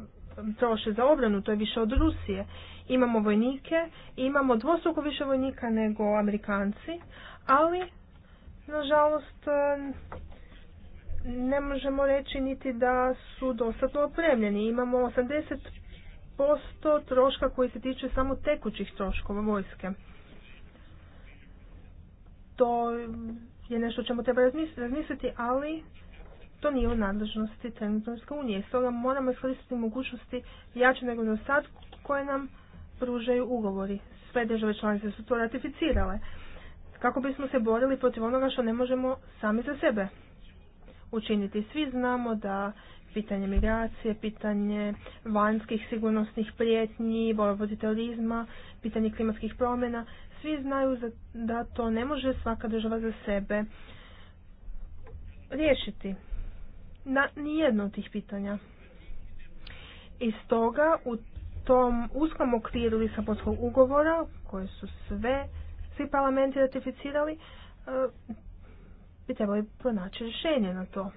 troše za obranu, to je više od Rusije. Imamo vojnike, imamo dvostruko više vojnika nego Amerikanci, ali nažalost ne možemo reći niti da su dostatno opremljeni. Imamo 80% troška koji se tiče samo tekućih troškova vojske. To je nešto o čemu treba razmisliti, ali to nije u nadležnosti Trenutnorske unije. Stoga moramo iskoristiti mogućnosti jače nego do sad koje nam pružaju ugovori. Sve države članice su to ratificirale. Kako bismo se borili protiv onoga što ne možemo sami za sebe učiniti. Svi znamo da pitanje migracije, pitanje vanjskih sigurnosnih prijetnji, borba terorizma, pitanje klimatskih promjena, svi znaju da to ne može svaka država za sebe riješiti. Na nijedno od tih pitanja. I stoga u tom uskom okviru Lisabonskog ugovora, koje su sve, svi parlamenti ratificirali, e, bi trebali pronaći rješenje na to.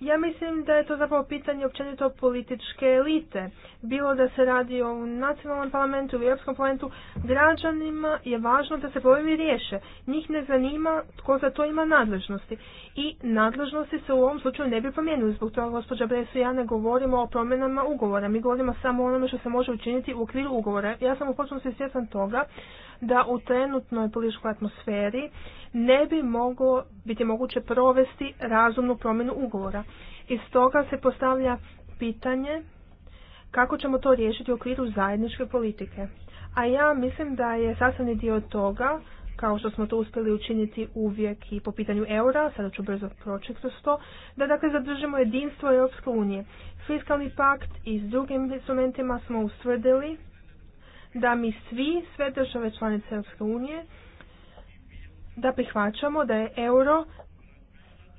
Ja mislim da je to zapravo pitanje općenito političke elite. Bilo da se radi o nacionalnom parlamentu ili europskom parlamentu, građanima je važno da se problemi riješe. Njih ne zanima tko za to ima nadležnosti. I nadležnosti se u ovom slučaju ne bi promijenili. Zbog toga, gospođa Bresu, ja ne govorimo o promjenama ugovora. Mi govorimo samo o onome što se može učiniti u okviru ugovora. Ja sam u potpunosti svjestan toga da u trenutnoj političkoj atmosferi ne bi moglo biti moguće provesti razumnu promjenu ugovora. I stoga se postavlja pitanje kako ćemo to riješiti u okviru zajedničke politike. A ja mislim da je sastavni dio toga, kao što smo to uspjeli učiniti uvijek i po pitanju eura, sada ću brzo proći kroz to, da dakle zadržimo jedinstvo Europske unije. Fiskalni pakt i s drugim instrumentima smo ustvrdili da mi svi, sve države članice Europske unije, da prihvaćamo da je euro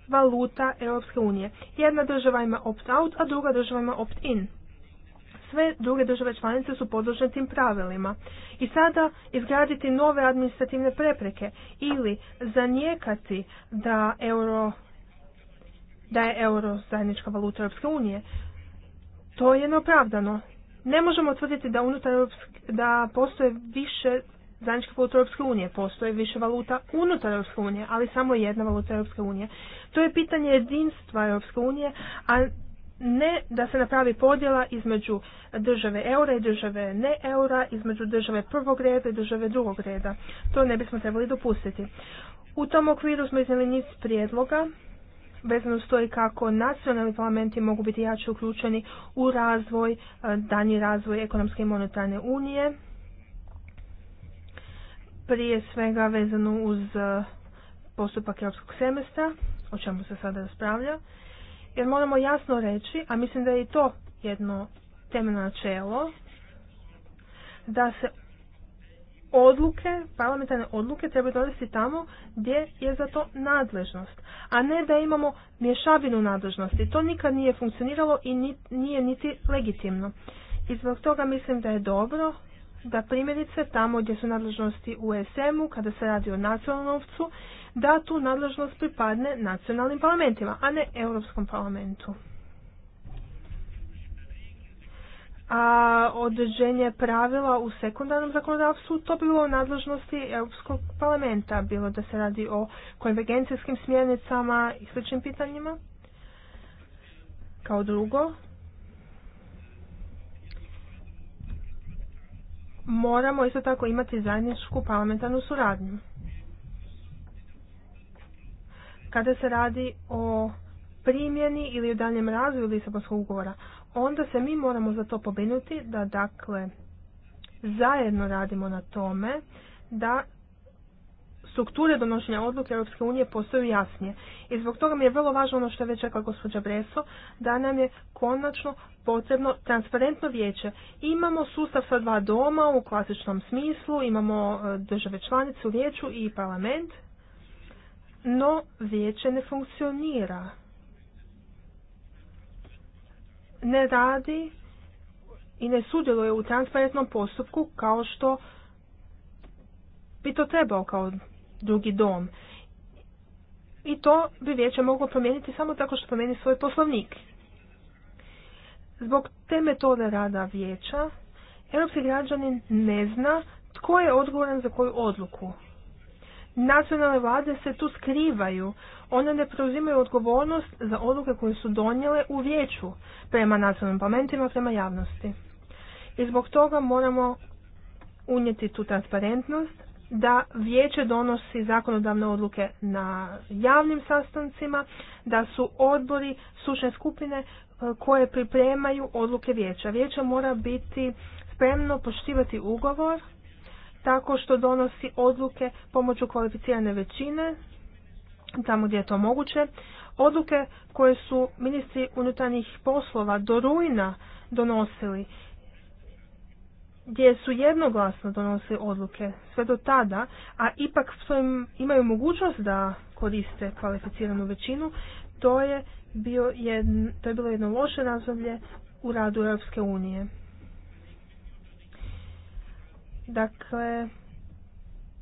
valuta Europske unije. Jedna država ima opt-out, a druga država ima opt-in. Sve druge države članice su podložne tim pravilima. I sada izgraditi nove administrativne prepreke ili zanijekati da, euro, da je euro zajednička valuta Europske unije, to je neopravdano. Ne možemo tvrditi da unutar da postoje više zajednički valuta Europske unije. Postoje više valuta unutar Europske unije, ali samo jedna valuta Europske unije. To je pitanje jedinstva Europske unije, a ne da se napravi podjela između države eura i države ne eura, između države prvog reda i države drugog reda. To ne bismo trebali dopustiti. U tom okviru smo iznijeli niz prijedloga vezano i kako nacionalni parlamenti mogu biti jače uključeni u razvoj, eh, danji razvoj ekonomske i monetarne unije prije svega vezano uz e, postupak europskog semestra, o čemu se sada raspravlja, jer moramo jasno reći, a mislim da je i to jedno temeljno načelo, da se odluke, parlamentarne odluke trebaju donesti tamo gdje je za to nadležnost, a ne da imamo mješavinu nadležnosti. To nikad nije funkcioniralo i nije niti legitimno. I zbog toga mislim da je dobro da primjerice tamo gdje su nadležnosti u SM-u, kada se radi o nacionalnom novcu, da tu nadležnost pripadne nacionalnim parlamentima, a ne Europskom parlamentu. A određenje pravila u sekundarnom zakonodavstvu to bilo u nadležnosti Europskog parlamenta, bilo da se radi o konvergencijskim smjernicama i sličnim pitanjima. Kao drugo, moramo isto tako imati zajedničku parlamentarnu suradnju. Kada se radi o primjeni ili o daljem razvoju Lisabonskog ugovora, onda se mi moramo za to pobinuti da dakle zajedno radimo na tome da strukture donošenja odluke Europske unije postaju jasnije. I zbog toga mi je vrlo važno ono što je već rekla gospođa Breso, da nam je konačno potrebno transparentno vijeće. Imamo sustav sa dva doma u klasičnom smislu, imamo e, države članice u vijeću i parlament, no vijeće ne funkcionira. Ne radi i ne sudjeluje u transparentnom postupku kao što bi to trebao kao drugi dom. I to bi vijeće moglo promijeniti samo tako što promijeni svoj poslovnik. Zbog te metode rada vijeća, europski građanin ne zna tko je odgovoran za koju odluku. Nacionalne vlade se tu skrivaju, one ne preuzimaju odgovornost za odluke koje su donijele u vijeću prema nacionalnim parlamentima, prema javnosti. I zbog toga moramo unijeti tu transparentnost, da vijeće donosi zakonodavne odluke na javnim sastancima, da su odbori, sučne skupine e, koje pripremaju odluke vijeća. Vijeće mora biti spremno poštivati ugovor tako što donosi odluke pomoću kvalificirane većine, tamo gdje je to moguće, odluke koje su ministri unutarnjih poslova do rujna donosili gdje su jednoglasno donosili odluke sve do tada, a ipak imaju mogućnost da koriste kvalificiranu većinu, to je, bio to je bilo jedno loše razdoblje u radu Europske unije. Dakle,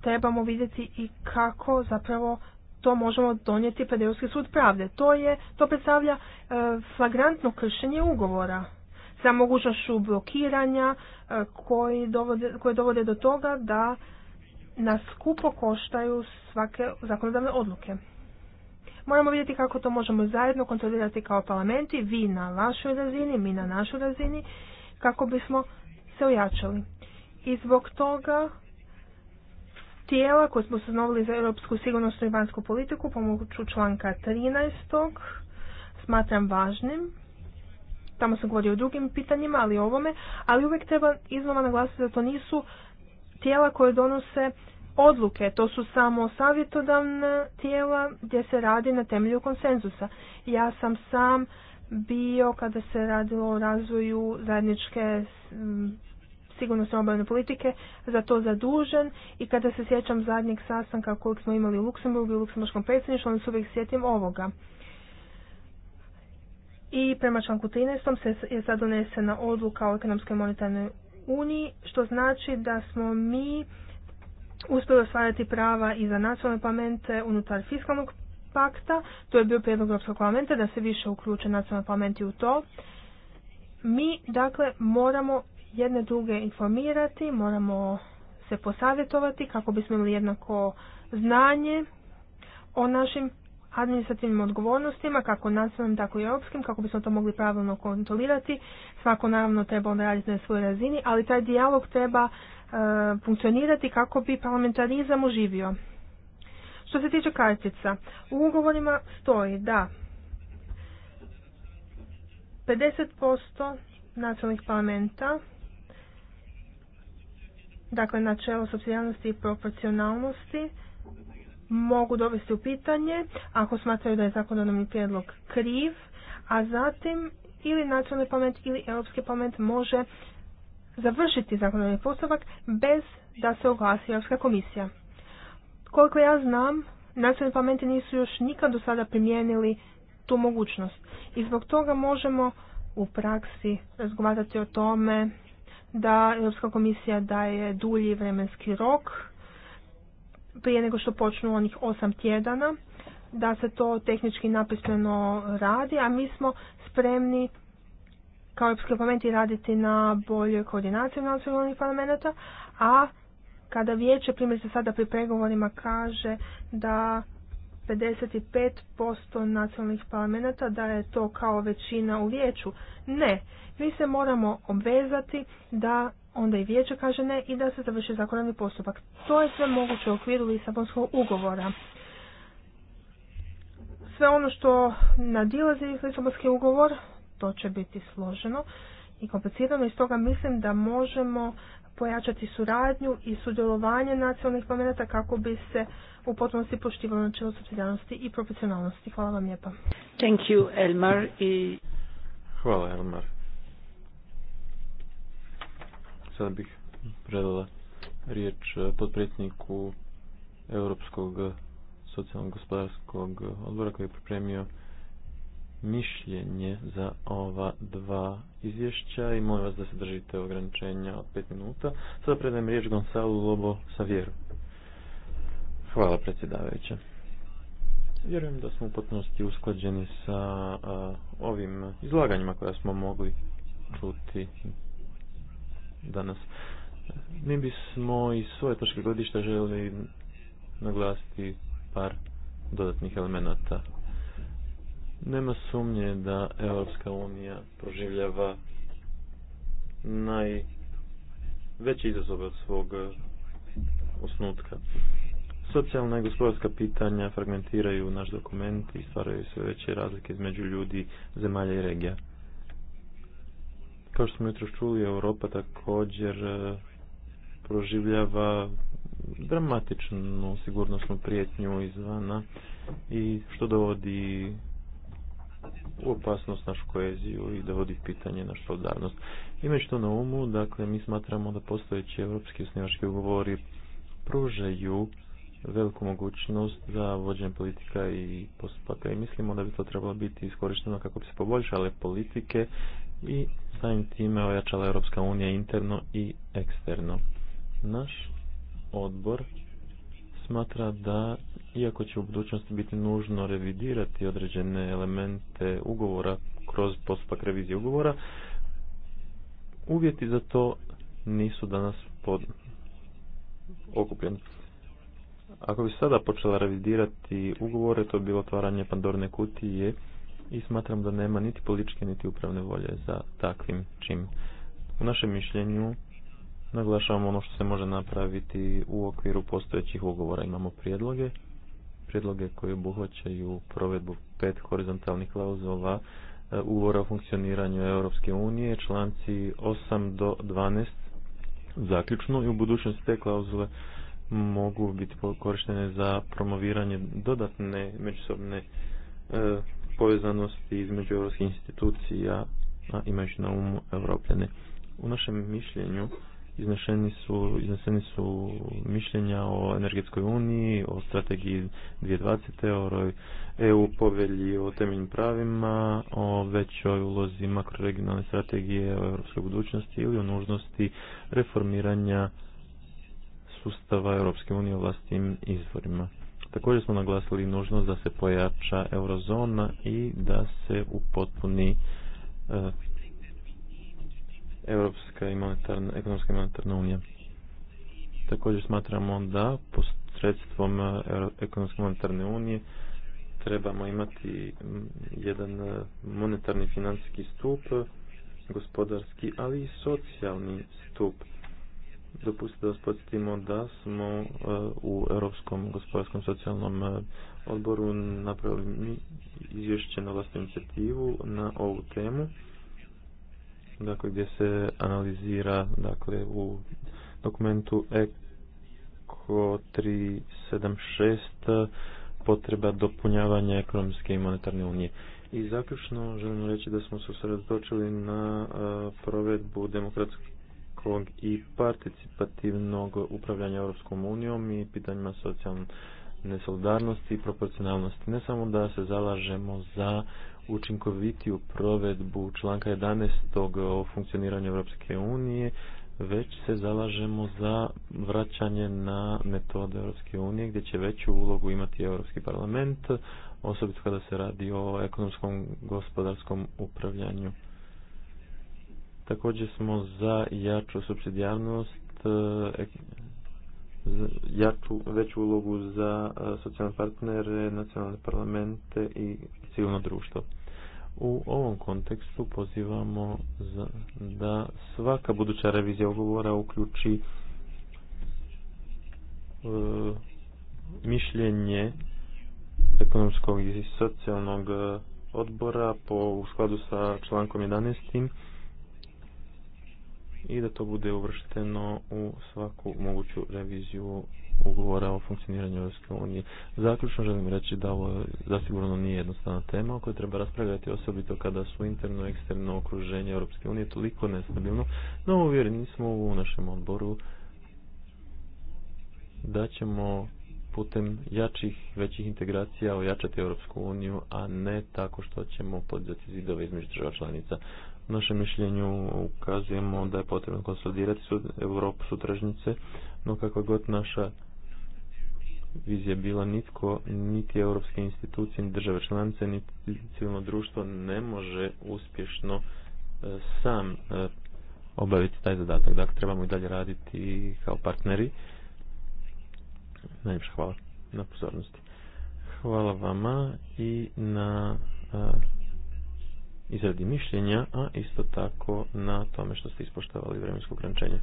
trebamo vidjeti i kako zapravo to možemo donijeti pred Europski sud pravde. To, je, to predstavlja e, flagrantno kršenje ugovora sa mogućnošću blokiranja e, koji dovode, koje dovode do toga da nas skupo koštaju svake zakonodavne odluke. Moramo vidjeti kako to možemo zajedno kontrolirati kao parlamenti, vi na vašoj razini, mi na našoj razini, kako bismo se ojačali. I zbog toga tijela koje smo se znovili za europsku sigurnosnu i vanjsku politiku pomoću članka 13. smatram važnim tamo sam govorio o drugim pitanjima, ali o ovome, ali uvijek treba iznova naglasiti da to nisu tijela koje donose odluke, to su samo savjetodavna tijela gdje se radi na temelju konsenzusa. Ja sam sam bio kada se radilo o razvoju zajedničke mm, sigurnosne obavljene politike za to zadužen i kada se sjećam zadnjeg sastanka kojeg smo imali u Luksemburgu i u Luksemburgskom predsjedništvu, onda se uvijek sjetim ovoga i prema članku 13. se je sad donesena odluka o ekonomskoj monetarnoj uniji, što znači da smo mi uspjeli ostvariti prava i za nacionalne parlamente unutar fiskalnog pakta. To je bio prijedlog Europskog parlamenta da se više uključe nacionalni parlamenti u to. Mi, dakle, moramo jedne druge informirati, moramo se posavjetovati kako bismo imali jednako znanje o našim administrativnim odgovornostima, kako nacionalnim, tako i europskim, kako bismo to mogli pravilno kontrolirati. Svako naravno treba onda raditi na svojoj razini, ali taj dijalog treba e, funkcionirati kako bi parlamentarizam uživio. Što se tiče kartica, u ugovorima stoji da 50% nacionalnih parlamenta, dakle načelo socijalnosti i proporcionalnosti, mogu dovesti u pitanje ako smatraju da je zakonodavni prijedlog kriv, a zatim ili nacionalni parlament ili europski parlament može završiti zakonodavni postupak bez da se oglasi Europska komisija. Koliko ja znam, nacionalni parlamenti nisu još nikad do sada primijenili tu mogućnost i zbog toga možemo u praksi razgovarati o tome da Europska komisija daje dulji vremenski rok prije nego što počnu onih osam tjedana, da se to tehnički napisano radi, a mi smo spremni kao Europski i raditi na boljoj koordinaciji nacionalnih parlamenta, a kada vijeće se sada pri pregovorima kaže da 55% nacionalnih parlamenta da je to kao većina u vijeću. Ne, mi se moramo obvezati da onda i vijeće kaže ne i da se završi zakonodavni postupak. To je sve moguće u okviru Lisabonskog ugovora. Sve ono što nadilazi Lisabonski ugovor, to će biti složeno i komplicirano i stoga mislim da možemo pojačati suradnju i sudjelovanje nacionalnih pomenata kako bi se u potpunosti poštivalo načelo socijalnosti i profesionalnosti. Hvala vam lijepa. Thank you, Elmar. I... Hvala, Elmar. Sada bih predala riječ e, potpredsjedniku Europskog socijalno-gospodarskog odbora koji je pripremio mišljenje za ova dva izvješća i molim vas da se držite ograničenja od pet minuta. Sada predajem riječ Gonsalu Lobo Savjeru. Hvala predsjedavajuća. Vjerujem da smo u potpunosti usklađeni sa ovim izlaganjima koja smo mogli čuti danas. Mi bismo iz svoje točke godišta želi naglasiti par dodatnih elemenata. Nema sumnje da Europska unija proživljava najveće izazove od svog osnutka. Socijalna i gospodarska pitanja fragmentiraju naš dokument i stvaraju sve veće razlike između ljudi, zemalja i regija. Kao što smo jutro čuli, Europa također e, proživljava dramatičnu sigurnosnu prijetnju izvana i što dovodi u opasnost našu koeziju i dovodi pitanje našu odavnost. Imajući to na umu, dakle, mi smatramo da postojeći europski osnivački ugovori pružaju veliku mogućnost za vođenje politika i postupaka i mislimo da bi to trebalo biti iskorišteno kako bi se poboljšale politike i samim time ojačala Europska unija interno i eksterno. Naš odbor smatra da, iako će u budućnosti biti nužno revidirati određene elemente ugovora kroz postupak revizije ugovora, uvjeti za to nisu danas pod... okupljeni. Ako bi sada počela revidirati ugovore, to bi bilo otvaranje Pandorne kutije i smatram da nema niti političke niti upravne volje za takvim čim. U našem mišljenju naglašavamo ono što se može napraviti u okviru postojećih ugovora. Imamo prijedloge, prijedloge koji obuhvaćaju provedbu pet horizontalnih klauzula e, ugovora o funkcioniranju Europske unije, članci 8 do 12 zaključno i u budućnosti te klauzule mogu biti korištene za promoviranje dodatne međusobne e, povezanosti između europskih institucija, a imajući na umu Evropljane. U našem mišljenju izneseni su, izneseni su mišljenja o energetskoj uniji, o strategiji 2020. o EU povelji o temeljnim pravima, o većoj ulozi makroregionalne strategije o europskoj budućnosti ili o nužnosti reformiranja sustava Europske unije vlastim izvorima. Također smo naglasili nužnost da se pojača eurozona i da se upotpuni uh, Europska i monetarna, ekonomska i monetarna unija. Također smatramo da posredstvom e, ekonomske monetarne unije trebamo imati jedan e, monetarni financijski stup, gospodarski, ali i socijalni stup Dopustite da da smo e, u Europskom gospodarskom socijalnom e, odboru napravili izvješće na vlastnu inicijativu na ovu temu dakle, gdje se analizira dakle, u dokumentu ECO 376 e, potreba dopunjavanja ekonomske i monetarne unije. I zaključno želim reći da smo se usredotočili na provedbu demokratskog i participativnog upravljanja Europskom unijom i pitanjima socijalne solidarnosti i proporcionalnosti. Ne samo da se zalažemo za učinkovitiju provedbu članka 11. o funkcioniranju Europske unije, već se zalažemo za vraćanje na metode Europske unije gdje će veću ulogu imati Europski parlament, osobito kada se radi o ekonomskom gospodarskom upravljanju. Također smo za jaču subsidijarnost, e, jaču, veću ulogu za e, socijalne partnere, nacionalne parlamente i civilno društvo. U ovom kontekstu pozivamo za, da svaka buduća revizija ugovora uključi e, mišljenje ekonomskog i socijalnog odbora po, u skladu sa člankom 11 i da to bude uvršteno u svaku moguću reviziju ugovora o funkcioniranju Europske unije. Zaključno želim reći da ovo zasigurno nije jednostavna tema o kojoj treba raspravljati osobito kada su interno i eksterno okruženje Europske unije toliko nestabilno, no uvjereni smo u našem odboru da ćemo putem jačih, većih integracija ojačati Europsku uniju, a ne tako što ćemo podzati zidove između država članica našem mišljenju ukazujemo da je potrebno konsolidirati sud, Europu sutražnice, no kako god naša vizija bila nitko, niti europske institucije, ni države članice, niti civilno društvo ne može uspješno e, sam e, obaviti taj zadatak. Dakle, trebamo i dalje raditi kao partneri. Najljepša hvala na pozornosti. Hvala vama i na e, izradi mišljenja, a isto tako na tome što ste ispoštovali vremensko ograničenje.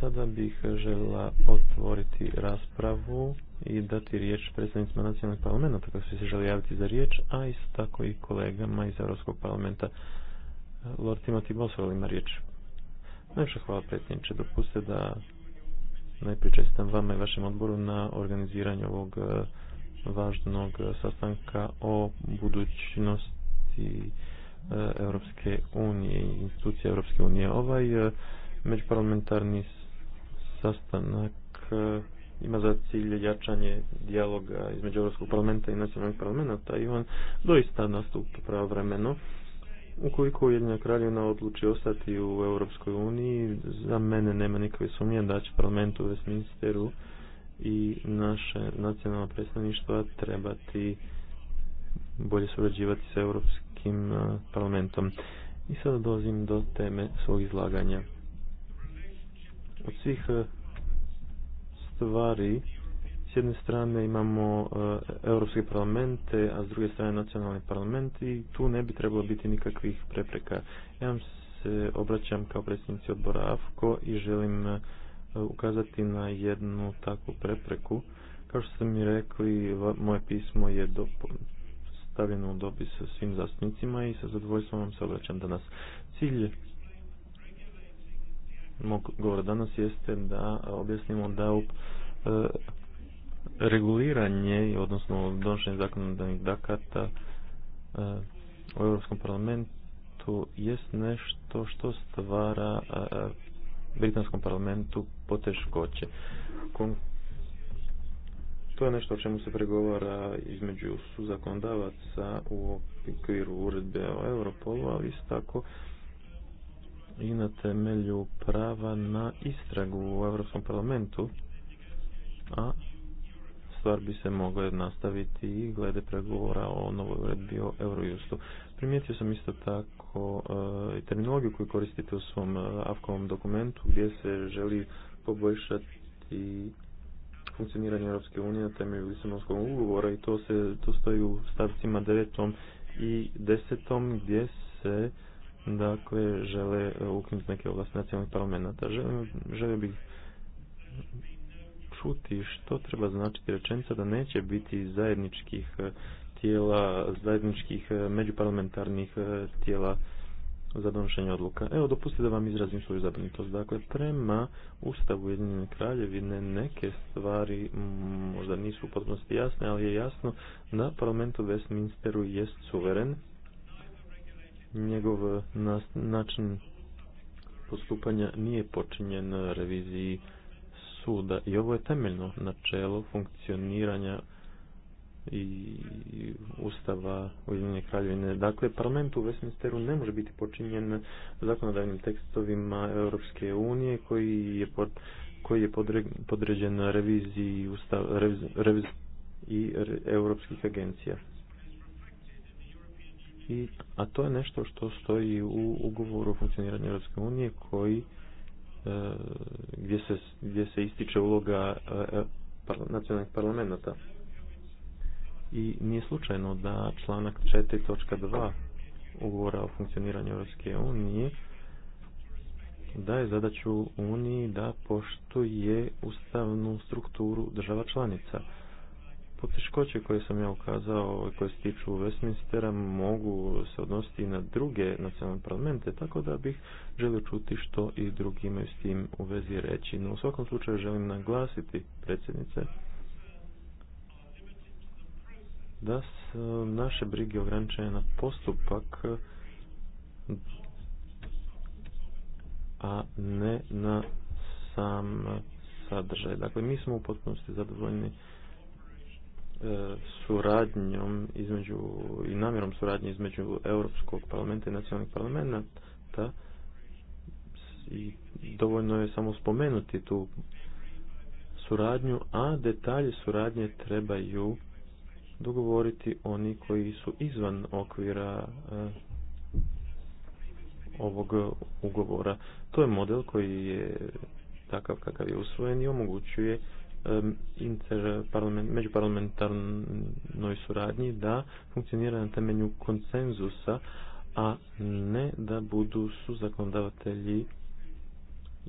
Sada bih žela otvoriti raspravu i dati riječ predstavnicima nacionalnog parlamenta tako su se želi javiti za riječ, a isto tako i kolegama iz Europskog parlamenta. Lord Timothy Boswell ima riječ. Najviše hvala predsjedniče. Dopuste da najprije čestitam vama i vašem odboru na organiziranju ovog eh, važnog eh, sastanka o budućnosti i e, Europske unije i institucije Europske unije. Ovaj e, međuparlamentarni sastanak e, ima za cilj jačanje dijaloga između Europskog parlamenta i nacionalnog parlamenta i on doista nastupa pravovremeno. Ukoliko Ujedinja kraljevina odluči ostati u Europskoj uniji, za mene nema nikakve sumnje da će parlament u Westminsteru i naše nacionalno predstavništvo trebati bolje surađivati sa Europskim e, parlamentom. I sada dolazim do teme svog izlaganja. Od svih e, stvari, s jedne strane imamo e, Europske parlamente, a s druge strane nacionalni parlament i tu ne bi trebalo biti nikakvih prepreka. Ja vam se obraćam kao predsjednici odbora AFKO i želim ukazati na jednu takvu prepreku. Kao što ste mi rekli, moje pismo je stavljeno u dopis svim zastupnicima i sa zadovoljstvom vam se obraćam danas. Cilj mog govora danas jeste da objasnimo da u e, reguliranje, odnosno donošenje zakonodavnih dakata e, u Europskom parlamentu jest nešto što stvara e, Britanskom parlamentu poteškoće. To je nešto o čemu se pregovara između suzakondavaca u okviru uredbe o Europolu, ali isto tako i na temelju prava na istragu u Europskom parlamentu, a stvar bi se mogla nastaviti i glede pregovora o novoj uredbi o Eurojustu. Primijetio sam isto tako e, i terminologiju koju koristite u svom e, dokumentu gdje se želi poboljšati funkcioniranje Europske unije na temelju Lisabonskog ugovora i to se to stoji u stavcima 9. i 10. gdje se dakle žele e, ukinuti neke ovlasti nacionalnih parlamenta. Želim, želio bih čuti što treba značiti rečenica da neće biti zajedničkih e, tijela, zajedničkih e, međuparlamentarnih tijela za donošenje odluka. Evo, dopustite da vam izrazim svoju zabrinutost. Dakle, prema Ustavu Jedinjene kraljevine neke stvari možda nisu u potpunosti jasne, ali je jasno da parlament u Westminsteru jest suveren. Njegov način postupanja nije počinjen reviziji suda i ovo je temeljno načelo funkcioniranja i ustava Ujedinjene kraljevine. Dakle, parlament u Westminsteru ne može biti počinjen zakonodavnim tekstovima Europske unije koji je, pod, koji je podređen reviziji ustav, reviz, i europskih agencija. I, a to je nešto što stoji u ugovoru o funkcioniranju Europske unije koji e, gdje se, gdje se ističe uloga e, nacionalnih parlamenta i nije slučajno da članak 4.2 ugovora o funkcioniranju Europske unije daje zadaću Uniji da poštuje ustavnu strukturu država članica. Poteškoće koje sam ja ukazao i koje se tiču Westminstera mogu se odnositi na druge nacionalne parlamente, tako da bih želio čuti što i drugi imaju s tim u vezi reći. No u svakom slučaju želim naglasiti predsjednice da su e, naše brige ograničene na postupak, a ne na sam sadržaj. Dakle, mi smo u potpunosti zadovoljni e, suradnjom između i namjerom suradnje između Europskog parlamenta i nacionalnih parlamenta i dovoljno je samo spomenuti tu suradnju, a detalje suradnje trebaju dogovoriti oni koji su izvan okvira eh, ovog ugovora. To je model koji je takav kakav je usvojen i omogućuje međuparlamentarnoj suradnji da funkcionira na temelju konsenzusa, a ne da budu su zakonodavatelji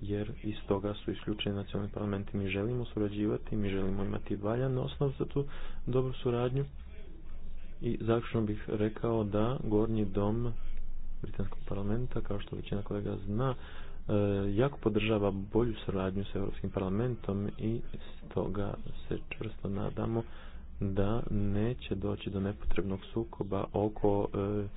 jer iz toga su isključeni nacionalni parlamenti. Mi želimo surađivati, mi želimo imati valjan osnov za tu dobru suradnju i zaključno bih rekao da Gornji dom Britanskog parlamenta, kao što većina kolega zna, e, jako podržava bolju suradnju s Europskim parlamentom i stoga se čvrsto nadamo da neće doći do nepotrebnog sukoba oko e,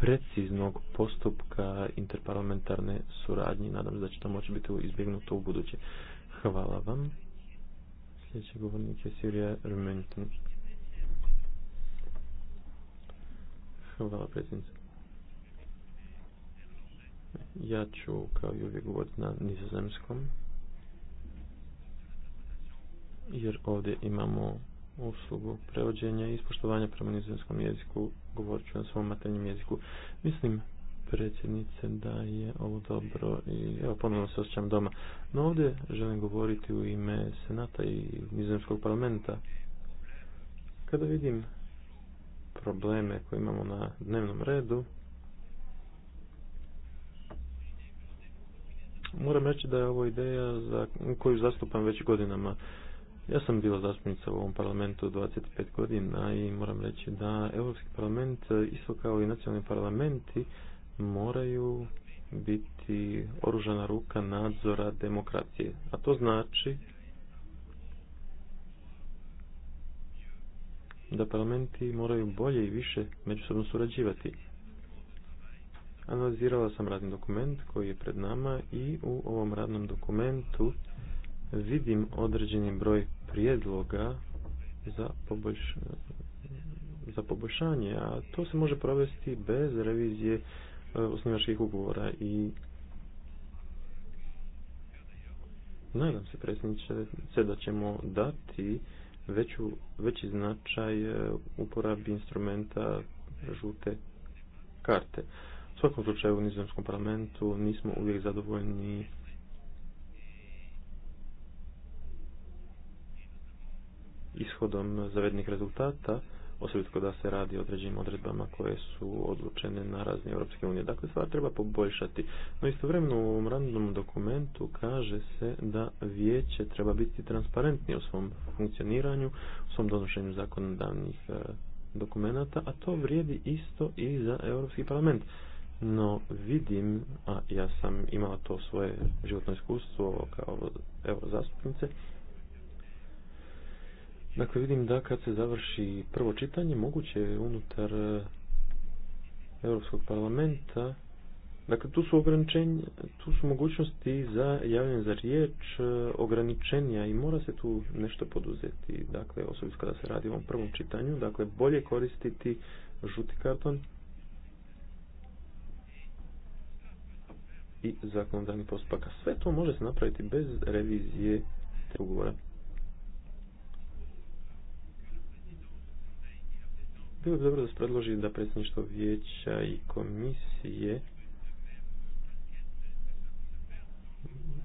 preciznog postupka interparlamentarne suradnje. Nadam se da će to moći biti izbjegnuto u buduće. Hvala vam. Sljedeći govornik je Sirija Hvala predsjednice. Ja ću kao i uvijek govoriti na nizozemskom. Jer ovdje imamo uslugu prevođenja i ispoštovanja prema nizozemskom jeziku, govorit ću na svom maternjem jeziku. Mislim, predsjednice, da je ovo dobro i evo ponovno se osjećam doma. No ovdje želim govoriti u ime Senata i nizemskog parlamenta. Kada vidim probleme koje imamo na dnevnom redu, moram reći da je ovo ideja za koju zastupam već godinama. Ja sam bila zastupnica u ovom parlamentu 25 godina i moram reći da Europski parlament, isto kao i nacionalni parlamenti, moraju biti oružana ruka nadzora demokracije. A to znači da parlamenti moraju bolje i više međusobno surađivati. Analizirala sam radni dokument koji je pred nama i u ovom radnom dokumentu vidim određeni broj prijedloga za, za poboljšanje, a to se može provesti bez revizije e, osnivačkih ugovora i nadam se predsjedniče da ćemo dati veću, veći značaj e, uporabi instrumenta žute karte. U svakom slučaju u nizozemskom parlamentu nismo uvijek zadovoljni ishodom zavednih rezultata, osobito da se radi o određenim odredbama koje su odlučene na razne Europske unije. Dakle, stvar treba poboljšati. No istovremeno u ovom randomnom dokumentu kaže se da vijeće treba biti transparentnije u svom funkcioniranju, u svom donošenju zakonodavnih e, dokumenata, a to vrijedi isto i za Europski parlament. No vidim, a ja sam imala to svoje životno iskustvo kao evo zastupnice, Dakle, vidim da kad se završi prvo čitanje, moguće je unutar eh, Europskog parlamenta, dakle tu su tu su mogućnosti za javljanje za riječ eh, ograničenja i mora se tu nešto poduzeti. Dakle, osobito kada se radi o ovom prvom čitanju, dakle bolje koristiti žuti karton i zakonodavni postupak. Sve to može se napraviti bez revizije ugovora. Bilo bi dobro da se predloži da predsjedništvo vijeća i komisije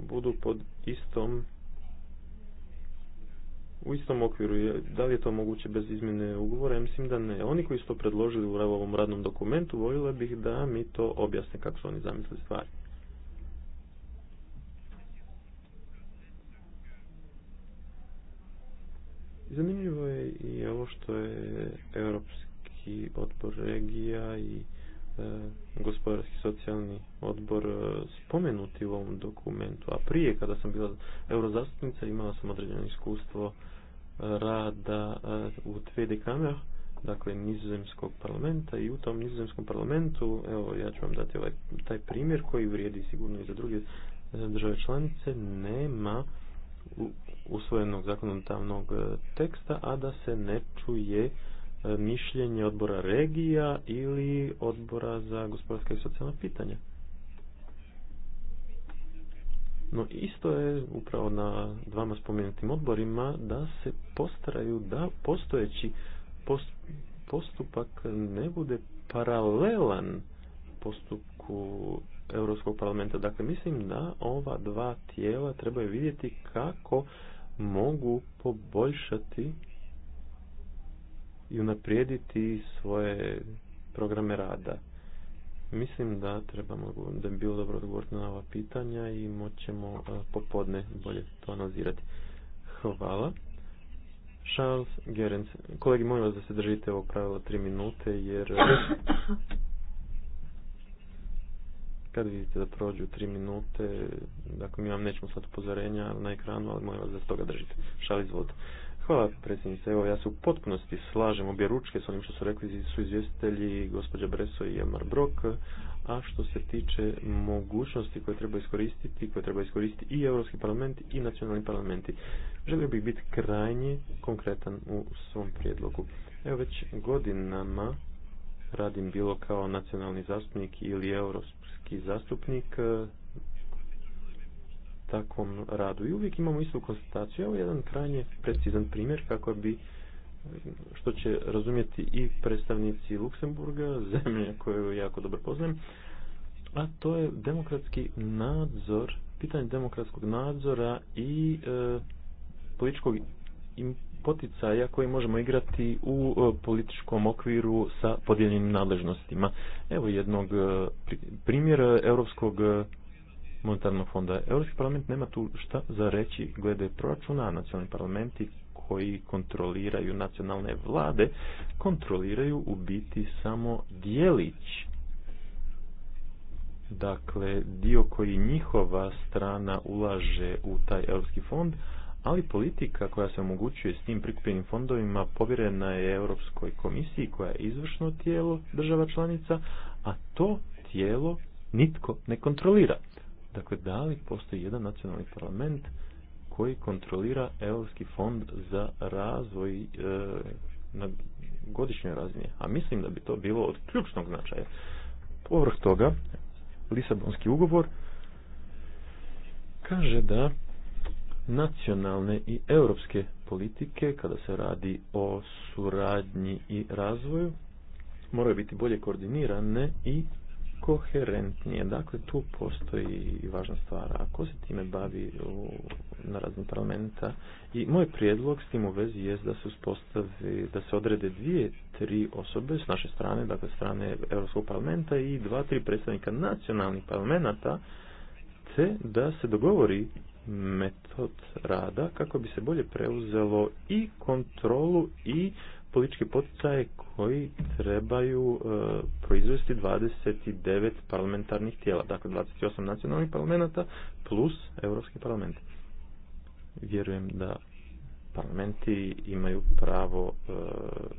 budu pod istom u istom okviru. Da li je to moguće bez izmjene ugovora? Ja mislim da ne. Oni koji su to predložili u ovom radnom dokumentu, voljela bih da mi to objasne kako su oni zamislili stvari. Zanimljivo je i ovo što je Europski i odbor regija i e, gospodarski socijalni odbor e, spomenuti u ovom dokumentu, a prije kada sam bila eurozastupnica imala sam određeno iskustvo e, rada u dvije kamer, dakle nizozemskog parlamenta i u tom nizozemskom parlamentu, evo ja ću vam dati ovaj, taj primjer koji vrijedi sigurno i za druge države članice, nema usvojenog zakonodavnog teksta, a da se ne čuje E, mišljenje odbora regija ili odbora za gospodarska i socijalna pitanja. No isto je upravo na dvama spomenutim odborima da se postaraju da postojeći postupak ne bude paralelan postupku Europskog parlamenta. Dakle, mislim da ova dva tijela trebaju vidjeti kako mogu poboljšati i unaprijediti svoje programe rada. Mislim da trebamo, da bi bilo dobro odgovoriti na ova pitanja i moćemo e, popodne bolje to analizirati. Hvala. Charles Gerens, kolegi molim vas da se držite ovog pravila tri minute jer e, kad vidite da prođu tri minute, dakle mi vam nećemo sad upozorenja na ekranu, ali molim vas da se toga držite. Charles Hvala predsjednice. Evo ja se u potpunosti slažem obje ručke s onim što su rekli su izvjestitelji gospođa Breso i jemar Brok, a što se tiče mogućnosti koje treba iskoristiti, koje treba iskoristiti i Europski parlament i nacionalni parlamenti. Želio bih biti krajnje konkretan u svom prijedlogu. Evo već godinama radim bilo kao nacionalni zastupnik ili europski zastupnik takvom radu. I uvijek imamo istu konstataciju. Evo jedan krajnje precizan primjer kako bi što će razumjeti i predstavnici Luksemburga, zemlje koju jako dobro poznajem, a to je demokratski nadzor, pitanje demokratskog nadzora i e, političkog poticaja koji možemo igrati u e, političkom okviru sa podijeljenim nadležnostima. Evo jednog e, primjera europskog monetarnog fonda. Europski parlament nema tu šta za reći glede proračuna, a nacionalni parlamenti koji kontroliraju nacionalne vlade kontroliraju u biti samo dijelić dakle dio koji njihova strana ulaže u taj europski fond, ali politika koja se omogućuje s tim prikupljenim fondovima povjerena je Europskoj komisiji koja je izvršno tijelo država članica, a to tijelo nitko ne kontrolira. Dakle, da li postoji jedan nacionalni parlament koji kontrolira Europski fond za razvoj e, na godišnjoj razini? A mislim da bi to bilo od ključnog značaja. Povrh toga, Lisabonski ugovor kaže da nacionalne i europske politike kada se radi o suradnji i razvoju moraju biti bolje koordinirane i koherentnije. Dakle, tu postoji važna stvar. Ako se time bavi na raznim parlamenta i moj prijedlog s tim u vezi je da se uspostavi, da se odrede dvije, tri osobe s naše strane, dakle strane Europskog parlamenta i dva, tri predstavnika nacionalnih parlamenta, te da se dogovori metod rada kako bi se bolje preuzelo i kontrolu i politički poticaje koji trebaju e, proizvesti 29 parlamentarnih tijela, dakle 28 nacionalnih parlamenta plus Europski parlament. Vjerujem da parlamenti imaju pravo e,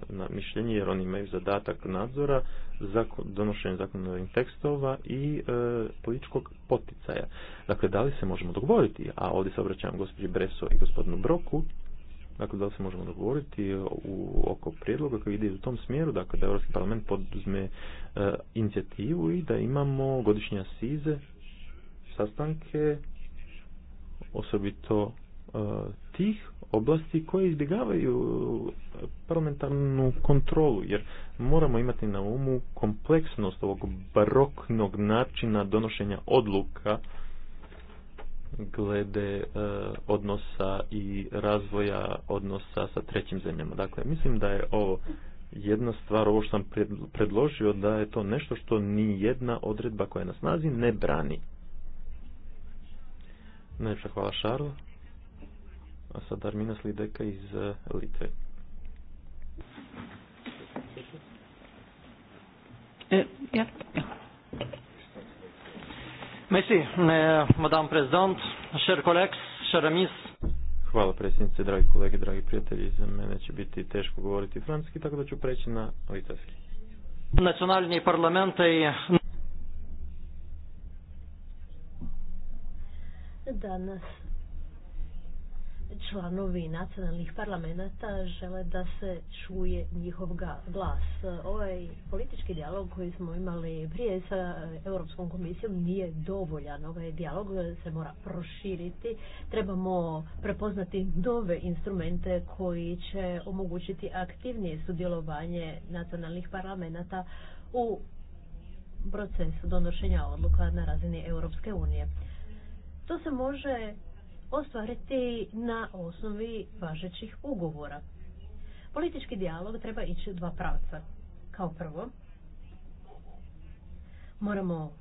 na mišljenje jer oni imaju zadatak nadzora za donošenje zakonodavnih tekstova i e, političkog poticaja. Dakle, da li se možemo dogovoriti, a ovdje se obraćam gospođi Breso i gospodinu Broku, Dakle, da se možemo dogovoriti e, u, oko prijedloga koji ide u tom smjeru, dakle da Europski parlament poduzme e, inicijativu i da imamo godišnje asize, sastanke, osobito e, tih oblasti koje izbjegavaju parlamentarnu kontrolu, jer moramo imati na umu kompleksnost ovog baroknog načina donošenja odluka glede e, odnosa i razvoja odnosa sa trećim zemljama. Dakle, mislim da je ovo jedna stvar, ovo što sam predložio, da je to nešto što ni jedna odredba koja je na snazi ne brani. Najljepša hvala A sad Armina Slideka iz e, Litve. E, ja. Merci, euh, madame prezident, cher collègues, chers amis. Hvala predsjednice, dragi kolege, dragi prijatelji. Za mene će biti teško govoriti francuski, tako da ću preći na litavski. Nacionalni parlamente i... Danas članovi nacionalnih parlamenta žele da se čuje njihov glas. Ovaj politički dijalog koji smo imali prije sa Europskom komisijom nije dovoljan. Ovaj dijalog se mora proširiti. Trebamo prepoznati nove instrumente koji će omogućiti aktivnije sudjelovanje nacionalnih parlamenta u procesu donošenja odluka na razini Europske unije. To se može ostvariti na osnovi važećih ugovora. Politički dijalog treba ići u dva pravca. Kao prvo, moramo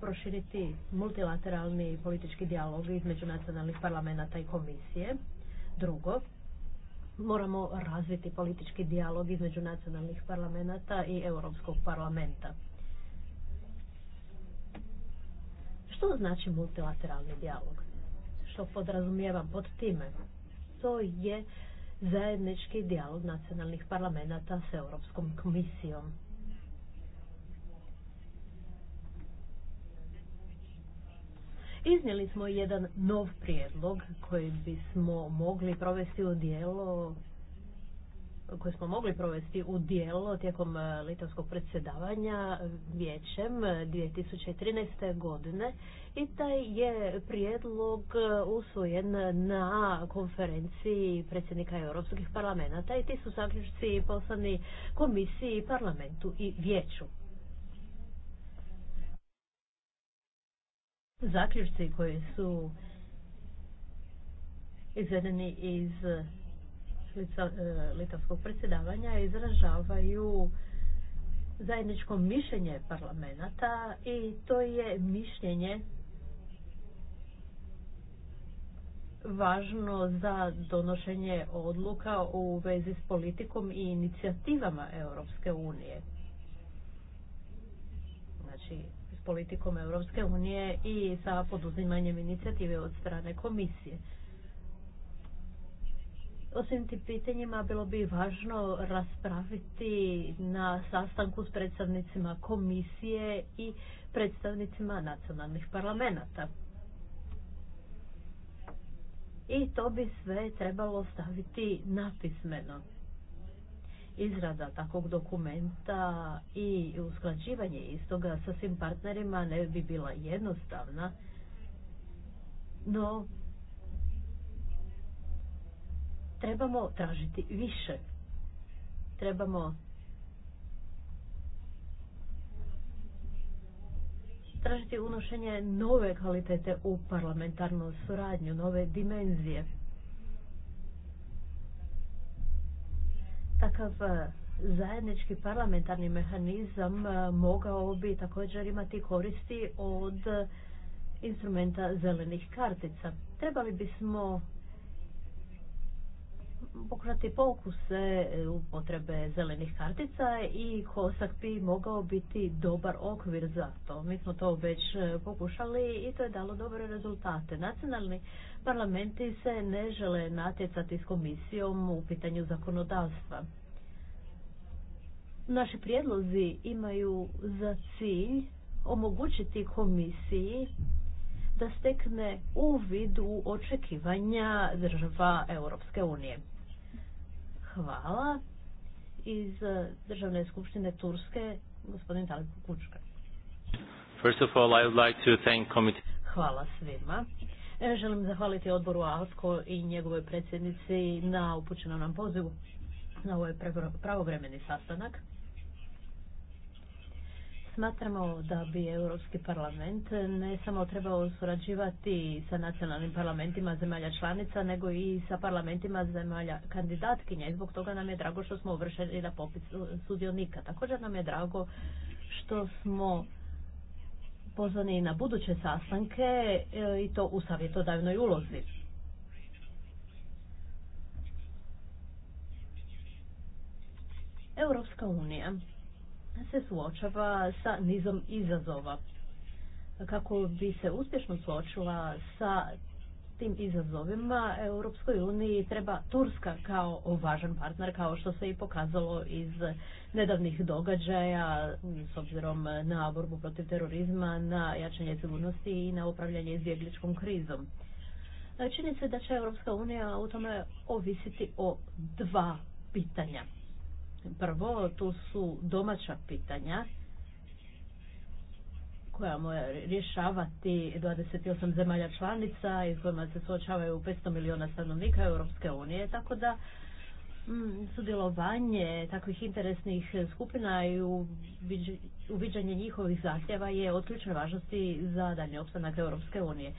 proširiti multilateralni politički dijalog između nacionalnih parlamenta i komisije. Drugo, moramo razviti politički dijalog između nacionalnih parlamenta i Europskog parlamenta. Što znači multilateralni dijalog? što podrazumijevam pod time. To je zajednički dijalog nacionalnih parlamenta s Europskom komisijom. Iznijeli smo jedan nov prijedlog koji bismo mogli provesti u dijelo koje smo mogli provesti u dijelo tijekom e, litavskog predsjedavanja vijećem 2013. E, godine i taj je prijedlog e, usvojen na konferenciji predsjednika europskih parlamenta i ti su zaključci poslani komisiji, parlamentu i vijeću. Zaključci koji su izvedeni iz E, litavskog predsjedavanja izražavaju zajedničko mišljenje parlamenta i to je mišljenje važno za donošenje odluka u vezi s politikom i inicijativama Europske unije. Znači, s politikom Europske unije i sa poduzimanjem inicijative od strane komisije. O svim tim pitanjima bilo bi važno raspraviti na sastanku s predstavnicima komisije i predstavnicima nacionalnih parlamenta. I to bi sve trebalo staviti napismeno. Izrada takvog dokumenta i usklađivanje istoga sa svim partnerima ne bi bila jednostavna, no trebamo tražiti više. Trebamo tražiti unošenje nove kvalitete u parlamentarnu suradnju, nove dimenzije. Takav e, zajednički parlamentarni mehanizam e, mogao bi također imati koristi od instrumenta zelenih kartica. Trebali bismo pokrati pokuse e, upotrebe zelenih kartica i kosak bi mogao biti dobar okvir za to. Mi smo to već e, pokušali i to je dalo dobre rezultate. Nacionalni parlamenti se ne žele natjecati s komisijom u pitanju zakonodavstva. Naši prijedlozi imaju za cilj omogućiti komisiji da stekne uvid u očekivanja država Europske unije. Hvala. Iz eh, Državne skupštine Turske, gospodin Talip Kučka. First of all, Hvala svima. E, želim zahvaliti odboru ALSKO i njegovoj predsjednici na upućenom nam pozivu na ovaj pravovremeni sastanak. Smatramo da bi Europski parlament ne samo trebao surađivati sa nacionalnim parlamentima zemalja članica, nego i sa parlamentima zemalja kandidatkinja. I zbog toga nam je drago što smo uvršeni na popis sudionika. Također nam je drago što smo pozvani na buduće sastanke e, i to u savjetodavnoj ulozi. Europska unija se suočava sa nizom izazova. Kako bi se uspješno suočila sa tim izazovima, Europskoj uniji treba Turska kao važan partner, kao što se i pokazalo iz nedavnih događaja s obzirom na borbu protiv terorizma, na jačanje sigurnosti i na upravljanje izbjegličkom krizom. Čini se da će Europska unija u tome ovisiti o dva pitanja. Prvo, tu su domaća pitanja koja moja rješavati 28 zemalja članica i kojima se suočavaju 500 milijuna stanovnika Europske unije, tako da mm, sudjelovanje takvih interesnih skupina i uviđanje njihovih zahtjeva je od ključne važnosti za dalje opstanak Europske unije.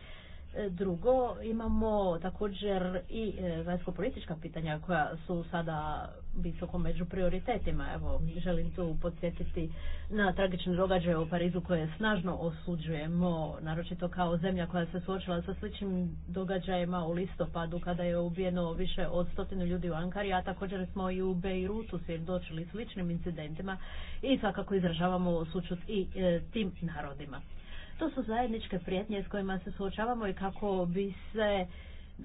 E, drugo, imamo također i e, vanjsko-politička pitanja koja su sada visoko među prioritetima. Evo, želim tu podsjetiti na tragične događaje u Parizu koje snažno osuđujemo, naročito kao zemlja koja se suočila sa sličnim događajima u listopadu kada je ubijeno više od stotinu ljudi u Ankari, a također smo i u Beirutu svjedočili sličnim incidentima i svakako izražavamo sučut i e, tim narodima. To su zajedničke prijetnje s kojima se suočavamo i kako bi se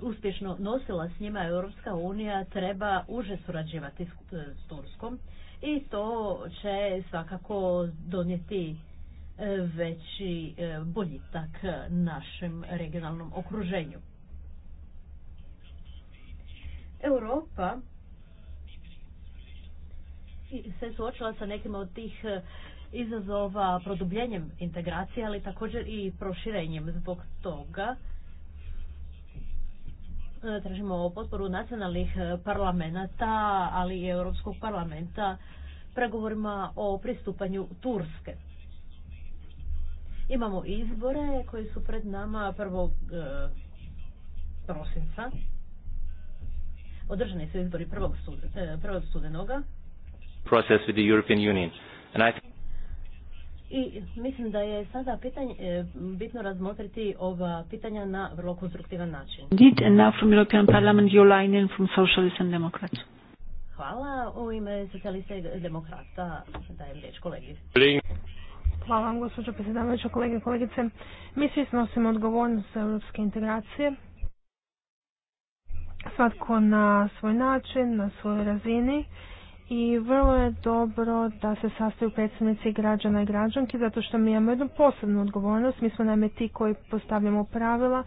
uspješno nosila s njima Europska unija treba uže surađivati s e, Turskom i to će svakako donijeti e, veći e, boljitak našem regionalnom okruženju. Europa se suočila sa nekim od tih izazova produbljenjem integracije, ali također i proširenjem. Zbog toga e, tražimo potporu nacionalnih e, parlamenta, ali i Europskog parlamenta pregovorima o pristupanju Turske. Imamo izbore koji su pred nama prvog e, prosinca. Održani su izbori prvog studenoga. ...proces with the European Union. And I i mislim da je sada pitanje, e, bitno razmotriti ova pitanja na vrlo konstruktivan način. from European Parliament, from Socialists and Democrats. Hvala. U ime socijalista i demokrata dajem riječ kolegi. Hvala vam, gospođo predsjedavajuća, kolege i kolegice. Mi svi snosimo odgovornost za europske integracije. Svatko na svoj način, na svojoj razini i vrlo je dobro da se sastaju predstavnici građana i građanki zato što mi imamo jednu posebnu odgovornost. Mi smo naime ti koji postavljamo pravila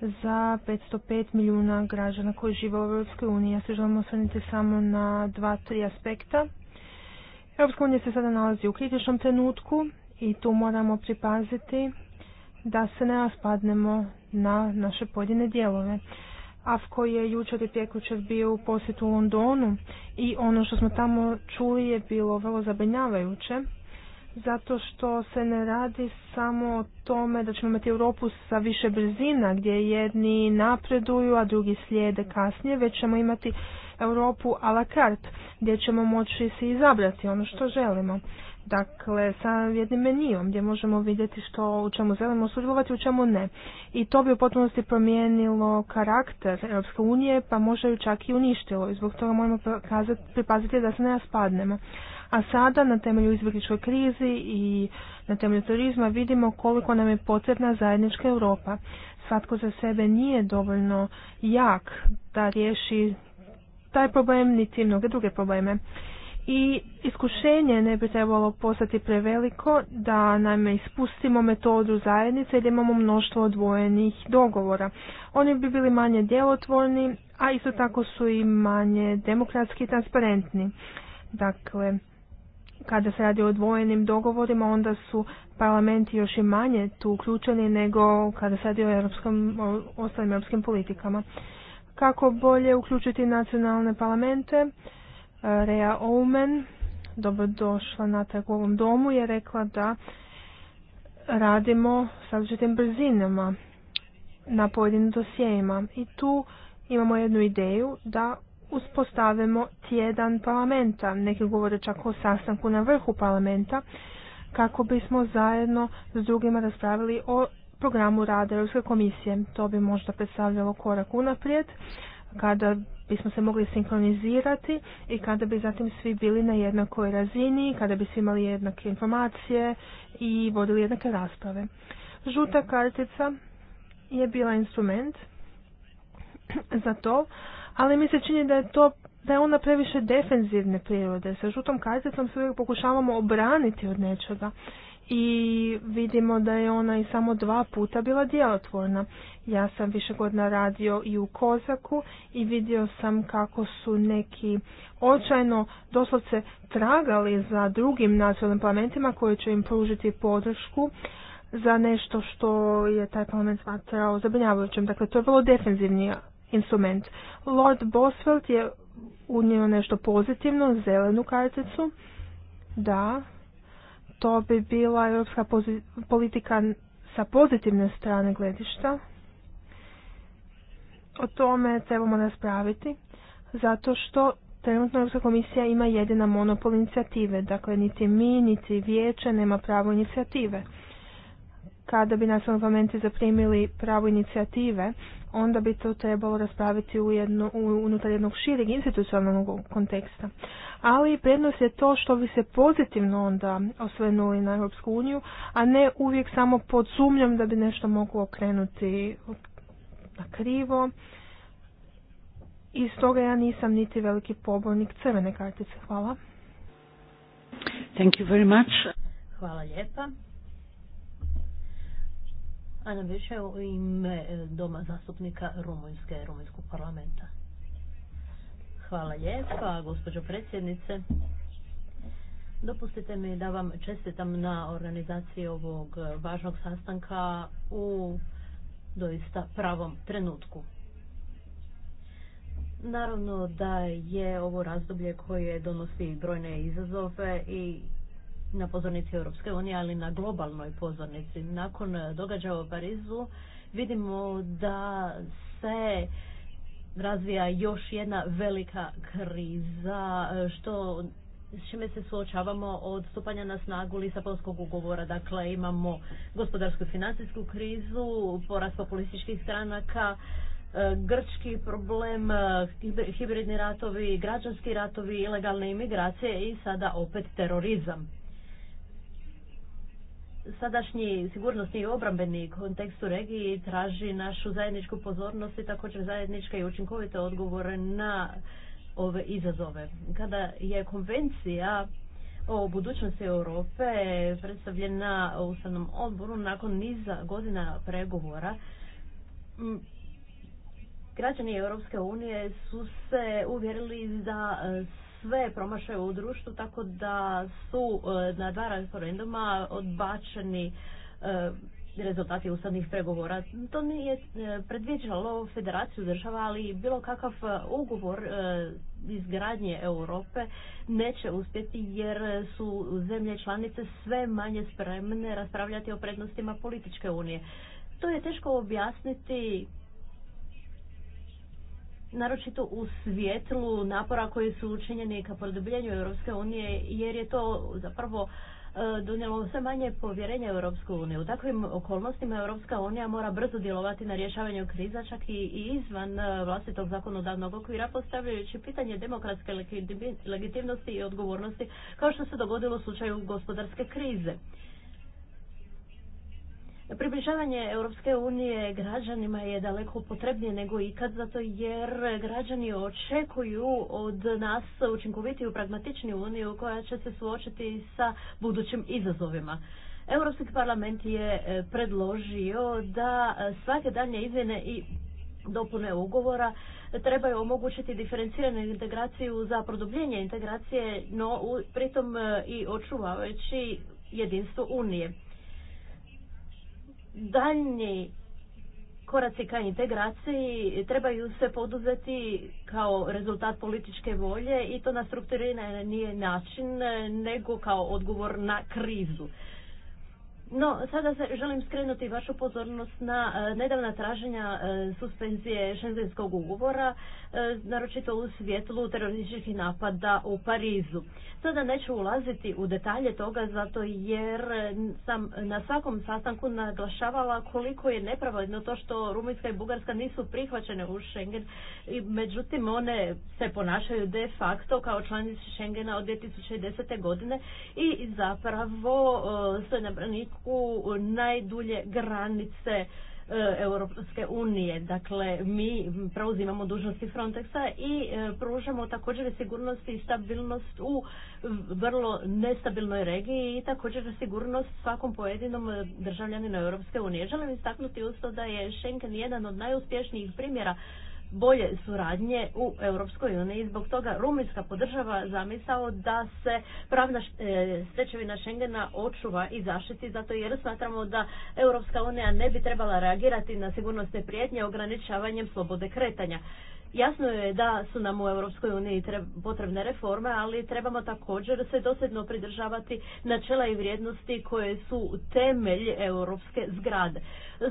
za 505 milijuna građana koji žive u Europskoj uniji. Ja se želim osvrnuti samo na dva, tri aspekta. Europska unija se sada nalazi u kritičnom trenutku i tu moramo pripaziti da se ne raspadnemo na naše pojedine dijelove koji je jučer i prekjučer bio u posjetu u Londonu i ono što smo tamo čuli je bilo vrlo zabrinjavajuće zato što se ne radi samo o tome da ćemo imati Europu sa više brzina gdje jedni napreduju, a drugi slijede kasnije, već ćemo imati Europu a la carte gdje ćemo moći se izabrati ono što želimo dakle sa jednim menijom gdje možemo vidjeti što u čemu želimo sudjelovati u čemu ne i to bi u potpunosti promijenilo karakter Europske unije pa možda ju čak i uništilo i zbog toga moramo pripaziti da se ne raspadnemo a sada na temelju izbjegličkoj krizi i na temelju turizma vidimo koliko nam je potrebna zajednička Europa svatko za sebe nije dovoljno jak da riješi taj problem niti mnoge druge probleme i iskušenje ne bi trebalo postati preveliko da naime ispustimo metodu zajednice i da imamo mnoštvo odvojenih dogovora. Oni bi bili manje djelotvorni, a isto tako su i manje demokratski i transparentni. Dakle, kada se radi o odvojenim dogovorima, onda su parlamenti još i manje tu uključeni nego kada se radi o, europskom, o ostalim europskim politikama. Kako bolje uključiti nacionalne parlamente? Rea Omen, dobrodošla natrag u ovom domu, je rekla da radimo s različitim brzinama na pojedinim dosjeima I tu imamo jednu ideju da uspostavimo tjedan parlamenta, neki govore čak o sastanku na vrhu parlamenta, kako bismo zajedno s drugima raspravili o programu rada Europske komisije. To bi možda predstavljalo korak unaprijed, kada bismo se mogli sinkronizirati i kada bi zatim svi bili na jednakoj razini, kada bi svi imali jednake informacije i vodili jednake rasprave. Žuta kartica je bila instrument za to, ali mi se čini da je to da je ona previše defenzivne prirode. Sa žutom karticom se uvijek pokušavamo obraniti od nečega i vidimo da je ona i samo dva puta bila djelotvorna. Ja sam više godina radio i u Kozaku i vidio sam kako su neki očajno doslovce tragali za drugim nacionalnim parlamentima koji će im pružiti podršku za nešto što je taj parlament smatrao zabrinjavajućem. Dakle, to je vrlo defenzivni instrument. Lord Bosfeld je unio nešto pozitivno, zelenu karticu. Da, to bi bila europska politika sa pozitivne strane gledišta. O tome trebamo raspraviti, zato što trenutno Europska komisija ima jedina monopol inicijative, dakle niti mi, niti vijeće nema pravo inicijative kada bi nacionalni parlamenti zaprimili pravo inicijative, onda bi to trebalo raspraviti u jedno, unutar jednog šireg institucionalnog konteksta. Ali prednost je to što bi se pozitivno onda osvenuli na Europsku uniju, a ne uvijek samo pod sumnjom da bi nešto moglo okrenuti na krivo. I stoga ja nisam niti veliki pobornik crvene kartice. Hvala. Thank you very much. Hvala lijepa. Ana više u ime e, Doma zastupnika Rumunjske, Rumunjskog parlamenta. Hvala lijepa, gospođo predsjednice. Dopustite mi da vam čestitam na organizaciji ovog e, važnog sastanka u doista pravom trenutku. Naravno da je ovo razdoblje koje donosi brojne izazove i na pozornici Europske unije, ali na globalnoj pozornici. Nakon e, događaja u Parizu vidimo da se razvija još jedna velika kriza e, što s čime se suočavamo od stupanja na snagu Lisabonskog ugovora. Dakle, imamo gospodarsku i financijsku krizu, porast populističkih stranaka, e, grčki problem, hibridni ratovi, građanski ratovi, ilegalne imigracije i sada opet terorizam sadašnji sigurnosni i obrambeni kontekst u regiji traži našu zajedničku pozornost i također zajedničke i učinkovite odgovore na ove izazove. Kada je konvencija o budućnosti Europe predstavljena u Ustavnom odboru nakon niza godina pregovora, građani Europske unije su se uvjerili da sve promašaje u društvu, tako da su e, na dva referenduma odbačeni e, rezultati ustavnih pregovora. To nije e, predviđalo federaciju država, ali bilo kakav ugovor izgradnje Europe neće uspjeti jer su zemlje članice sve manje spremne raspravljati o prednostima političke unije. To je teško objasniti naročito u svijetlu napora koji su učinjeni ka produbljenju Europske unije, jer je to zapravo e, donijelo sve manje povjerenja Europsku uniju. U takvim okolnostima Europska unija mora brzo djelovati na rješavanju kriza, čak i izvan e, vlastitog zakonodavnog okvira, postavljajući pitanje demokratske legitimnosti i odgovornosti, kao što se dogodilo u slučaju gospodarske krize. Približavanje Europske unije građanima je daleko potrebnije nego ikad, zato jer građani očekuju od nas učinkovitiju, pragmatičniju uniju koja će se suočiti sa budućim izazovima. Europski parlament je e, predložio da e, svake daljnje izmjene i dopune ugovora trebaju omogućiti diferenciranu integraciju za produbljenje integracije, no pritom e, i očuvajući jedinstvo Unije daljnji koraci ka integraciji trebaju se poduzeti kao rezultat političke volje i to na nije način nego kao odgovor na krizu. No, sada želim skrenuti vašu pozornost na e, nedavna traženja e, suspenzije šengenskog ugovora, e, naročito u svjetlu terorističkih napada u Parizu. Sada neću ulaziti u detalje toga zato jer sam na svakom sastanku naglašavala koliko je nepravedno to što Rumunjska i Bugarska nisu prihvaćene u Schengen i međutim one se ponašaju de facto kao članice Schengena od 2010. godine i zapravo se na u najdulje granice e, Europske unije. Dakle, mi preuzimamo dužnosti Frontexa i e, pružamo također sigurnost i stabilnost u vrlo nestabilnoj regiji i također sigurnost svakom pojedinom državljaninu Europske unije. Želim istaknuti usto da je Schengen jedan od najuspješnijih primjera bolje suradnje u Europskoj uniji. Zbog toga Rumunjska podržava zamisao da se pravna e, stečevina Schengena očuva i zaštiti zato jer smatramo da Europska unija ne bi trebala reagirati na sigurnosne prijetnje ograničavanjem slobode kretanja. Jasno je da su nam u Europskoj uniji potrebne reforme, ali trebamo također se dosljedno pridržavati načela i vrijednosti koje su temelj europske zgrade.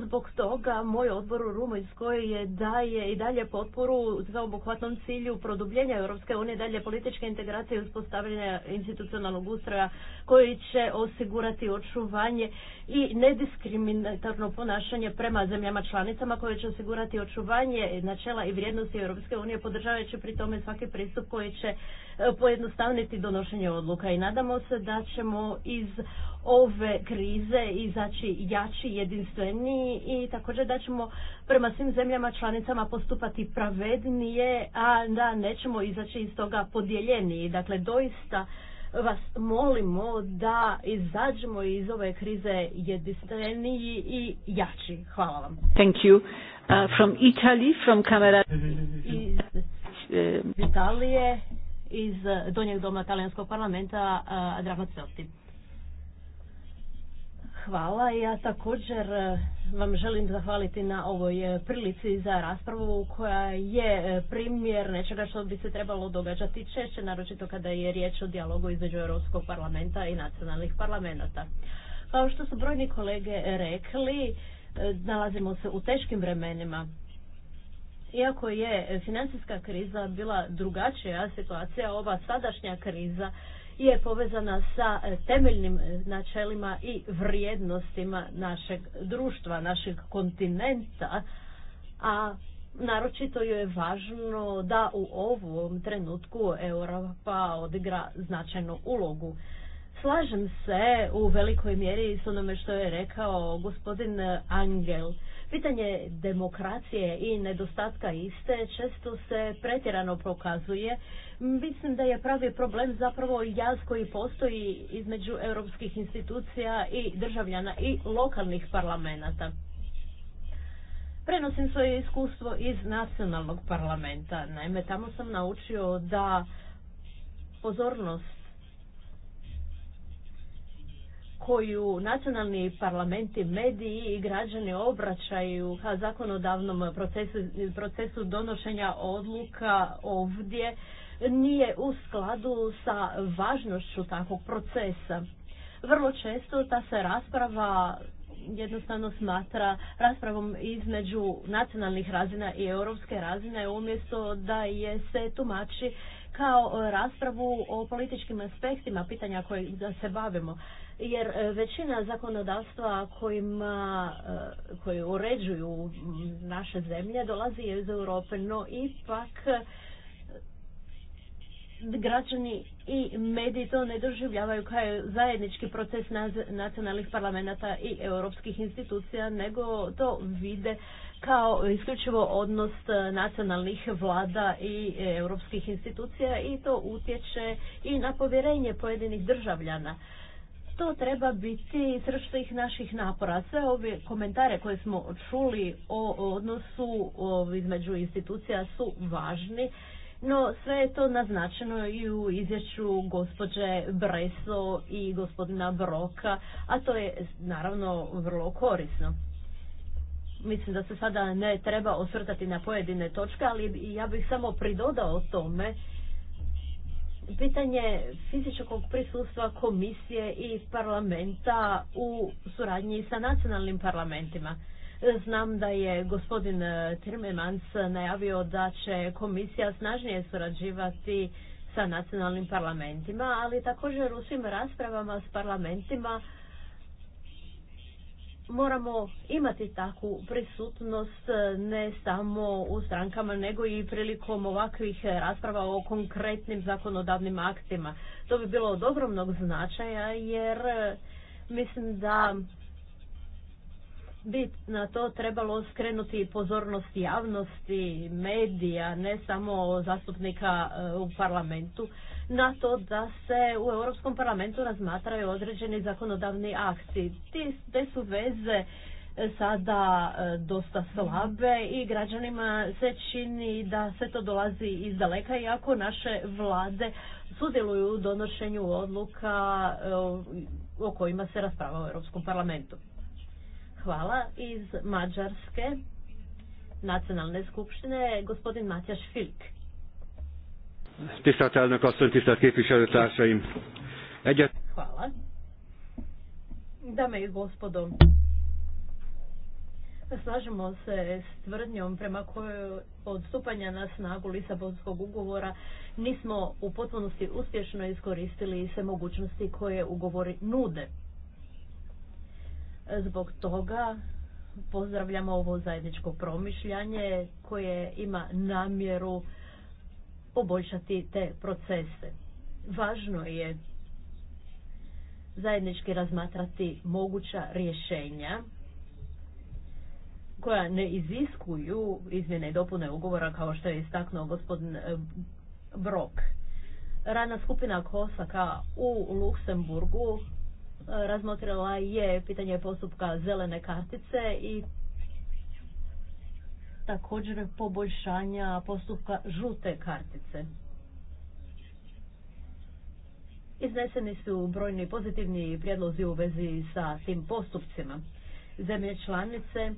Zbog toga moj odbor u Rumunjskoj je daje i dalje potporu za obuhvatnom cilju produbljenja Europske unije, dalje političke integracije i uspostavljanja institucionalnog ustroja koji će osigurati očuvanje i nediskriminatorno ponašanje prema zemljama članicama koje će osigurati očuvanje načela i vrijednosti Europske unije podržavajući pri tome svaki pristup koji će E, pojednostavniti donošenje odluka i nadamo se da ćemo iz ove krize izaći jači, jedinstveniji i također da ćemo prema svim zemljama članicama postupati pravednije, a da nećemo izaći iz toga podijeljeniji. Dakle, doista vas molimo da izađemo iz ove krize jedinstveniji i jači. Hvala vam. Thank you. Uh, from Italy, from Camera... Iz Italije, iz Donjeg doma talijanskog parlamenta Drago Coti. Hvala. Ja također e, vam želim zahvaliti na ovoj e, prilici za raspravu koja je e, primjer nečega što bi se trebalo događati češće, naročito kada je riječ o dijalogu između Europskog parlamenta i nacionalnih parlamenta. Kao što su brojni kolege rekli, nalazimo se u teškim vremenima iako je financijska kriza bila drugačija situacija, ova sadašnja kriza je povezana sa e, temeljnim e, načelima i vrijednostima našeg društva, našeg kontinenta, a naročito je važno da u ovom trenutku Europa odigra značajnu ulogu. Slažem se u velikoj mjeri s onome što je rekao gospodin Angel. Pitanje demokracije i nedostatka iste često se pretjerano prokazuje. Mislim da je pravi problem zapravo jaz koji postoji između europskih institucija i državljana i lokalnih parlamenta. Prenosim svoje iskustvo iz nacionalnog parlamenta. Naime, tamo sam naučio da pozornost koju nacionalni parlamenti, mediji i građani obraćaju ka zakonodavnom procesu, procesu donošenja odluka ovdje nije u skladu sa važnošću takvog procesa. Vrlo često ta se rasprava jednostavno smatra raspravom između nacionalnih razina i europske razine umjesto da je se tumači kao e, raspravu o političkim aspektima pitanja kojim se bavimo. Jer e, većina zakonodavstva kojima, e, koji uređuju naše zemlje dolazi iz Europe, no ipak građani i mediji to ne doživljavaju kao zajednički proces nacionalnih parlamenta i europskih institucija, nego to vide kao isključivo odnos e, nacionalnih vlada i e, europskih institucija i to utječe i na povjerenje pojedinih državljana. To treba biti svih naših napora. Sve ove komentare koje smo čuli o odnosu između institucija su važni, no sve je to naznačeno i u izvješću gospođe Breso i gospodina Broka, a to je naravno vrlo korisno mislim da se sada ne treba osvrtati na pojedine točke, ali ja bih samo pridodao tome pitanje fizičkog prisustva komisije i parlamenta u suradnji sa nacionalnim parlamentima. Znam da je gospodin e, Timmermans najavio da će komisija snažnije surađivati sa nacionalnim parlamentima, ali također u svim raspravama s parlamentima moramo imati takvu prisutnost e, ne samo u strankama nego i prilikom ovakvih rasprava o konkretnim zakonodavnim aktima. To bi bilo od ogromnog značaja jer e, mislim da bi na to trebalo skrenuti pozornost javnosti, medija, ne samo zastupnika e, u parlamentu, na to da se u Europskom parlamentu razmatraju određeni zakonodavni akti. Te su veze e, sada e, dosta slabe i građanima se čini da sve to dolazi iz daleka iako naše vlade sudjeluju u donošenju odluka o kojima se rasprava u Europskom parlamentu. Hvala. Iz Mađarske nacionalne skupštine gospodin Matjaš filk elnök Hvala. Dame i gospodo, slažemo se s tvrdnjom prema kojoj od stupanja na snagu Lisabonskog ugovora nismo u potpunosti uspješno iskoristili se mogućnosti koje ugovori nude. Zbog toga pozdravljamo ovo zajedničko promišljanje koje ima namjeru poboljšati te procese. Važno je zajednički razmatrati moguća rješenja koja ne iziskuju izmjene i dopune ugovora kao što je istaknuo gospodin e, Brok. Radna skupina Kosaka u Luksemburgu Eh, razmotrila je pitanje postupka zelene kartice i također poboljšanja postupka žute kartice. Izneseni su brojni pozitivni prijedlozi u vezi sa tim postupcima. Zemlje članice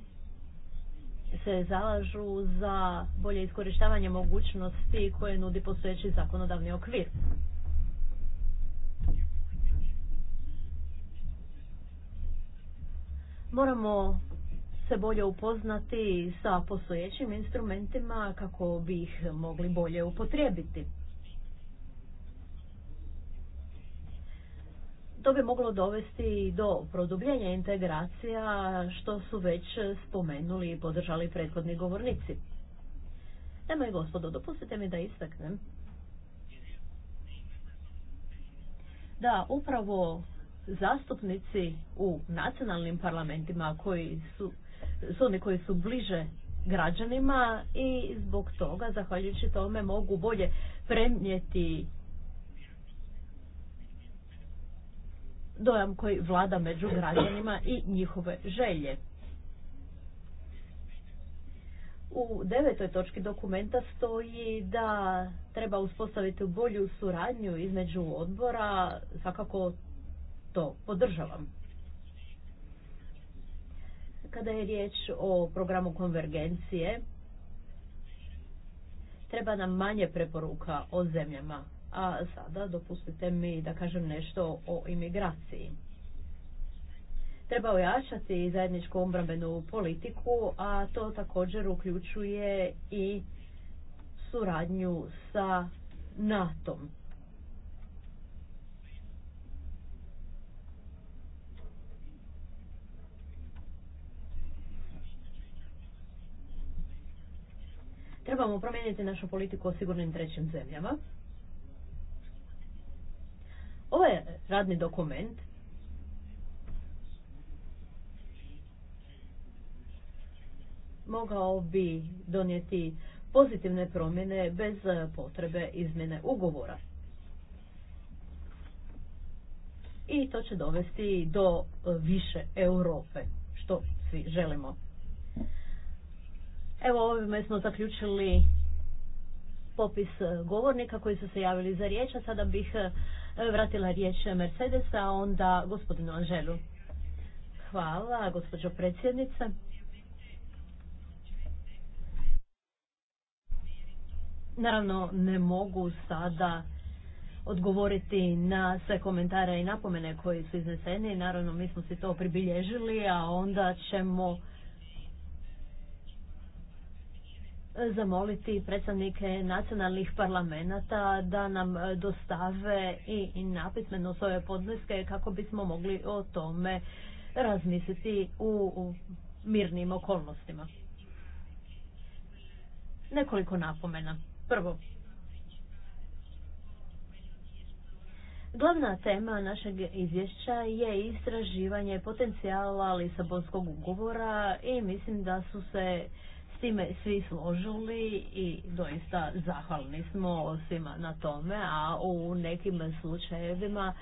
se zalažu za bolje iskorištavanje mogućnosti koje nudi postojeći zakonodavni okvir. Moramo se bolje upoznati sa postojećim instrumentima kako bi ih mogli bolje upotrijebiti. To bi moglo dovesti do produbljenja integracija što su već spomenuli i podržali prethodni govornici. Dame i gospodo, dopustite mi da istaknem da upravo zastupnici u nacionalnim parlamentima koji su, su oni koji su bliže građanima i zbog toga, zahvaljujući tome, mogu bolje premijeti dojam koji vlada među građanima i njihove želje. U devetoj točki dokumenta stoji da treba uspostaviti bolju suradnju između odbora, svakako to podržavam. Kada je riječ o programu konvergencije, treba nam manje preporuka o zemljama, a sada dopustite mi da kažem nešto o imigraciji. Treba ojačati zajedničku obrambenu politiku, a to također uključuje i suradnju sa NATO-om. Trebamo promijeniti našu politiku o sigurnim trećim zemljama. Ovaj radni dokument mogao bi donijeti pozitivne promjene bez potrebe izmjene ugovora. I to će dovesti do više Europe, što svi želimo. Evo ovime smo zaključili popis e, govornika koji su se javili za riječ, a sada bih e, vratila riječ Mercedesa, a onda gospodinu Anželu. Hvala, gospođo predsjednice. Naravno, ne mogu sada odgovoriti na sve komentare i napomene koji su izneseni. Naravno, mi smo si to pribilježili, a onda ćemo zamoliti predstavnike nacionalnih parlamenta da nam e, dostave i napismeno svoje podneske kako bismo mogli o tome razmisliti u mirnim okolnostima. Nekoliko napomena. Prvo, Glavna tema našeg izvješća je istraživanje potencijala Lisabonskog ugovora i mislim da su se s time svi složili i doista zahvalni smo svima na tome, a u nekim slučajevima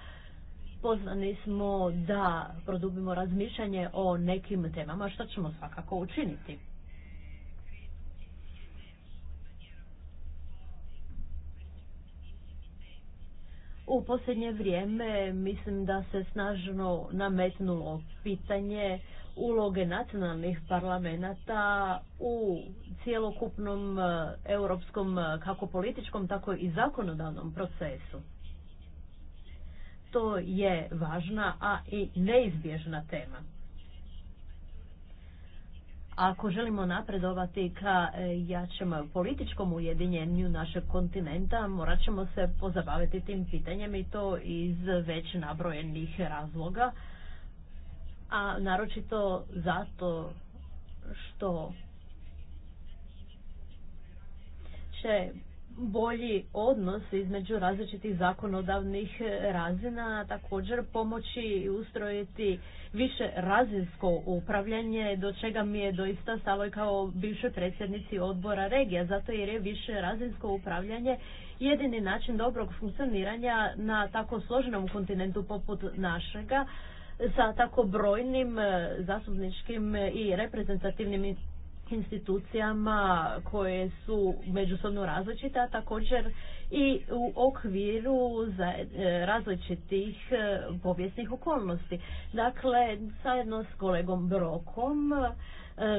poznani smo da produbimo razmišljanje o nekim temama što ćemo svakako učiniti. U posljednje vrijeme mislim da se snažno nametnulo pitanje uloge nacionalnih parlamenta u cjelokupnom e, europskom e, kako političkom tako i zakonodavnom procesu. To je važna, a i neizbježna tema. Ako želimo napredovati ka e, jačem političkom ujedinjenju našeg kontinenta, morat ćemo se pozabaviti tim pitanjem i to iz već nabrojenih razloga a naročito zato što će bolji odnos između različitih zakonodavnih razina također pomoći ustrojiti više razinsko upravljanje do čega mi je doista stalo i kao bivšoj predsjednici odbora regija zato jer je više razinsko upravljanje jedini način dobrog funkcioniranja na tako složenom kontinentu poput našega sa tako brojnim e, zastupničkim e, i reprezentativnim institucijama koje su međusobno različite, a također i u okviru za e, različitih povijesnih okolnosti. Dakle, zajedno s kolegom Brokom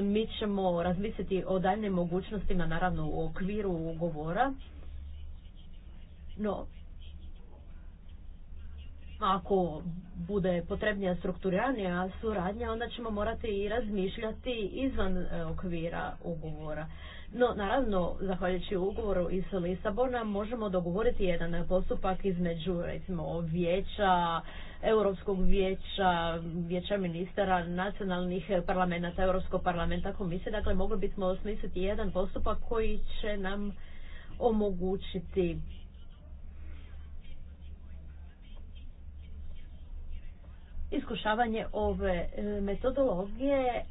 mi ćemo razmisliti o daljnim mogućnostima, naravno u okviru govora. No, ako bude potrebnija strukturiranija suradnja, onda ćemo morati i razmišljati izvan e, okvira ugovora. No, naravno, zahvaljujući ugovoru iz Lisabona možemo dogovoriti jedan postupak između, recimo, vijeća, Europskog vijeća, vijeća ministara, nacionalnih parlamenta, Europskog parlamenta, komisije. Dakle, mogli bismo osmisliti jedan postupak koji će nam omogućiti iskušavanje ove e, metodologije,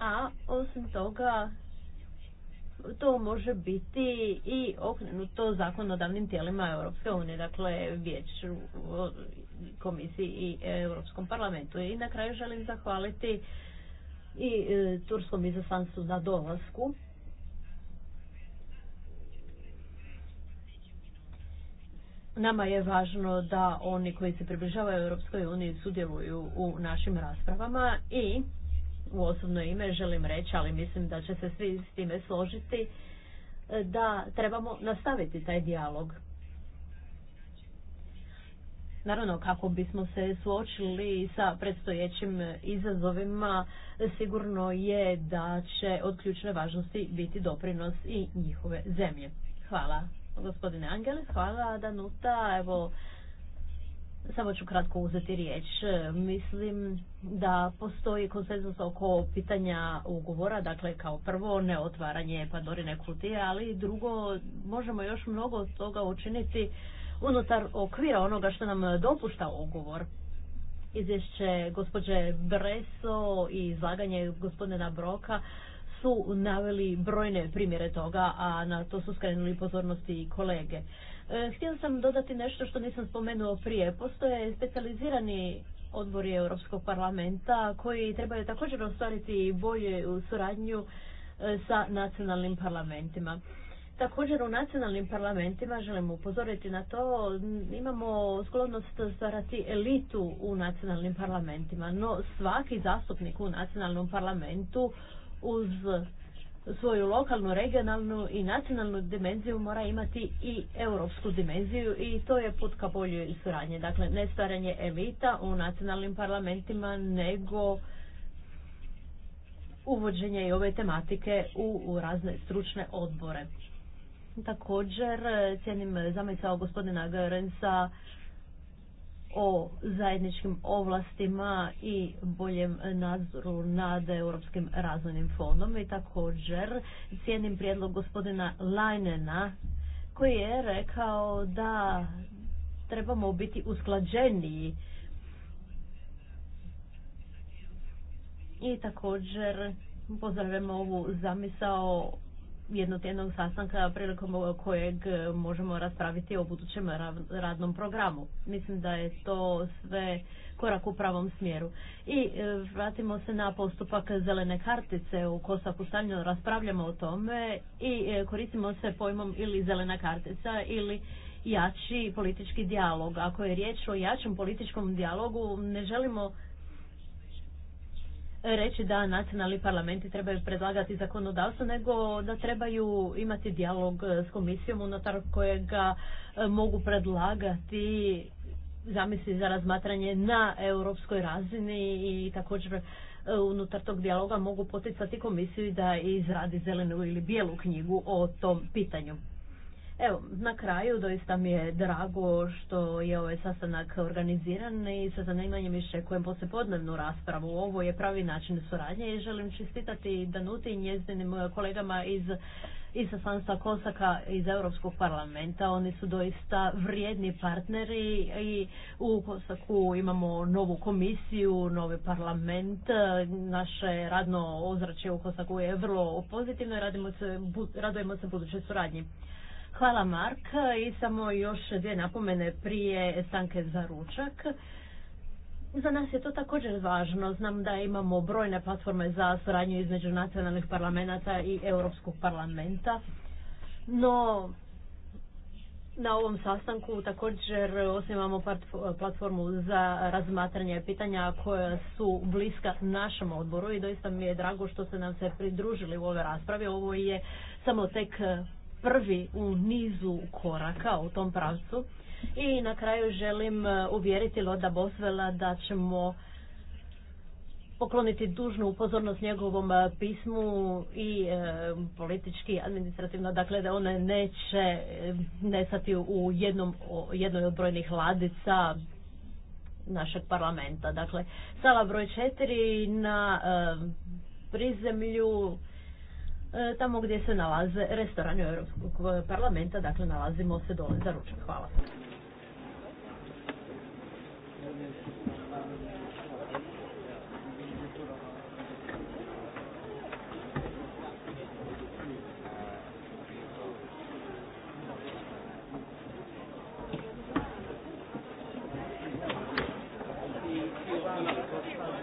a osim toga to može biti i okrenuto zakonodavnim tijelima Europske unije, dakle vijeću komisiji i Europskom parlamentu. I na kraju želim zahvaliti i e, turskom izaslanstvu na dolasku. Nama je važno da oni koji se približavaju Europskoj uniji sudjeluju u našim raspravama i u osobno ime želim reći, ali mislim da će se svi s time složiti, da trebamo nastaviti taj dijalog. Naravno, kako bismo se suočili sa predstojećim izazovima, sigurno je da će od ključne važnosti biti doprinos i njihove zemlje. Hvala. Gospodine Angel, hvala Danuta. Evo, samo ću kratko uzeti riječ. Mislim da postoji konsenzus oko pitanja ugovora, dakle kao prvo ne otvaranje Pandorine kutije, ali drugo možemo još mnogo toga učiniti unutar okvira onoga što nam dopušta ugovor. Izvješće gospođe Breso i izlaganje gospodina Broka su naveli brojne primjere toga, a na to su skrenuli pozornosti i kolege. E, htio sam dodati nešto što nisam spomenuo prije. Postoje specializirani odbori Europskog parlamenta koji trebaju također ostvariti bolje u suradnju e, sa nacionalnim parlamentima. Također u nacionalnim parlamentima želim upozoriti na to, imamo sklonost stvarati elitu u nacionalnim parlamentima, no svaki zastupnik u nacionalnom parlamentu uz svoju lokalnu, regionalnu i nacionalnu dimenziju mora imati i europsku dimenziju i to je put ka boljoj suradnje. Dakle, ne stvaranje elita u nacionalnim parlamentima, nego uvođenje i ove tematike u, u razne stručne odbore. Također, cijenim zamisao gospodina Garensa o zajedničkim ovlastima i boljem nadzoru nad Europskim razvojnim fondom i također cijenim prijedlog gospodina Lajnena koji je rekao da trebamo biti usklađeniji i također pozdravljamo ovu zamisao jednotjednog sastanka prilikom kojeg možemo raspraviti o budućem radnom programu. Mislim da je to sve korak u pravom smjeru. I e, vratimo se na postupak zelene kartice. U Kosaku stanju raspravljamo o tome i e, koristimo se pojmom ili zelena kartica ili jači politički dijalog. Ako je riječ o jačem političkom dijalogu, ne želimo reći da nacionalni parlamenti trebaju predlagati zakonodavstvo, nego da trebaju imati dijalog e, s komisijom unutar kojega e, mogu predlagati zamisli za razmatranje na europskoj razini i također e, unutar tog dijaloga mogu poticati komisiju da izradi zelenu ili bijelu knjigu o tom pitanju. Evo, na kraju doista mi je drago što je ovaj sastanak organiziran i sa zanimanjem iščekujem podnevnu raspravu. Ovo je pravi način suradnje i želim čestitati Danuti i njezinim eh, kolegama iz izaslanstva Kosaka iz Europskog parlamenta. Oni su doista vrijedni partneri i u Kosaku imamo novu komisiju, novi parlament. Naše radno ozračje u Kosaku je vrlo pozitivno i radimo se, radujemo se budućoj suradnji. Hvala Mark i samo još dvije napomene prije stanke za ručak. Za nas je to također važno. Znam da imamo brojne platforme za suradnju između nacionalnih parlamenta i Europskog parlamenta. No, na ovom sastanku također osnivamo platformu za razmatranje pitanja koja su bliska našem odboru i doista mi je drago što ste nam se pridružili u ove raspravi. Ovo je samo tek prvi u nizu koraka u tom pravcu. I na kraju želim e, uvjeriti Loda Bosvela da ćemo pokloniti dužnu upozornost njegovom e, pismu i e, politički, administrativno, dakle da one neće nesati u jednom, jednoj od brojnih ladica našeg parlamenta. Dakle, sala broj četiri na e, prizemlju E, tamo gdje se nalaze restorani Europskog parlamenta, dakle nalazimo se dole za ručak. Hvala.